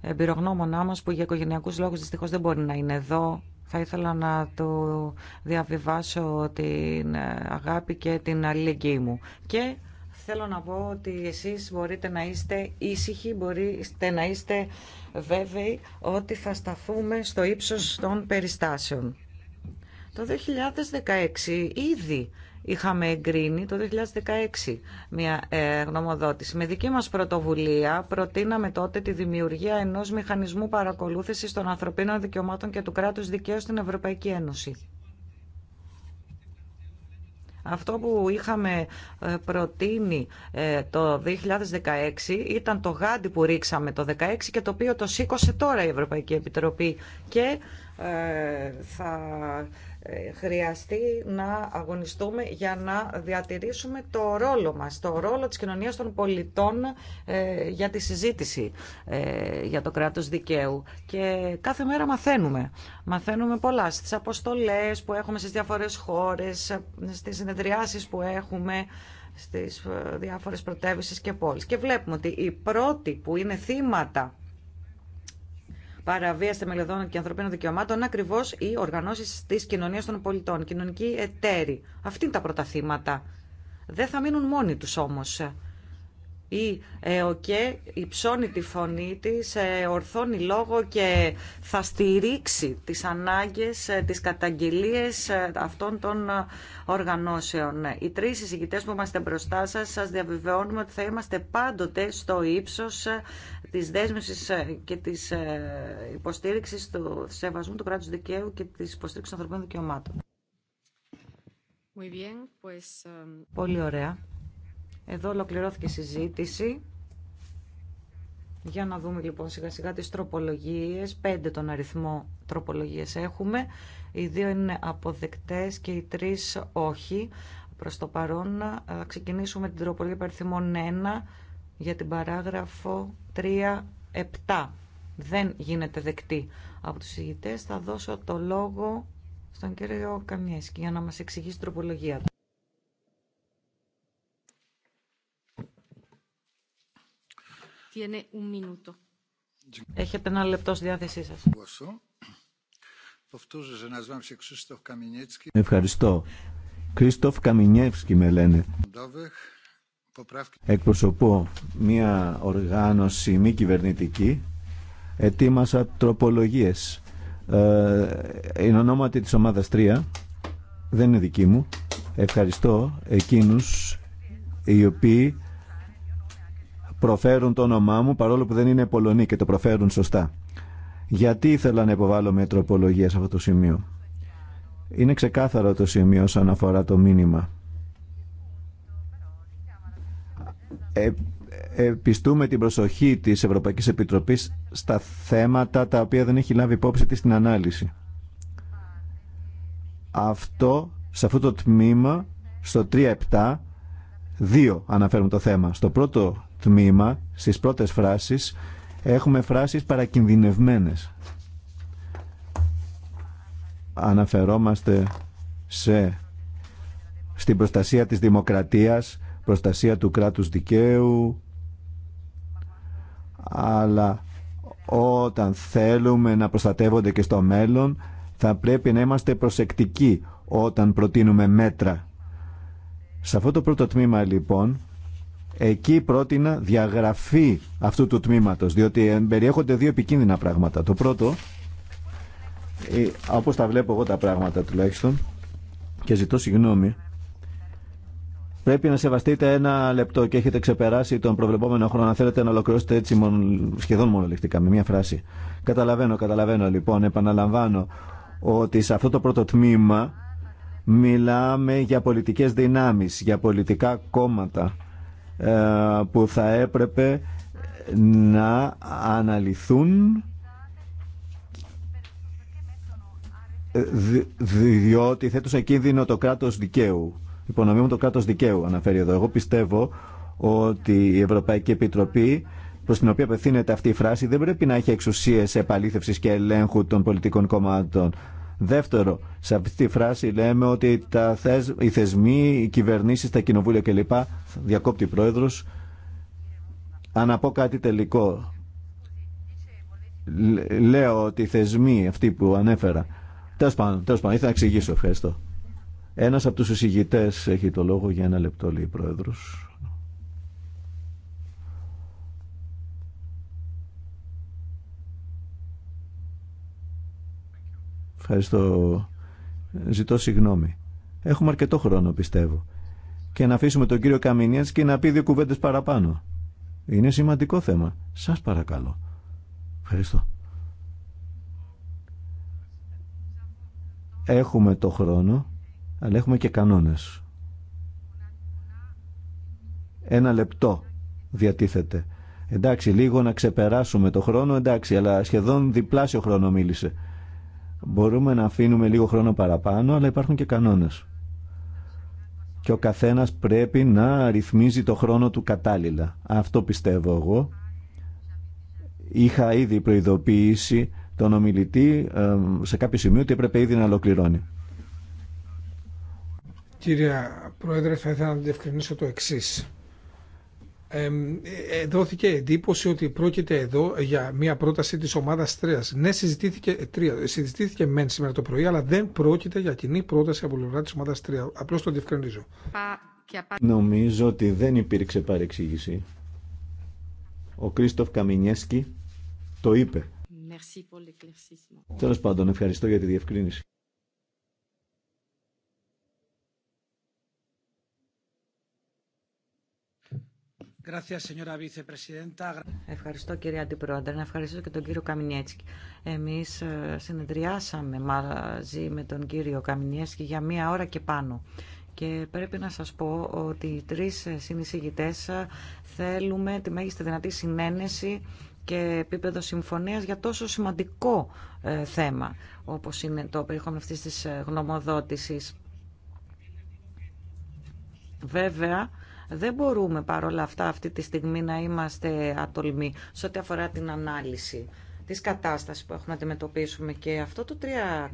εμπειρογνώμονά μας που για οικογενειακούς λόγους δυστυχώς δεν μπορεί να είναι εδώ. Θα ήθελα να του διαβιβάσω την ε, αγάπη και την αλληλεγγύη μου. Και θέλω να πω ότι εσείς μπορείτε να είστε ήσυχοι, μπορείτε να είστε βέβαιοι ότι θα σταθούμε στο ύψος των περιστάσεων. Το 2016 ήδη είχαμε εγκρίνει το 2016 μια ε, γνωμοδότηση. Με δική μας πρωτοβουλία προτείναμε τότε τη δημιουργία ενός μηχανισμού παρακολούθησης των ανθρωπίνων δικαιωμάτων και του κράτους δικαίου στην Ευρωπαϊκή Ένωση. Αυτό που είχαμε ε, προτείνει ε, το 2016 ήταν το γάντι που ρίξαμε το 2016 και το οποίο το σήκωσε τώρα η Ευρωπαϊκή Επιτροπή και ε, θα χρειαστεί να αγωνιστούμε για να διατηρήσουμε το ρόλο μας, το ρόλο της κοινωνίας των πολιτών ε, για τη συζήτηση ε, για το κράτος δικαίου. Και κάθε μέρα μαθαίνουμε. Μαθαίνουμε πολλά στις αποστολές που έχουμε στις διάφορες χώρες, στις συνεδριάσεις που έχουμε, στις ε, διάφορες πρωτεύουσες και πόλεις. Και βλέπουμε ότι οι πρώτοι που είναι θύματα παραβία θεμελιωδών και ανθρωπίνων δικαιωμάτων ακριβώ οι οργανώσει τη κοινωνία των πολιτών, κοινωνικοί εταίροι. Αυτή είναι τα πρώτα Δεν θα μείνουν μόνοι του όμω. Η ΕΟΚΕ υψώνει τη φωνή της, ε, ορθώνει λόγο και θα στηρίξει τις ανάγκες, ε, τις καταγγελίες ε, αυτών των οργανώσεων. Οι τρεις συζητητές που είμαστε μπροστά σας, σας διαβεβαιώνουμε ότι θα είμαστε πάντοτε στο ύψος της δέσμευσης ε, και της ε, υποστήριξης του σεβασμού του κράτους δικαίου και της υποστήριξης των ανθρωπίνων δικαιωμάτων. Muy bien, pues... Um, Πολύ ωραία. Εδώ ολοκληρώθηκε η συζήτηση. Για να δούμε λοιπόν σιγά σιγά τις τροπολογίες. Πέντε τον αριθμό τροπολογίες έχουμε. Οι δύο είναι αποδεκτές και οι τρεις όχι. Προς το παρόν θα ξεκινήσουμε την τροπολογία παριθμών 1 για την παράγραφο 3-7 δεν γίνεται δεκτή από τους ηγητές. Θα δώσω το λόγο στον κύριο Καμιέσκη για να μας εξηγήσει την τροπολογία του. Έχετε ένα λεπτό στη διάθεσή σας. Ευχαριστώ. Κρίστοφ Καμινιεύσκη με λένε. Εκπροσωπώ μια οργάνωση μη κυβερνητική. Ετοίμασα τροπολογίες. Ε, είναι ονόματι της ομάδας 3. Δεν είναι δική μου. Ευχαριστώ εκείνους οι οποίοι προφέρουν το όνομά μου παρόλο που δεν είναι Πολωνοί και το προφέρουν σωστά. Γιατί ήθελα να υποβάλω μια τροπολογία σε αυτό το σημείο. Είναι ξεκάθαρο το σημείο όσον αφορά το μήνυμα. Ε, επιστούμε την προσοχή της Ευρωπαϊκής Επιτροπής στα θέματα τα οποία δεν έχει λάβει υπόψη της στην ανάλυση. Αυτό, σε αυτό το τμήμα, στο 3-7-2 δύο αναφέρουμε το θέμα. Στο πρώτο τμήμα, στις πρώτες φράσεις, έχουμε φράσεις παρακινδυνευμένες. Αναφερόμαστε σε, στην προστασία της δημοκρατίας, προστασία του κράτους δικαίου, αλλά όταν θέλουμε να προστατεύονται και στο μέλλον, θα πρέπει να είμαστε προσεκτικοί όταν προτείνουμε μέτρα. Σε αυτό το πρώτο τμήμα λοιπόν, εκεί πρότεινα διαγραφή αυτού του τμήματος, διότι ε, περιέχονται δύο επικίνδυνα πράγματα. Το πρώτο, ε, όπως τα βλέπω εγώ τα πράγματα τουλάχιστον, και ζητώ συγγνώμη, Πρέπει να σεβαστείτε ένα λεπτό και έχετε ξεπεράσει τον προβλεπόμενο χρόνο. Αν θέλετε να ολοκληρώσετε έτσι σχεδόν μονολεκτικά με μια φράση. Καταλαβαίνω, καταλαβαίνω λοιπόν, επαναλαμβάνω ότι σε αυτό το πρώτο τμήμα μιλάμε για πολιτικές δυνάμεις, για πολιτικά κόμματα ε, που θα έπρεπε να αναλυθούν διότι θέτουν σε κίνδυνο το κράτος δικαίου Υπονομή μου το κράτο δικαίου, αναφέρει εδώ. Εγώ πιστεύω ότι η Ευρωπαϊκή Επιτροπή προ την οποία απευθύνεται αυτή η φράση δεν πρέπει να έχει εξουσίε επαλήθευση και ελέγχου των πολιτικών κομμάτων. Δεύτερο, σε αυτή τη φράση λέμε ότι τα θεσ... οι θεσμοί, οι κυβερνήσει, τα κοινοβούλια κλπ. Διακόπτει η πρόεδρο. Αν πω κάτι τελικό. Λέω ότι οι θεσμοί αυτοί που ανέφερα. Τέλο τέλος πάντων, ήθελα να εξηγήσω. Ευχαριστώ. Ένας από τους εισηγητές έχει το λόγο για ένα λεπτό, λέει Πρόεδρος. Ευχαριστώ. Ζητώ συγγνώμη. Έχουμε αρκετό χρόνο, πιστεύω. Και να αφήσουμε τον κύριο Καμινιέτς και να πει δύο κουβέντες παραπάνω. Είναι σημαντικό θέμα. Σας παρακαλώ. Ευχαριστώ. Έχουμε το χρόνο αλλά έχουμε και κανόνες. Ένα λεπτό διατίθεται. Εντάξει, λίγο να ξεπεράσουμε το χρόνο, εντάξει, αλλά σχεδόν διπλάσιο χρόνο μίλησε. Μπορούμε να αφήνουμε λίγο χρόνο παραπάνω, αλλά υπάρχουν και κανόνες. Και ο καθένας πρέπει να ρυθμίζει το χρόνο του κατάλληλα. Αυτό πιστεύω εγώ. Είχα ήδη προειδοποιήσει τον ομιλητή ε, σε κάποιο σημείο ότι έπρεπε ήδη να ολοκληρώνει. Κύριε Πρόεδρε, θα ήθελα να διευκρινίσω το εξή. Ε, ε, δόθηκε εντύπωση ότι πρόκειται εδώ για μια πρόταση της ομάδας 3. Ναι, συζητήθηκε, 3, συζητήθηκε μεν σήμερα το πρωί, αλλά δεν πρόκειται για κοινή πρόταση από πλευρά τη ομάδα 3. Απλώς το διευκρινίζω. Νομίζω ότι δεν υπήρξε παρεξήγηση. Ο Κρίστοφ Καμινιέσκι το είπε. Τέλο πάντων, ευχαριστώ για τη διευκρίνηση. Ευχαριστώ κύριε Αντιπρόεδρε, να ευχαριστήσω και τον κύριο Καμινιέτσκι. Εμείς ε, συνεδριάσαμε μαζί με τον κύριο Καμινιέτσκι για μία ώρα και πάνω. Και πρέπει να σας πω ότι οι τρεις συνεισηγητές ε, θέλουμε τη μέγιστη δυνατή συνένεση και επίπεδο συμφωνίας για τόσο σημαντικό ε, θέμα όπως είναι το περιεχόμενο αυτής της γνωμοδότησης. Βέβαια, δεν μπορούμε παρόλα αυτά αυτή τη στιγμή να είμαστε ατολμοί σε ό,τι αφορά την ανάλυση της κατάστασης που έχουμε να αντιμετωπίσουμε και αυτό το 3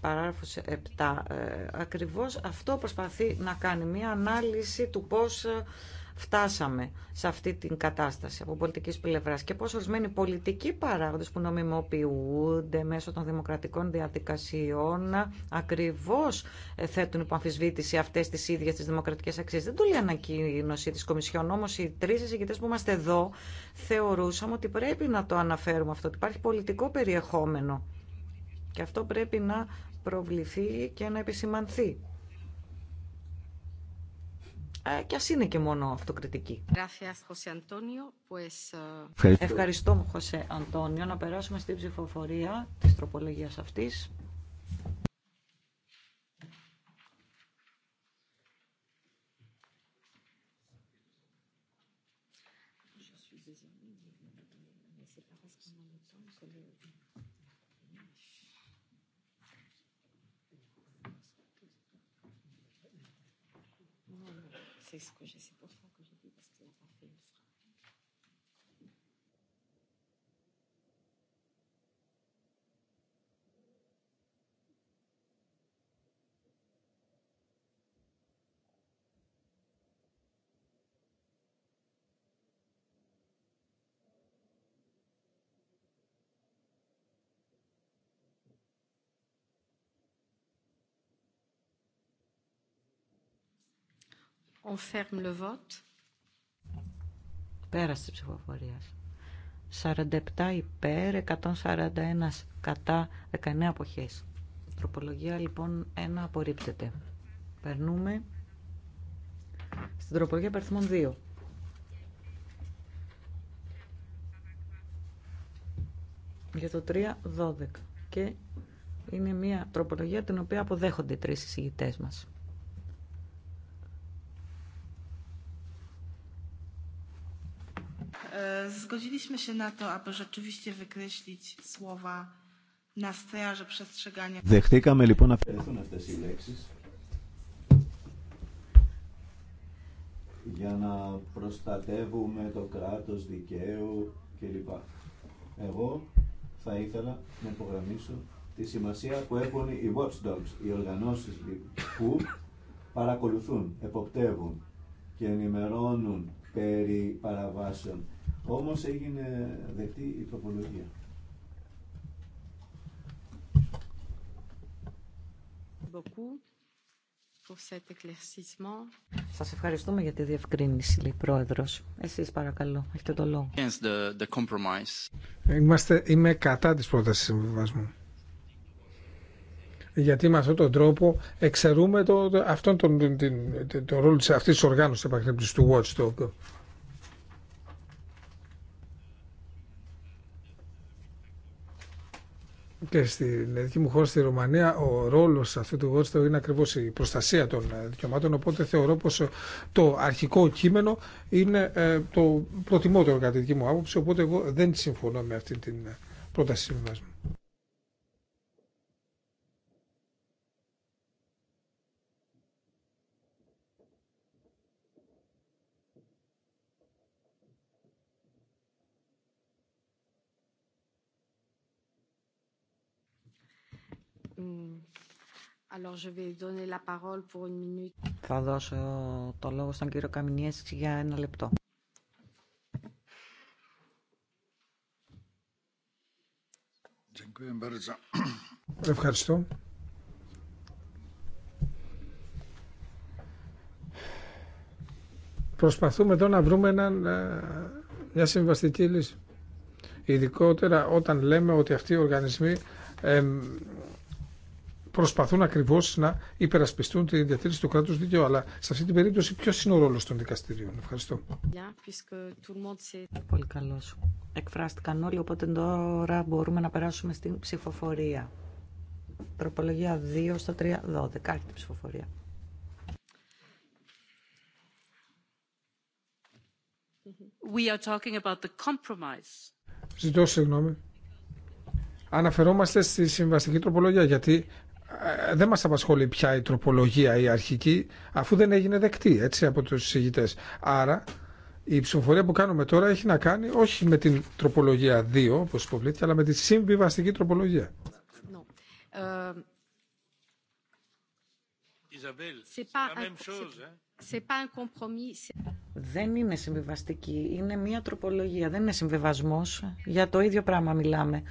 παράγραφος 7 ε, ακριβώς αυτό προσπαθεί να κάνει μια ανάλυση του πώς ε, φτάσαμε σε αυτή την κατάσταση από πολιτικής πλευράς και πώς ορισμένοι πολιτικοί παράγοντες που νομιμοποιούνται μέσω των δημοκρατικών διαδικασιών ακριβώς ε, θέτουν υποαμφισβήτηση αυτές τις ίδιες τις δημοκρατικές αξίες. Δεν το λέει ανακοίνωση της Κομισιόν, όμως οι τρεις εισηγητές που είμαστε εδώ θεωρούσαμε ότι πρέπει να το αναφέρουμε αυτό, ότι υπάρχει πολιτικό περιεχόμενο και αυτό πρέπει να προβληθεί και να επισημανθεί ε, κι ας είναι και μόνο αυτοκριτική. Ε, Ευχαριστώ, Χωσέ Αντώνιο. Να περάσουμε στην ψηφοφορία της τροπολογίας αυτής. Ευχαριστώ, On ferme le vote. Πέρασε ψηφοφορία. 47 υπέρ, 141 κατά, 19 αποχέ. τροπολογία λοιπόν 1 απορρίπτεται. Περνούμε στην τροπολογία περθμών 2. Για το 3, 12. Και είναι μια τροπολογία την οποία αποδέχονται οι τρεις εισηγητές μας. Zgodziliśmy się na to, aby rzeczywiście wykreślić słowa na przestrzegania. Δεχτήκαμε λοιπόν να φέρθουν αυτές οι λέξει. για να προστατεύουμε το κράτος δικαίου κλπ. Εγώ θα ήθελα να υπογραμμίσω τη σημασία που έχουν οι watchdogs, οι οργανώσει λοιπόν, που παρακολουθούν, εποπτεύουν και ενημερώνουν περί παραβάσεων. Όμως έγινε δεκτή η τροπολογία. Σας ευχαριστούμε για τη διευκρίνηση, λέει Πρόεδρος. Εσείς παρακαλώ, έχετε το λόγο. Είμαστε, είμαι κατά της πρότασης συμβιβασμού γιατί με αυτόν τον τρόπο εξαιρούμε το, τον, τον, τον, ρόλο της, αυτής της οργάνωσης του Watchdog. Και στην δική μου χώρα, στη Ρωμανία, ο ρόλος αυτού του Watchdog είναι ακριβώς η προστασία των ε, δικαιωμάτων, οπότε θεωρώ πως ε, το αρχικό κείμενο είναι ε, το προτιμότερο κατά τη δική μου άποψη, οπότε εγώ δεν συμφωνώ με αυτή την πρόταση συμβιβασμού. Θα δώσω το λόγο στον κύριο Καμινιές για ένα λεπτό. Ευχαριστώ. Προσπαθούμε εδώ να βρούμε ένα, ε, μια συμβαστική λύση. Ειδικότερα όταν λέμε ότι αυτοί οι οργανισμοί προσπαθούν ακριβώ να υπερασπιστούν τη διατήρηση του κράτου δικαίου. Αλλά σε αυτή την περίπτωση, ποιο είναι ο ρόλο των δικαστηρίων. Ευχαριστώ. Πολύ καλώ. Εκφράστηκαν όλοι, οπότε τώρα μπορούμε να περάσουμε στην ψηφοφορία. Τροπολογία 2 στα 3, 12. Άρχεται ψηφοφορία. We are talking about the compromise. Ζητώ συγγνώμη. Αναφερόμαστε στη συμβαστική τροπολογία γιατί ε, δεν μας απασχολεί πια η τροπολογία η αρχική αφού δεν έγινε δεκτή έτσι, από τους συζητητές. Άρα η ψηφοφορία που κάνουμε τώρα έχει να κάνει όχι με την τροπολογία 2 όπως υποβλήθηκε αλλά με τη συμβιβαστική τροπολογία. Δεν είναι συμβιβαστική, είναι μία τροπολογία, δεν είναι συμβιβασμός. Για το ίδιο πράγμα μιλάμε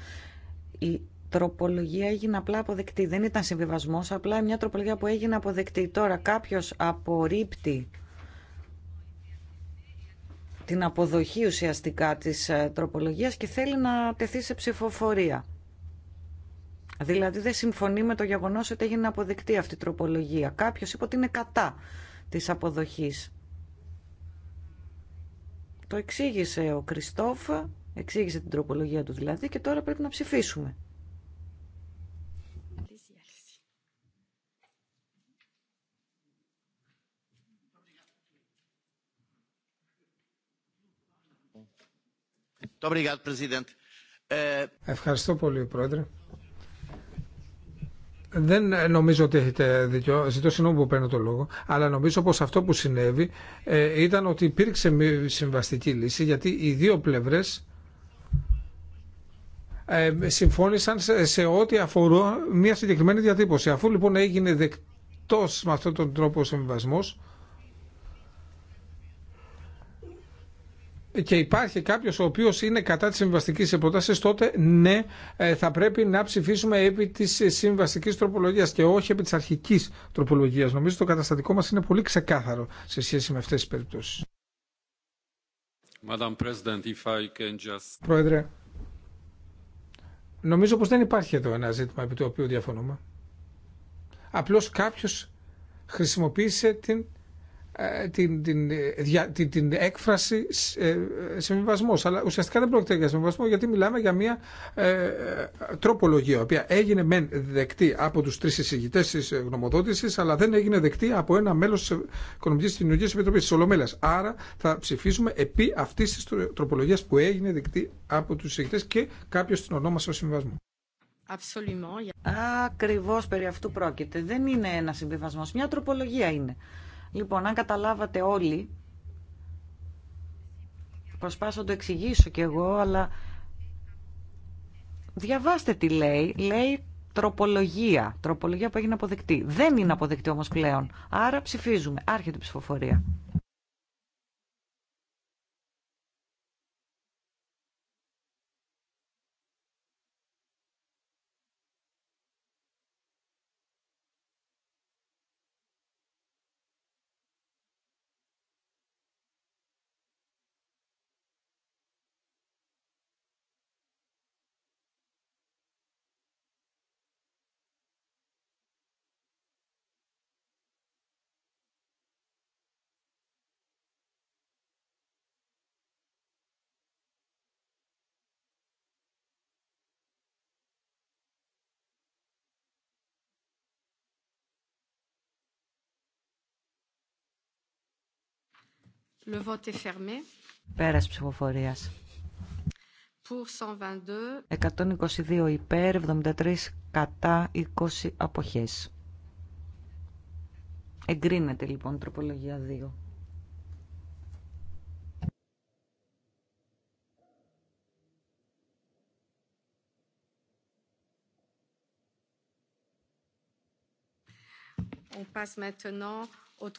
τροπολογία έγινε απλά αποδεκτή. Δεν ήταν συμβιβασμό, απλά μια τροπολογία που έγινε αποδεκτή. Τώρα κάποιο απορρίπτει την αποδοχή ουσιαστικά της ε, τροπολογίας και θέλει να τεθεί σε ψηφοφορία. Δηλαδή δεν συμφωνεί με το γεγονός ότι έγινε αποδεκτή αυτή η τροπολογία. Κάποιος είπε ότι είναι κατά της αποδοχής. Το εξήγησε ο Κριστόφ, εξήγησε την τροπολογία του δηλαδή και τώρα πρέπει να ψηφίσουμε. Eh, Ευχαριστώ πολύ, Πρόεδρε. Δεν νομίζω ότι έχετε δίκιο. Ζητώ συγγνώμη που παίρνω το λόγο. Αλλά νομίζω πω αυτό που συνέβη ε, ήταν ότι υπήρξε μια συμβαστική λύση γιατί οι δύο πλευρέ ε, συμφώνησαν σε ό,τι αφορά μια συγκεκριμένη διατύπωση. Αφού λοιπόν έγινε δεκτό με αυτόν τον τρόπο ο συμβασμός, και υπάρχει κάποιος ο οποίος είναι κατά της συμβαστικής υποτάσεις, τότε ναι, ε, θα πρέπει να ψηφίσουμε επί της συμβαστικής τροπολογίας και όχι επί της αρχικής τροπολογίας. Νομίζω το καταστατικό μας είναι πολύ ξεκάθαρο σε σχέση με αυτές τις περιπτώσεις. Πρόεδρε, νομίζω πως δεν υπάρχει εδώ ένα ζήτημα επί το οποίο διαφωνούμε. Απλώς κάποιος χρησιμοποίησε την ε, την, την, ε, την, την έκφραση συμβιβασμό. Ε, αλλά ουσιαστικά δεν πρόκειται για συμβιβασμό γιατί μιλάμε για μια ε, τροπολογία, η οποία έγινε μεν δεκτή από του τρει εισηγητέ τη γνωμοδότηση, αλλά δεν έγινε δεκτή από ένα μέλο τη Οικονομική Κοινωνική Επιτροπή τη Ολομέλεια. Άρα θα ψηφίσουμε επί αυτή τη τροπολογία που έγινε δεκτή από του εισηγητέ και κάποιο την ονόμασε ω συμβιβασμό. Ακριβώ περί αυτού πρόκειται. Δεν είναι ένα συμβιβασμό, μια τροπολογία είναι. Λοιπόν, αν καταλάβατε όλοι, προσπάσω να το εξηγήσω κι εγώ, αλλά διαβάστε τι λέει. Λέει τροπολογία, τροπολογία που έγινε αποδεκτή. Δεν είναι αποδεκτή όμως πλέον, άρα ψηφίζουμε. Άρχεται η ψηφοφορία. Le vote est fermé. Πέρας ψηφοφορίας. Pour 122. 122 υπέρ, 73 κατά, 20 αποχές. Εγκρίνεται λοιπόν τροπολογία 2. On passe maintenant au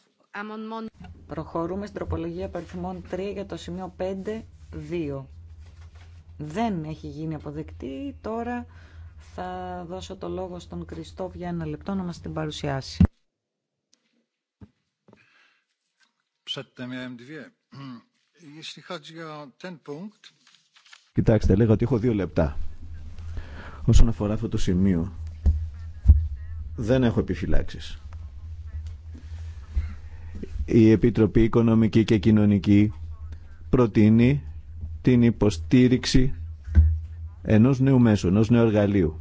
amendement Προχωρούμε στην τροπολογία παριθμών 3 για το σημείο 5-2. Δεν έχει γίνει αποδεκτή. Τώρα θα δώσω το λόγο στον Κριστόφ για ένα λεπτό να μας την παρουσιάσει. Κοιτάξτε, λέγα ότι έχω δύο λεπτά. Όσον αφορά αυτό το σημείο, δεν έχω επιφυλάξεις. Η Επιτροπή Οικονομική και Κοινωνική προτείνει την υποστήριξη ενός νέου μέσου, ενός νέου εργαλείου.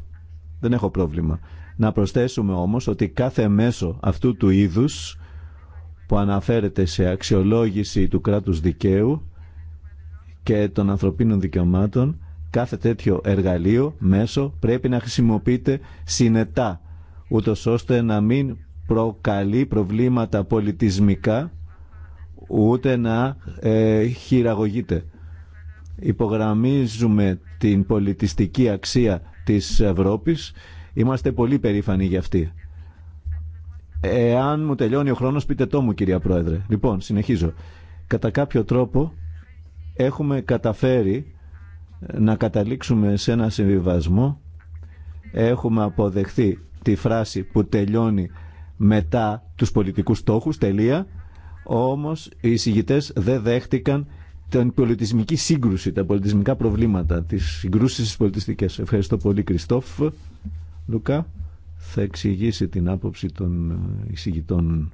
Δεν έχω πρόβλημα. Να προσθέσουμε όμως ότι κάθε μέσο αυτού του είδους που αναφέρεται σε αξιολόγηση του κράτους δικαίου και των ανθρωπίνων δικαιωμάτων, κάθε τέτοιο εργαλείο, μέσο, πρέπει να χρησιμοποιείται συνετά, ούτω ώστε να μην προκαλεί προβλήματα πολιτισμικά ούτε να ε, χειραγωγείται. Υπογραμμίζουμε την πολιτιστική αξία της Ευρώπης. Είμαστε πολύ περήφανοι για αυτή. Εάν μου τελειώνει ο χρόνος, πείτε το μου, κυρία Πρόεδρε. Λοιπόν, συνεχίζω. Κατά κάποιο τρόπο έχουμε καταφέρει να καταλήξουμε σε ένα συμβιβασμό. Έχουμε αποδεχθεί τη φράση που τελειώνει μετά τους πολιτικούς στόχους, τελεία. Όμως οι εισηγητές δεν δέχτηκαν την πολιτισμική σύγκρουση, τα πολιτισμικά προβλήματα, τις συγκρούσεις τις πολιτιστικές. Ευχαριστώ πολύ Κριστόφ. Λουκά θα εξηγήσει την άποψη των εισηγητών.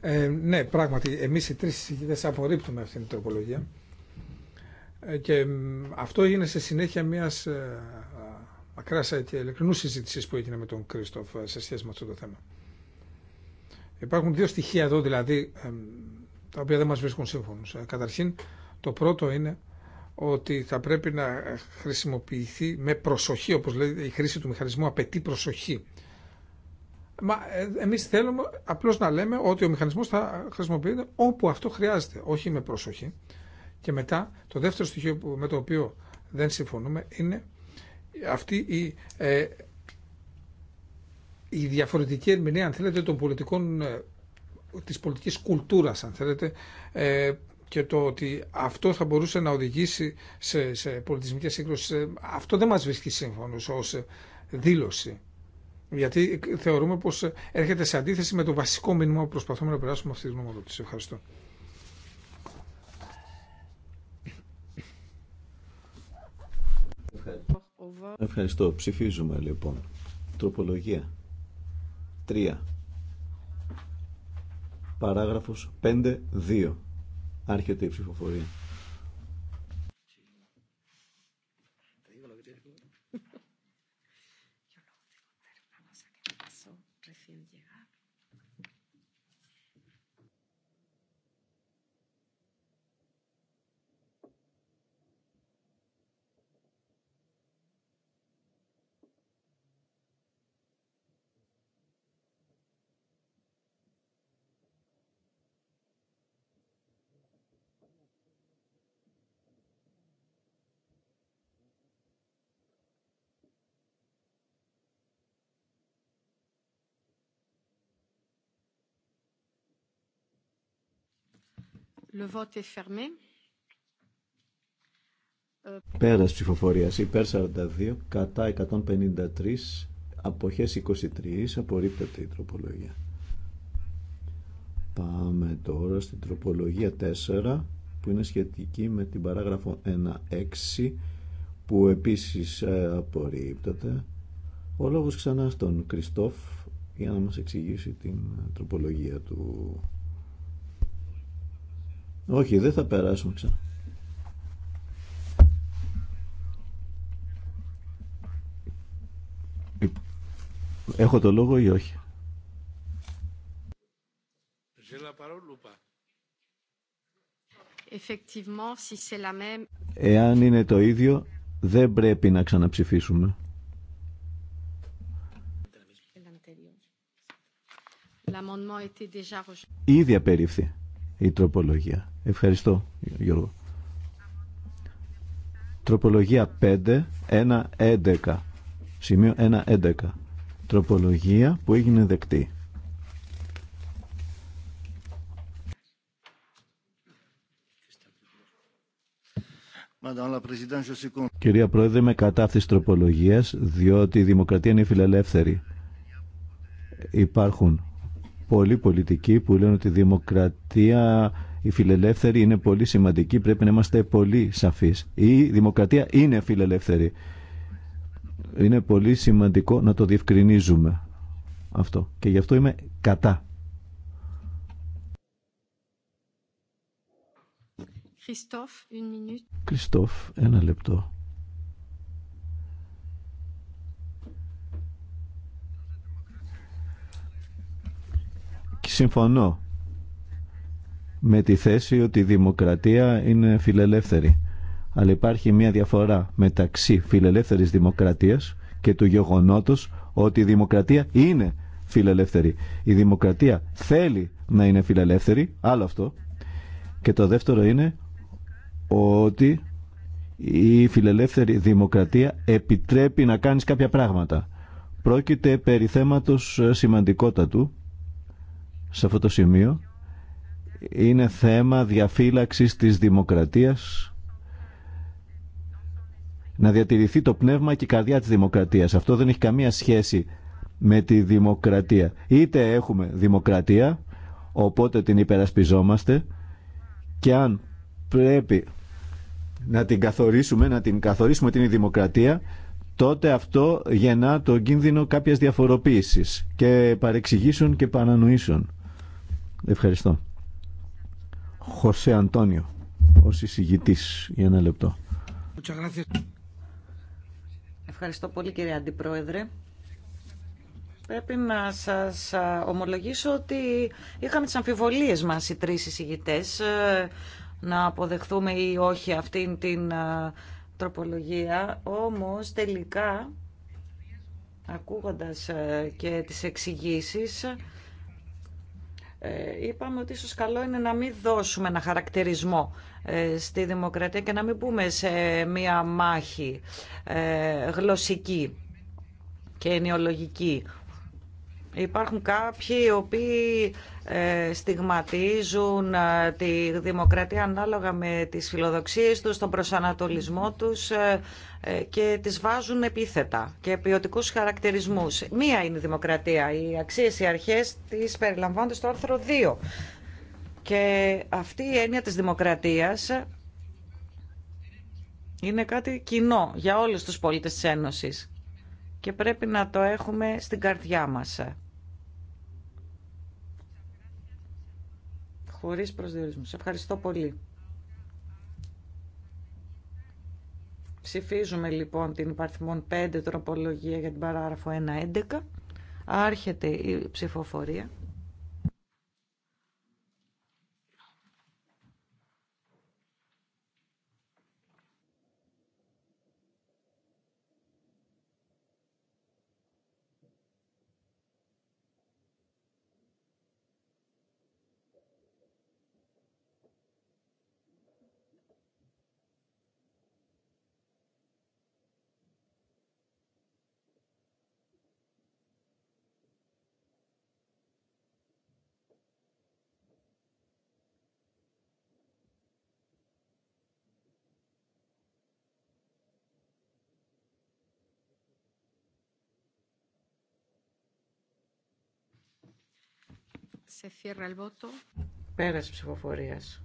Ε, ναι, πράγματι, εμείς οι τρεις εισηγητές απορρίπτουμε αυτήν την τροπολογία. Ε, και αυτό έγινε σε συνέχεια μιας ε, ε, ακράσα και ελεκτρινού συζήτηση που έγινε με τον Κρίστοφ σε σχέση με αυτό το θέμα. Υπάρχουν δύο στοιχεία εδώ δηλαδή τα οποία δεν μας βρίσκουν σύμφωνο. Καταρχήν το πρώτο είναι ότι θα πρέπει να χρησιμοποιηθεί με προσοχή, όπως λέει η χρήση του μηχανισμού απαιτεί προσοχή. Μα εμείς θέλουμε απλώς να λέμε ότι ο μηχανισμός θα χρησιμοποιείται όπου αυτό χρειάζεται, όχι με προσοχή. Και μετά το δεύτερο στοιχείο με το οποίο δεν συμφωνούμε είναι αυτή η, ε, η διαφορετική ερμηνεία αν θέλετε των πολιτικών ε, της πολιτικής κουλτούρας αν θέλετε ε, και το ότι αυτό θα μπορούσε να οδηγήσει σε, σε πολιτισμικές σύγκρουσεις ε, αυτό δεν μας βρίσκει σύμφωνος ως δήλωση γιατί θεωρούμε πως έρχεται σε αντίθεση με το βασικό μήνυμα που προσπαθούμε να περάσουμε αυτή τη γνωμοδότηση. Ευχαριστώ. Ευχαριστώ. Ψηφίζουμε λοιπόν. Τροπολογία. 3. Παράγραφος 5.2. Άρχεται η ψηφοφορία. Le τη est euh, υπέρ 42, κατά 153, αποχές 23, απορρίπτεται η τροπολογία. Πάμε τώρα στην τροπολογία 4 που είναι σχετική με την παράγραφο 1 1-6, που επίσης ε, απορρίπτεται. Ο λόγος ξανά στον Κριστόφ για να μας εξηγήσει την τροπολογία του. Όχι, δεν θα περάσουμε ξανά. Έχω το λόγο ή όχι. Εάν είναι το ίδιο, δεν πρέπει να ξαναψηφίσουμε. Ήδη απερίφθη η τροπολογία. Ευχαριστώ, Γιώργο. Τροπολογία 5, 1, 11. Σημείο 1, 11. Τροπολογία που έγινε δεκτή. Κυρία Πρόεδρε, με κατά τροπολογίας, διότι η δημοκρατία είναι φιλελεύθερη. Υπάρχουν πολλοί πολιτικοί που λένε ότι η δημοκρατία, η φιλελεύθερη είναι πολύ σημαντική, πρέπει να είμαστε πολύ σαφείς. Η δημοκρατία είναι φιλελεύθερη. Είναι πολύ σημαντικό να το διευκρινίζουμε αυτό. Και γι' αυτό είμαι κατά. Κριστόφ, ένα λεπτό. Συμφωνώ με τη θέση ότι η δημοκρατία είναι φιλελεύθερη. Αλλά υπάρχει μια διαφορά μεταξύ φιλελεύθερης δημοκρατίας και του γεγονότος ότι η δημοκρατία είναι φιλελεύθερη. Η δημοκρατία θέλει να είναι φιλελεύθερη, άλλο αυτό. Και το δεύτερο είναι ότι η φιλελεύθερη δημοκρατία επιτρέπει να κάνεις κάποια πράγματα. Πρόκειται περί θέματος σημαντικότατου σε αυτό το σημείο είναι θέμα διαφύλαξης της δημοκρατίας να διατηρηθεί το πνεύμα και η καρδιά της δημοκρατίας. Αυτό δεν έχει καμία σχέση με τη δημοκρατία. Είτε έχουμε δημοκρατία, οπότε την υπερασπιζόμαστε και αν πρέπει να την καθορίσουμε, να την καθορίσουμε την δημοκρατία, τότε αυτό γεννά το κίνδυνο κάποιας διαφοροποίησης και παρεξηγήσεων και παρανοήσεων. Ευχαριστώ. Χωσέ Αντώνιο, ως εισηγητής, για ένα λεπτό. Ευχαριστώ πολύ κύριε Αντιπρόεδρε. Πρέπει να σας ομολογήσω ότι είχαμε τις αμφιβολίες μας οι τρεις εισηγητές ε, να αποδεχθούμε ή όχι αυτήν την τροπολογία, όμως τελικά ακούγοντας ε, και τις εξηγήσεις ε, είπαμε ότι ίσως καλό είναι να μην δώσουμε ένα χαρακτηρισμό ε, στη δημοκρατία και να μην πούμε σε μία μάχη ε, γλωσσική και ενοιολογική Υπάρχουν κάποιοι οι οποίοι ε, στιγματίζουν ε, τη δημοκρατία ανάλογα με τις φιλοδοξίες τους, τον προσανατολισμό τους ε, και τις βάζουν επίθετα και ποιοτικού χαρακτηρισμούς. Μία είναι η δημοκρατία. Οι αξίες, οι αρχές τις περιλαμβάνονται στο άρθρο 2. Και αυτή η έννοια της δημοκρατίας είναι κάτι κοινό για όλους τους πολίτες της Ένωσης και πρέπει να το έχουμε στην καρδιά μας. χωρίς προσδιορισμούς. Ευχαριστώ πολύ. Ψηφίζουμε λοιπόν την υπαρθμόν 5 τροπολογία για την παράγραφο 1.11. Άρχεται η ψηφοφορία. Se cierra Πέρας ψηφοφορίας.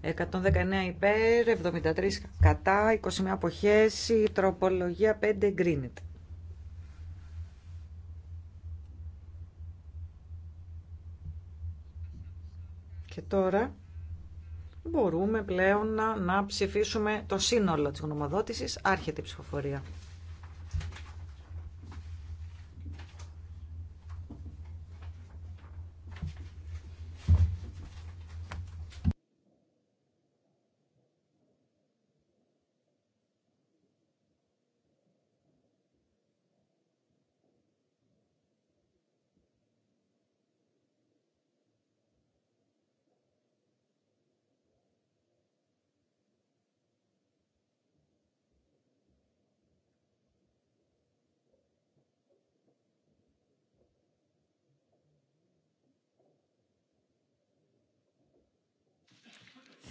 119 υπέρ, 73 κατά, 21 αποχές, η τροπολογία 5 εγκρίνεται. Και τώρα μπορούμε πλέον να, να ψηφίσουμε το σύνολο της γνωμοδότησης. Άρχεται η ψηφοφορία.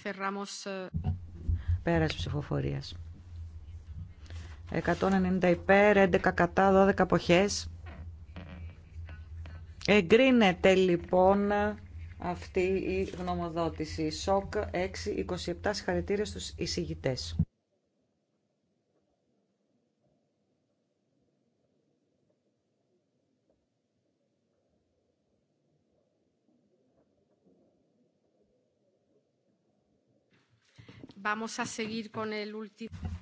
Eh, Πέρας ψηφοφορία. 190 υπέρ, 11 κατά, 12 αποχές. Εγκρίνεται λοιπόν αυτή η γνωμοδότηση. ΣΟΚ 627 συγχαρητήρια στους εισηγητές.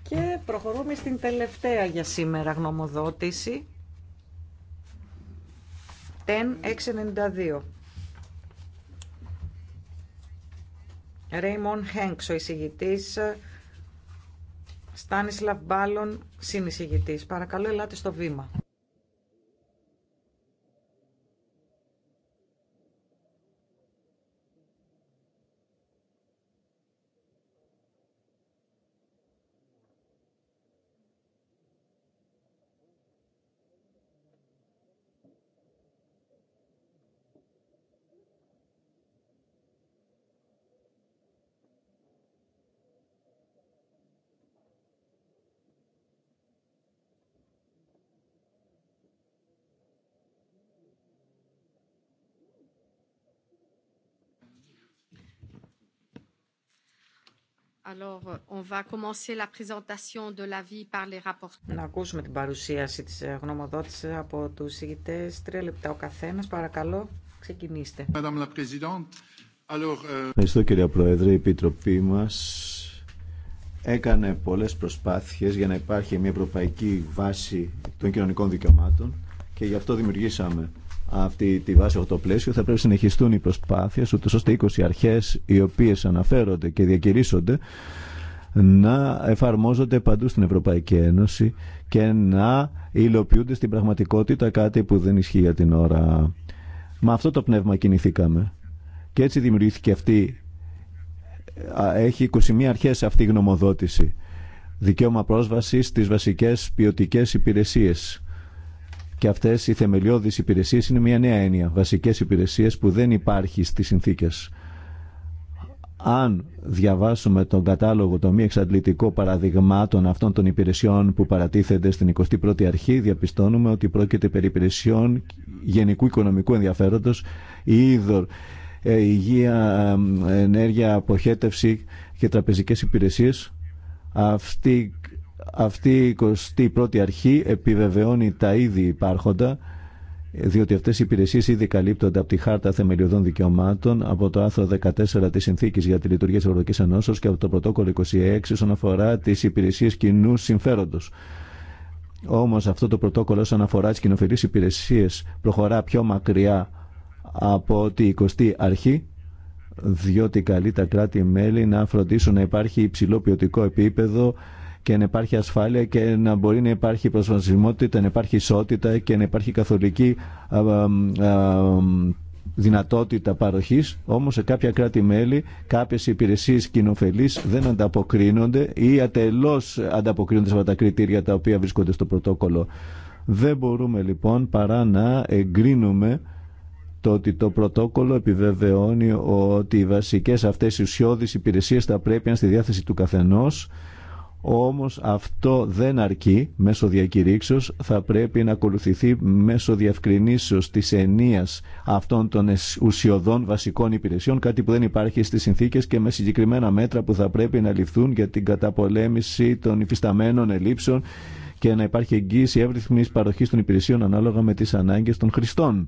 Και προχωρούμε στην τελευταία για σήμερα γνωμοδότηση. 10692. Ρέιμον Χένξ, ο εισηγητής. Στάνισλαβ Μπάλον, συνεισηγητής. Παρακαλώ, ελάτε στο βήμα. Να ακούσουμε την παρουσίαση της ε, γνωμοδότησης από τους ηγητές. Τρία λεπτά ο καθένας. Παρακαλώ, ξεκινήστε. Euh, Ευχαριστώ κυρία Πρόεδρε. Η Επιτροπή μας έκανε πολλές προσπάθειες για να υπάρχει μια ευρωπαϊκή βάση των κοινωνικών δικαιωμάτων και γι' αυτό δημιουργήσαμε αυτή τη βάση, αυτό πλαίσιο, θα πρέπει να συνεχιστούν οι προσπάθειες, ούτως ώστε 20 αρχές οι οποίες αναφέρονται και διακηρύσσονται να εφαρμόζονται παντού στην Ευρωπαϊκή Ένωση και να υλοποιούνται στην πραγματικότητα κάτι που δεν ισχύει για την ώρα. Με αυτό το πνεύμα κινηθήκαμε. Και έτσι δημιουργήθηκε αυτή, έχει 21 αρχές αυτή η γνωμοδότηση. Δικαίωμα πρόσβασης στις βασικές ποιοτικέ υπηρεσίες και αυτές οι θεμελιώδεις υπηρεσίες είναι μια νέα έννοια, βασικές υπηρεσίες που δεν υπάρχει στις συνθήκες. Αν διαβάσουμε τον κατάλογο το μη εξαντλητικό παραδειγμάτων αυτών των υπηρεσιών που παρατίθενται στην 21η αρχή, διαπιστώνουμε ότι πρόκειται περί υπηρεσιών γενικού οικονομικού ενδιαφέροντος, είδωρ, ε, υγεία, ε, ενέργεια, αποχέτευση και τραπεζικές υπηρεσίες. Αυτή αυτή η 21η αρχή επιβεβαιώνει τα ήδη υπάρχοντα, διότι αυτέ οι υπηρεσίε ήδη καλύπτονται από τη Χάρτα Θεμελιωδών Δικαιωμάτων, από το άρθρο 14 τη συνθήκη για τη Λειτουργία τη Ευρωπαϊκή Ενώσεω και από το πρωτόκολλο 26 όσον αφορά τι υπηρεσίε κοινού συμφέροντο. Όμω, αυτό το πρωτόκολλο όσον αφορά τι κοινοφελεί υπηρεσίε προχωρά πιο μακριά από τη 20η αρχή διότι καλεί τα κράτη-μέλη να φροντίσουν να υπάρχει υψηλό ποιοτικό επίπεδο και να υπάρχει ασφάλεια και να μπορεί να υπάρχει προσβασιμότητα, να υπάρχει ισότητα και να υπάρχει καθολική δυνατότητα παροχής, όμως σε κάποια κράτη-μέλη κάποιες υπηρεσίες κοινοφελής δεν ανταποκρίνονται ή ατελώς ανταποκρίνονται σε αυτά τα κριτήρια τα οποία βρίσκονται στο πρωτόκολλο. Δεν μπορούμε λοιπόν παρά να εγκρίνουμε το ότι το πρωτόκολλο επιβεβαιώνει ότι οι βασικές αυτές οι ουσιώδεις υπηρεσίες θα πρέπει να στη διάθεση του καθενός όμως αυτό δεν αρκεί μέσω διακηρύξεως, θα πρέπει να ακολουθηθεί μέσω διευκρινήσεως της ενίας αυτών των ουσιοδών βασικών υπηρεσιών, κάτι που δεν υπάρχει στις συνθήκες και με συγκεκριμένα μέτρα που θα πρέπει να ληφθούν για την καταπολέμηση των υφισταμένων ελλείψεων και να υπάρχει εγγύηση εύρυθμης παροχής των υπηρεσιών ανάλογα με τις ανάγκες των χρηστών.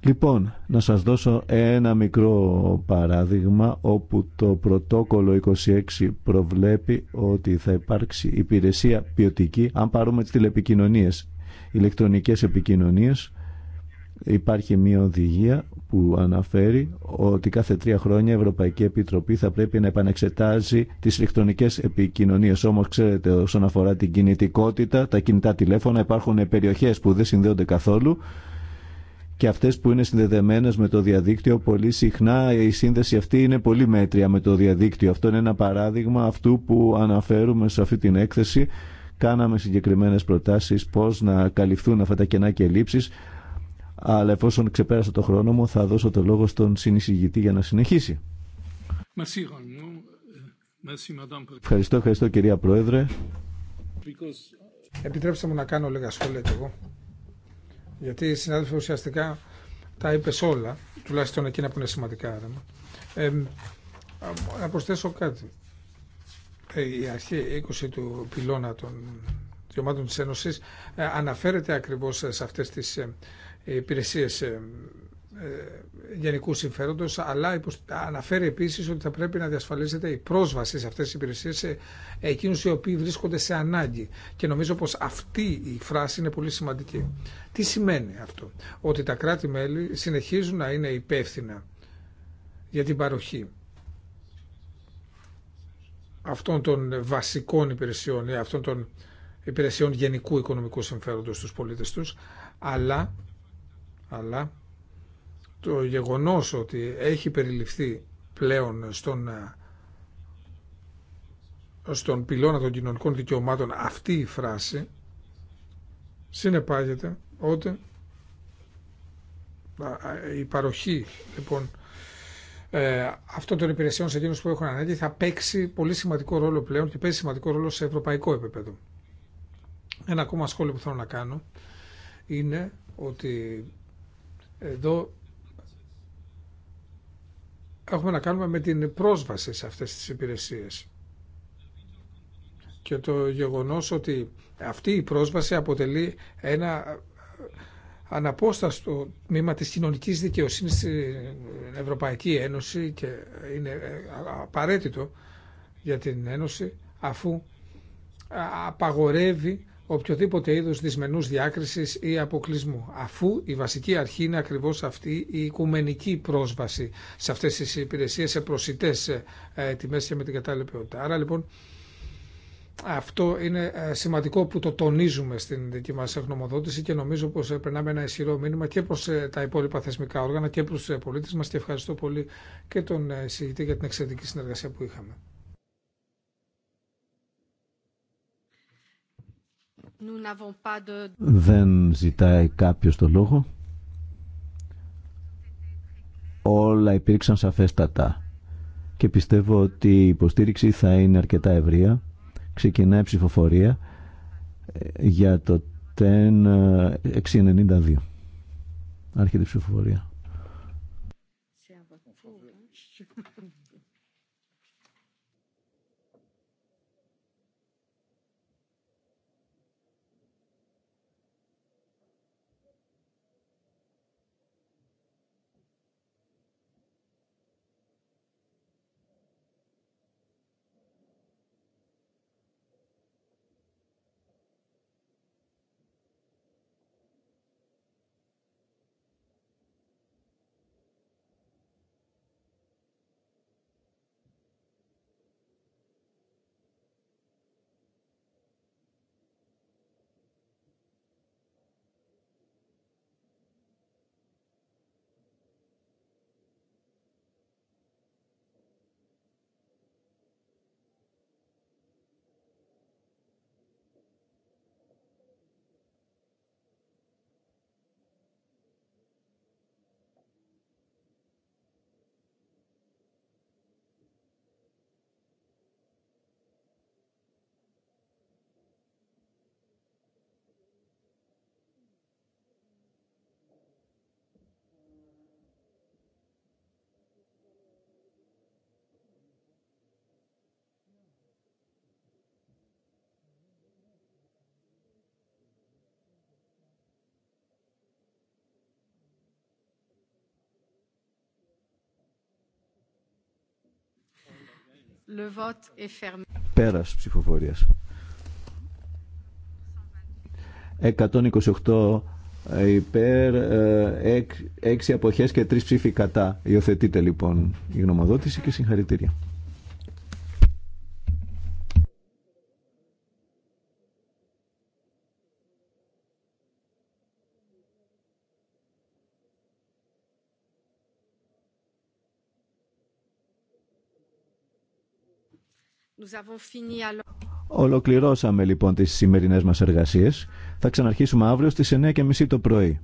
Λοιπόν, να σας δώσω ένα μικρό παράδειγμα όπου το πρωτόκολλο 26 προβλέπει ότι θα υπάρξει υπηρεσία ποιοτική αν πάρουμε τις τηλεπικοινωνίες, ηλεκτρονικές επικοινωνίες. Υπάρχει μια οδηγία που αναφέρει ότι κάθε τρία χρόνια η Ευρωπαϊκή Επιτροπή θα πρέπει να επανεξετάζει τις ηλεκτρονικές επικοινωνίες. Όμως ξέρετε όσον αφορά την κινητικότητα, τα κινητά τηλέφωνα υπάρχουν περιοχές που δεν συνδέονται καθόλου και αυτές που είναι συνδεδεμένες με το διαδίκτυο πολύ συχνά η σύνδεση αυτή είναι πολύ μέτρια με το διαδίκτυο. Αυτό είναι ένα παράδειγμα αυτού που αναφέρουμε σε αυτή την έκθεση. Κάναμε συγκεκριμένες προτάσεις πώς να καλυφθούν αυτά τα κενά και ελλείψεις αλλά εφόσον ξεπέρασα το χρόνο μου θα δώσω το λόγο στον συνεισηγητή για να συνεχίσει. Ευχαριστώ, ευχαριστώ κυρία Πρόεδρε. Επιτρέψτε μου να κάνω λίγα σχόλια και εγώ γιατί η συνάδελφη ουσιαστικά τα είπε όλα, τουλάχιστον εκείνα που είναι σημαντικά. Ε, να προσθέσω κάτι. Ε, η αρχή 20 του πυλώνα των διωμάτων της Ένωσης ε, αναφέρεται ακριβώς σε αυτές τις ε, υπηρεσίες ε, γενικού συμφέροντος, αλλά αναφέρει επίσης ότι θα πρέπει να διασφαλίζεται η πρόσβαση σε αυτές τις υπηρεσίες σε εκείνους οι οποίοι βρίσκονται σε ανάγκη. Και νομίζω πως αυτή η φράση είναι πολύ σημαντική. Τι σημαίνει αυτό? Ότι τα κράτη-μέλη συνεχίζουν να είναι υπεύθυνα για την παροχή αυτών των βασικών υπηρεσιών ή ε, αυτών των υπηρεσιών γενικού οικονομικού συμφέροντος στους πολίτες τους, αλλά, αλλά το γεγονός ότι έχει περιληφθεί πλέον στον, ε, στον πυλώνα των κοινωνικών δικαιωμάτων αυτή η φράση συνεπάγεται ότι η παροχή λοιπόν ε, αυτών των υπηρεσιών σε εκείνους που έχουν ανάγκη θα παίξει πολύ σημαντικό ρόλο πλέον και παίζει σημαντικό ρόλο σε ευρωπαϊκό επίπεδο. Ένα ακόμα σχόλιο που θέλω να κάνω είναι ότι εδώ έχουμε να κάνουμε με την πρόσβαση σε αυτές τις υπηρεσίες. Και το γεγονός ότι αυτή η πρόσβαση αποτελεί ένα αναπόσταστο τμήμα της κοινωνικής δικαιοσύνης στην Ευρωπαϊκή Ένωση και είναι απαραίτητο για την Ένωση αφού απαγορεύει οποιοδήποτε είδους δυσμενούς διάκριση ή ή αποκλεισμού, αφού η βασική αρχή είναι ακριβώς αυτή η βασικη αρχη ειναι ακριβω πρόσβαση σε αυτέ τι υπηρεσίε, σε προσιτές ε, τιμέ και με την κατάλληλη ποιότητα. Άρα λοιπόν αυτό είναι ε, σημαντικό που το τονίζουμε στην δική μα γνωμοδότηση και νομίζω πω ε, περνάμε ένα ισχυρό μήνυμα και προ τα υπόλοιπα θεσμικά όργανα και προ του πολίτε μα και ευχαριστώ πολύ και τον συγητή για την εξαιρετική συνεργασία που είχαμε. Δεν ζητάει κάποιος το λόγο. Όλα υπήρξαν σαφέστατα και πιστεύω ότι η υποστήριξη θα είναι αρκετά ευρεία. Ξεκινάει ψηφοφορία ε, για το τέν 692. Ε, Άρχεται η ψηφοφορία. Πέρας ψηφοφορίας. 128 ε, υπέρ, 6 ε, αποχές και 3 ψήφοι κατά. Υιοθετείτε λοιπόν η γνωμοδότηση και συγχαρητήρια. Ολοκληρώσαμε λοιπόν τις σημερινές μας εργασίες. Θα ξαναρχίσουμε αύριο στις 9.30 το πρωί.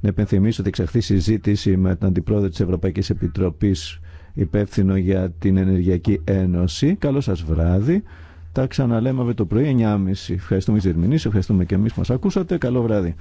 Να επενθυμίσω ότι εξαχθεί συζήτηση με τον Αντιπρόεδρο της Ευρωπαϊκής Επιτροπής υπεύθυνο για την Ενεργειακή Ένωση. Καλό σας βράδυ. Τα ξαναλέμε το πρωί 9.30. Ευχαριστούμε τις ευχαριστούμε και εμείς που μας ακούσατε. Καλό βράδυ.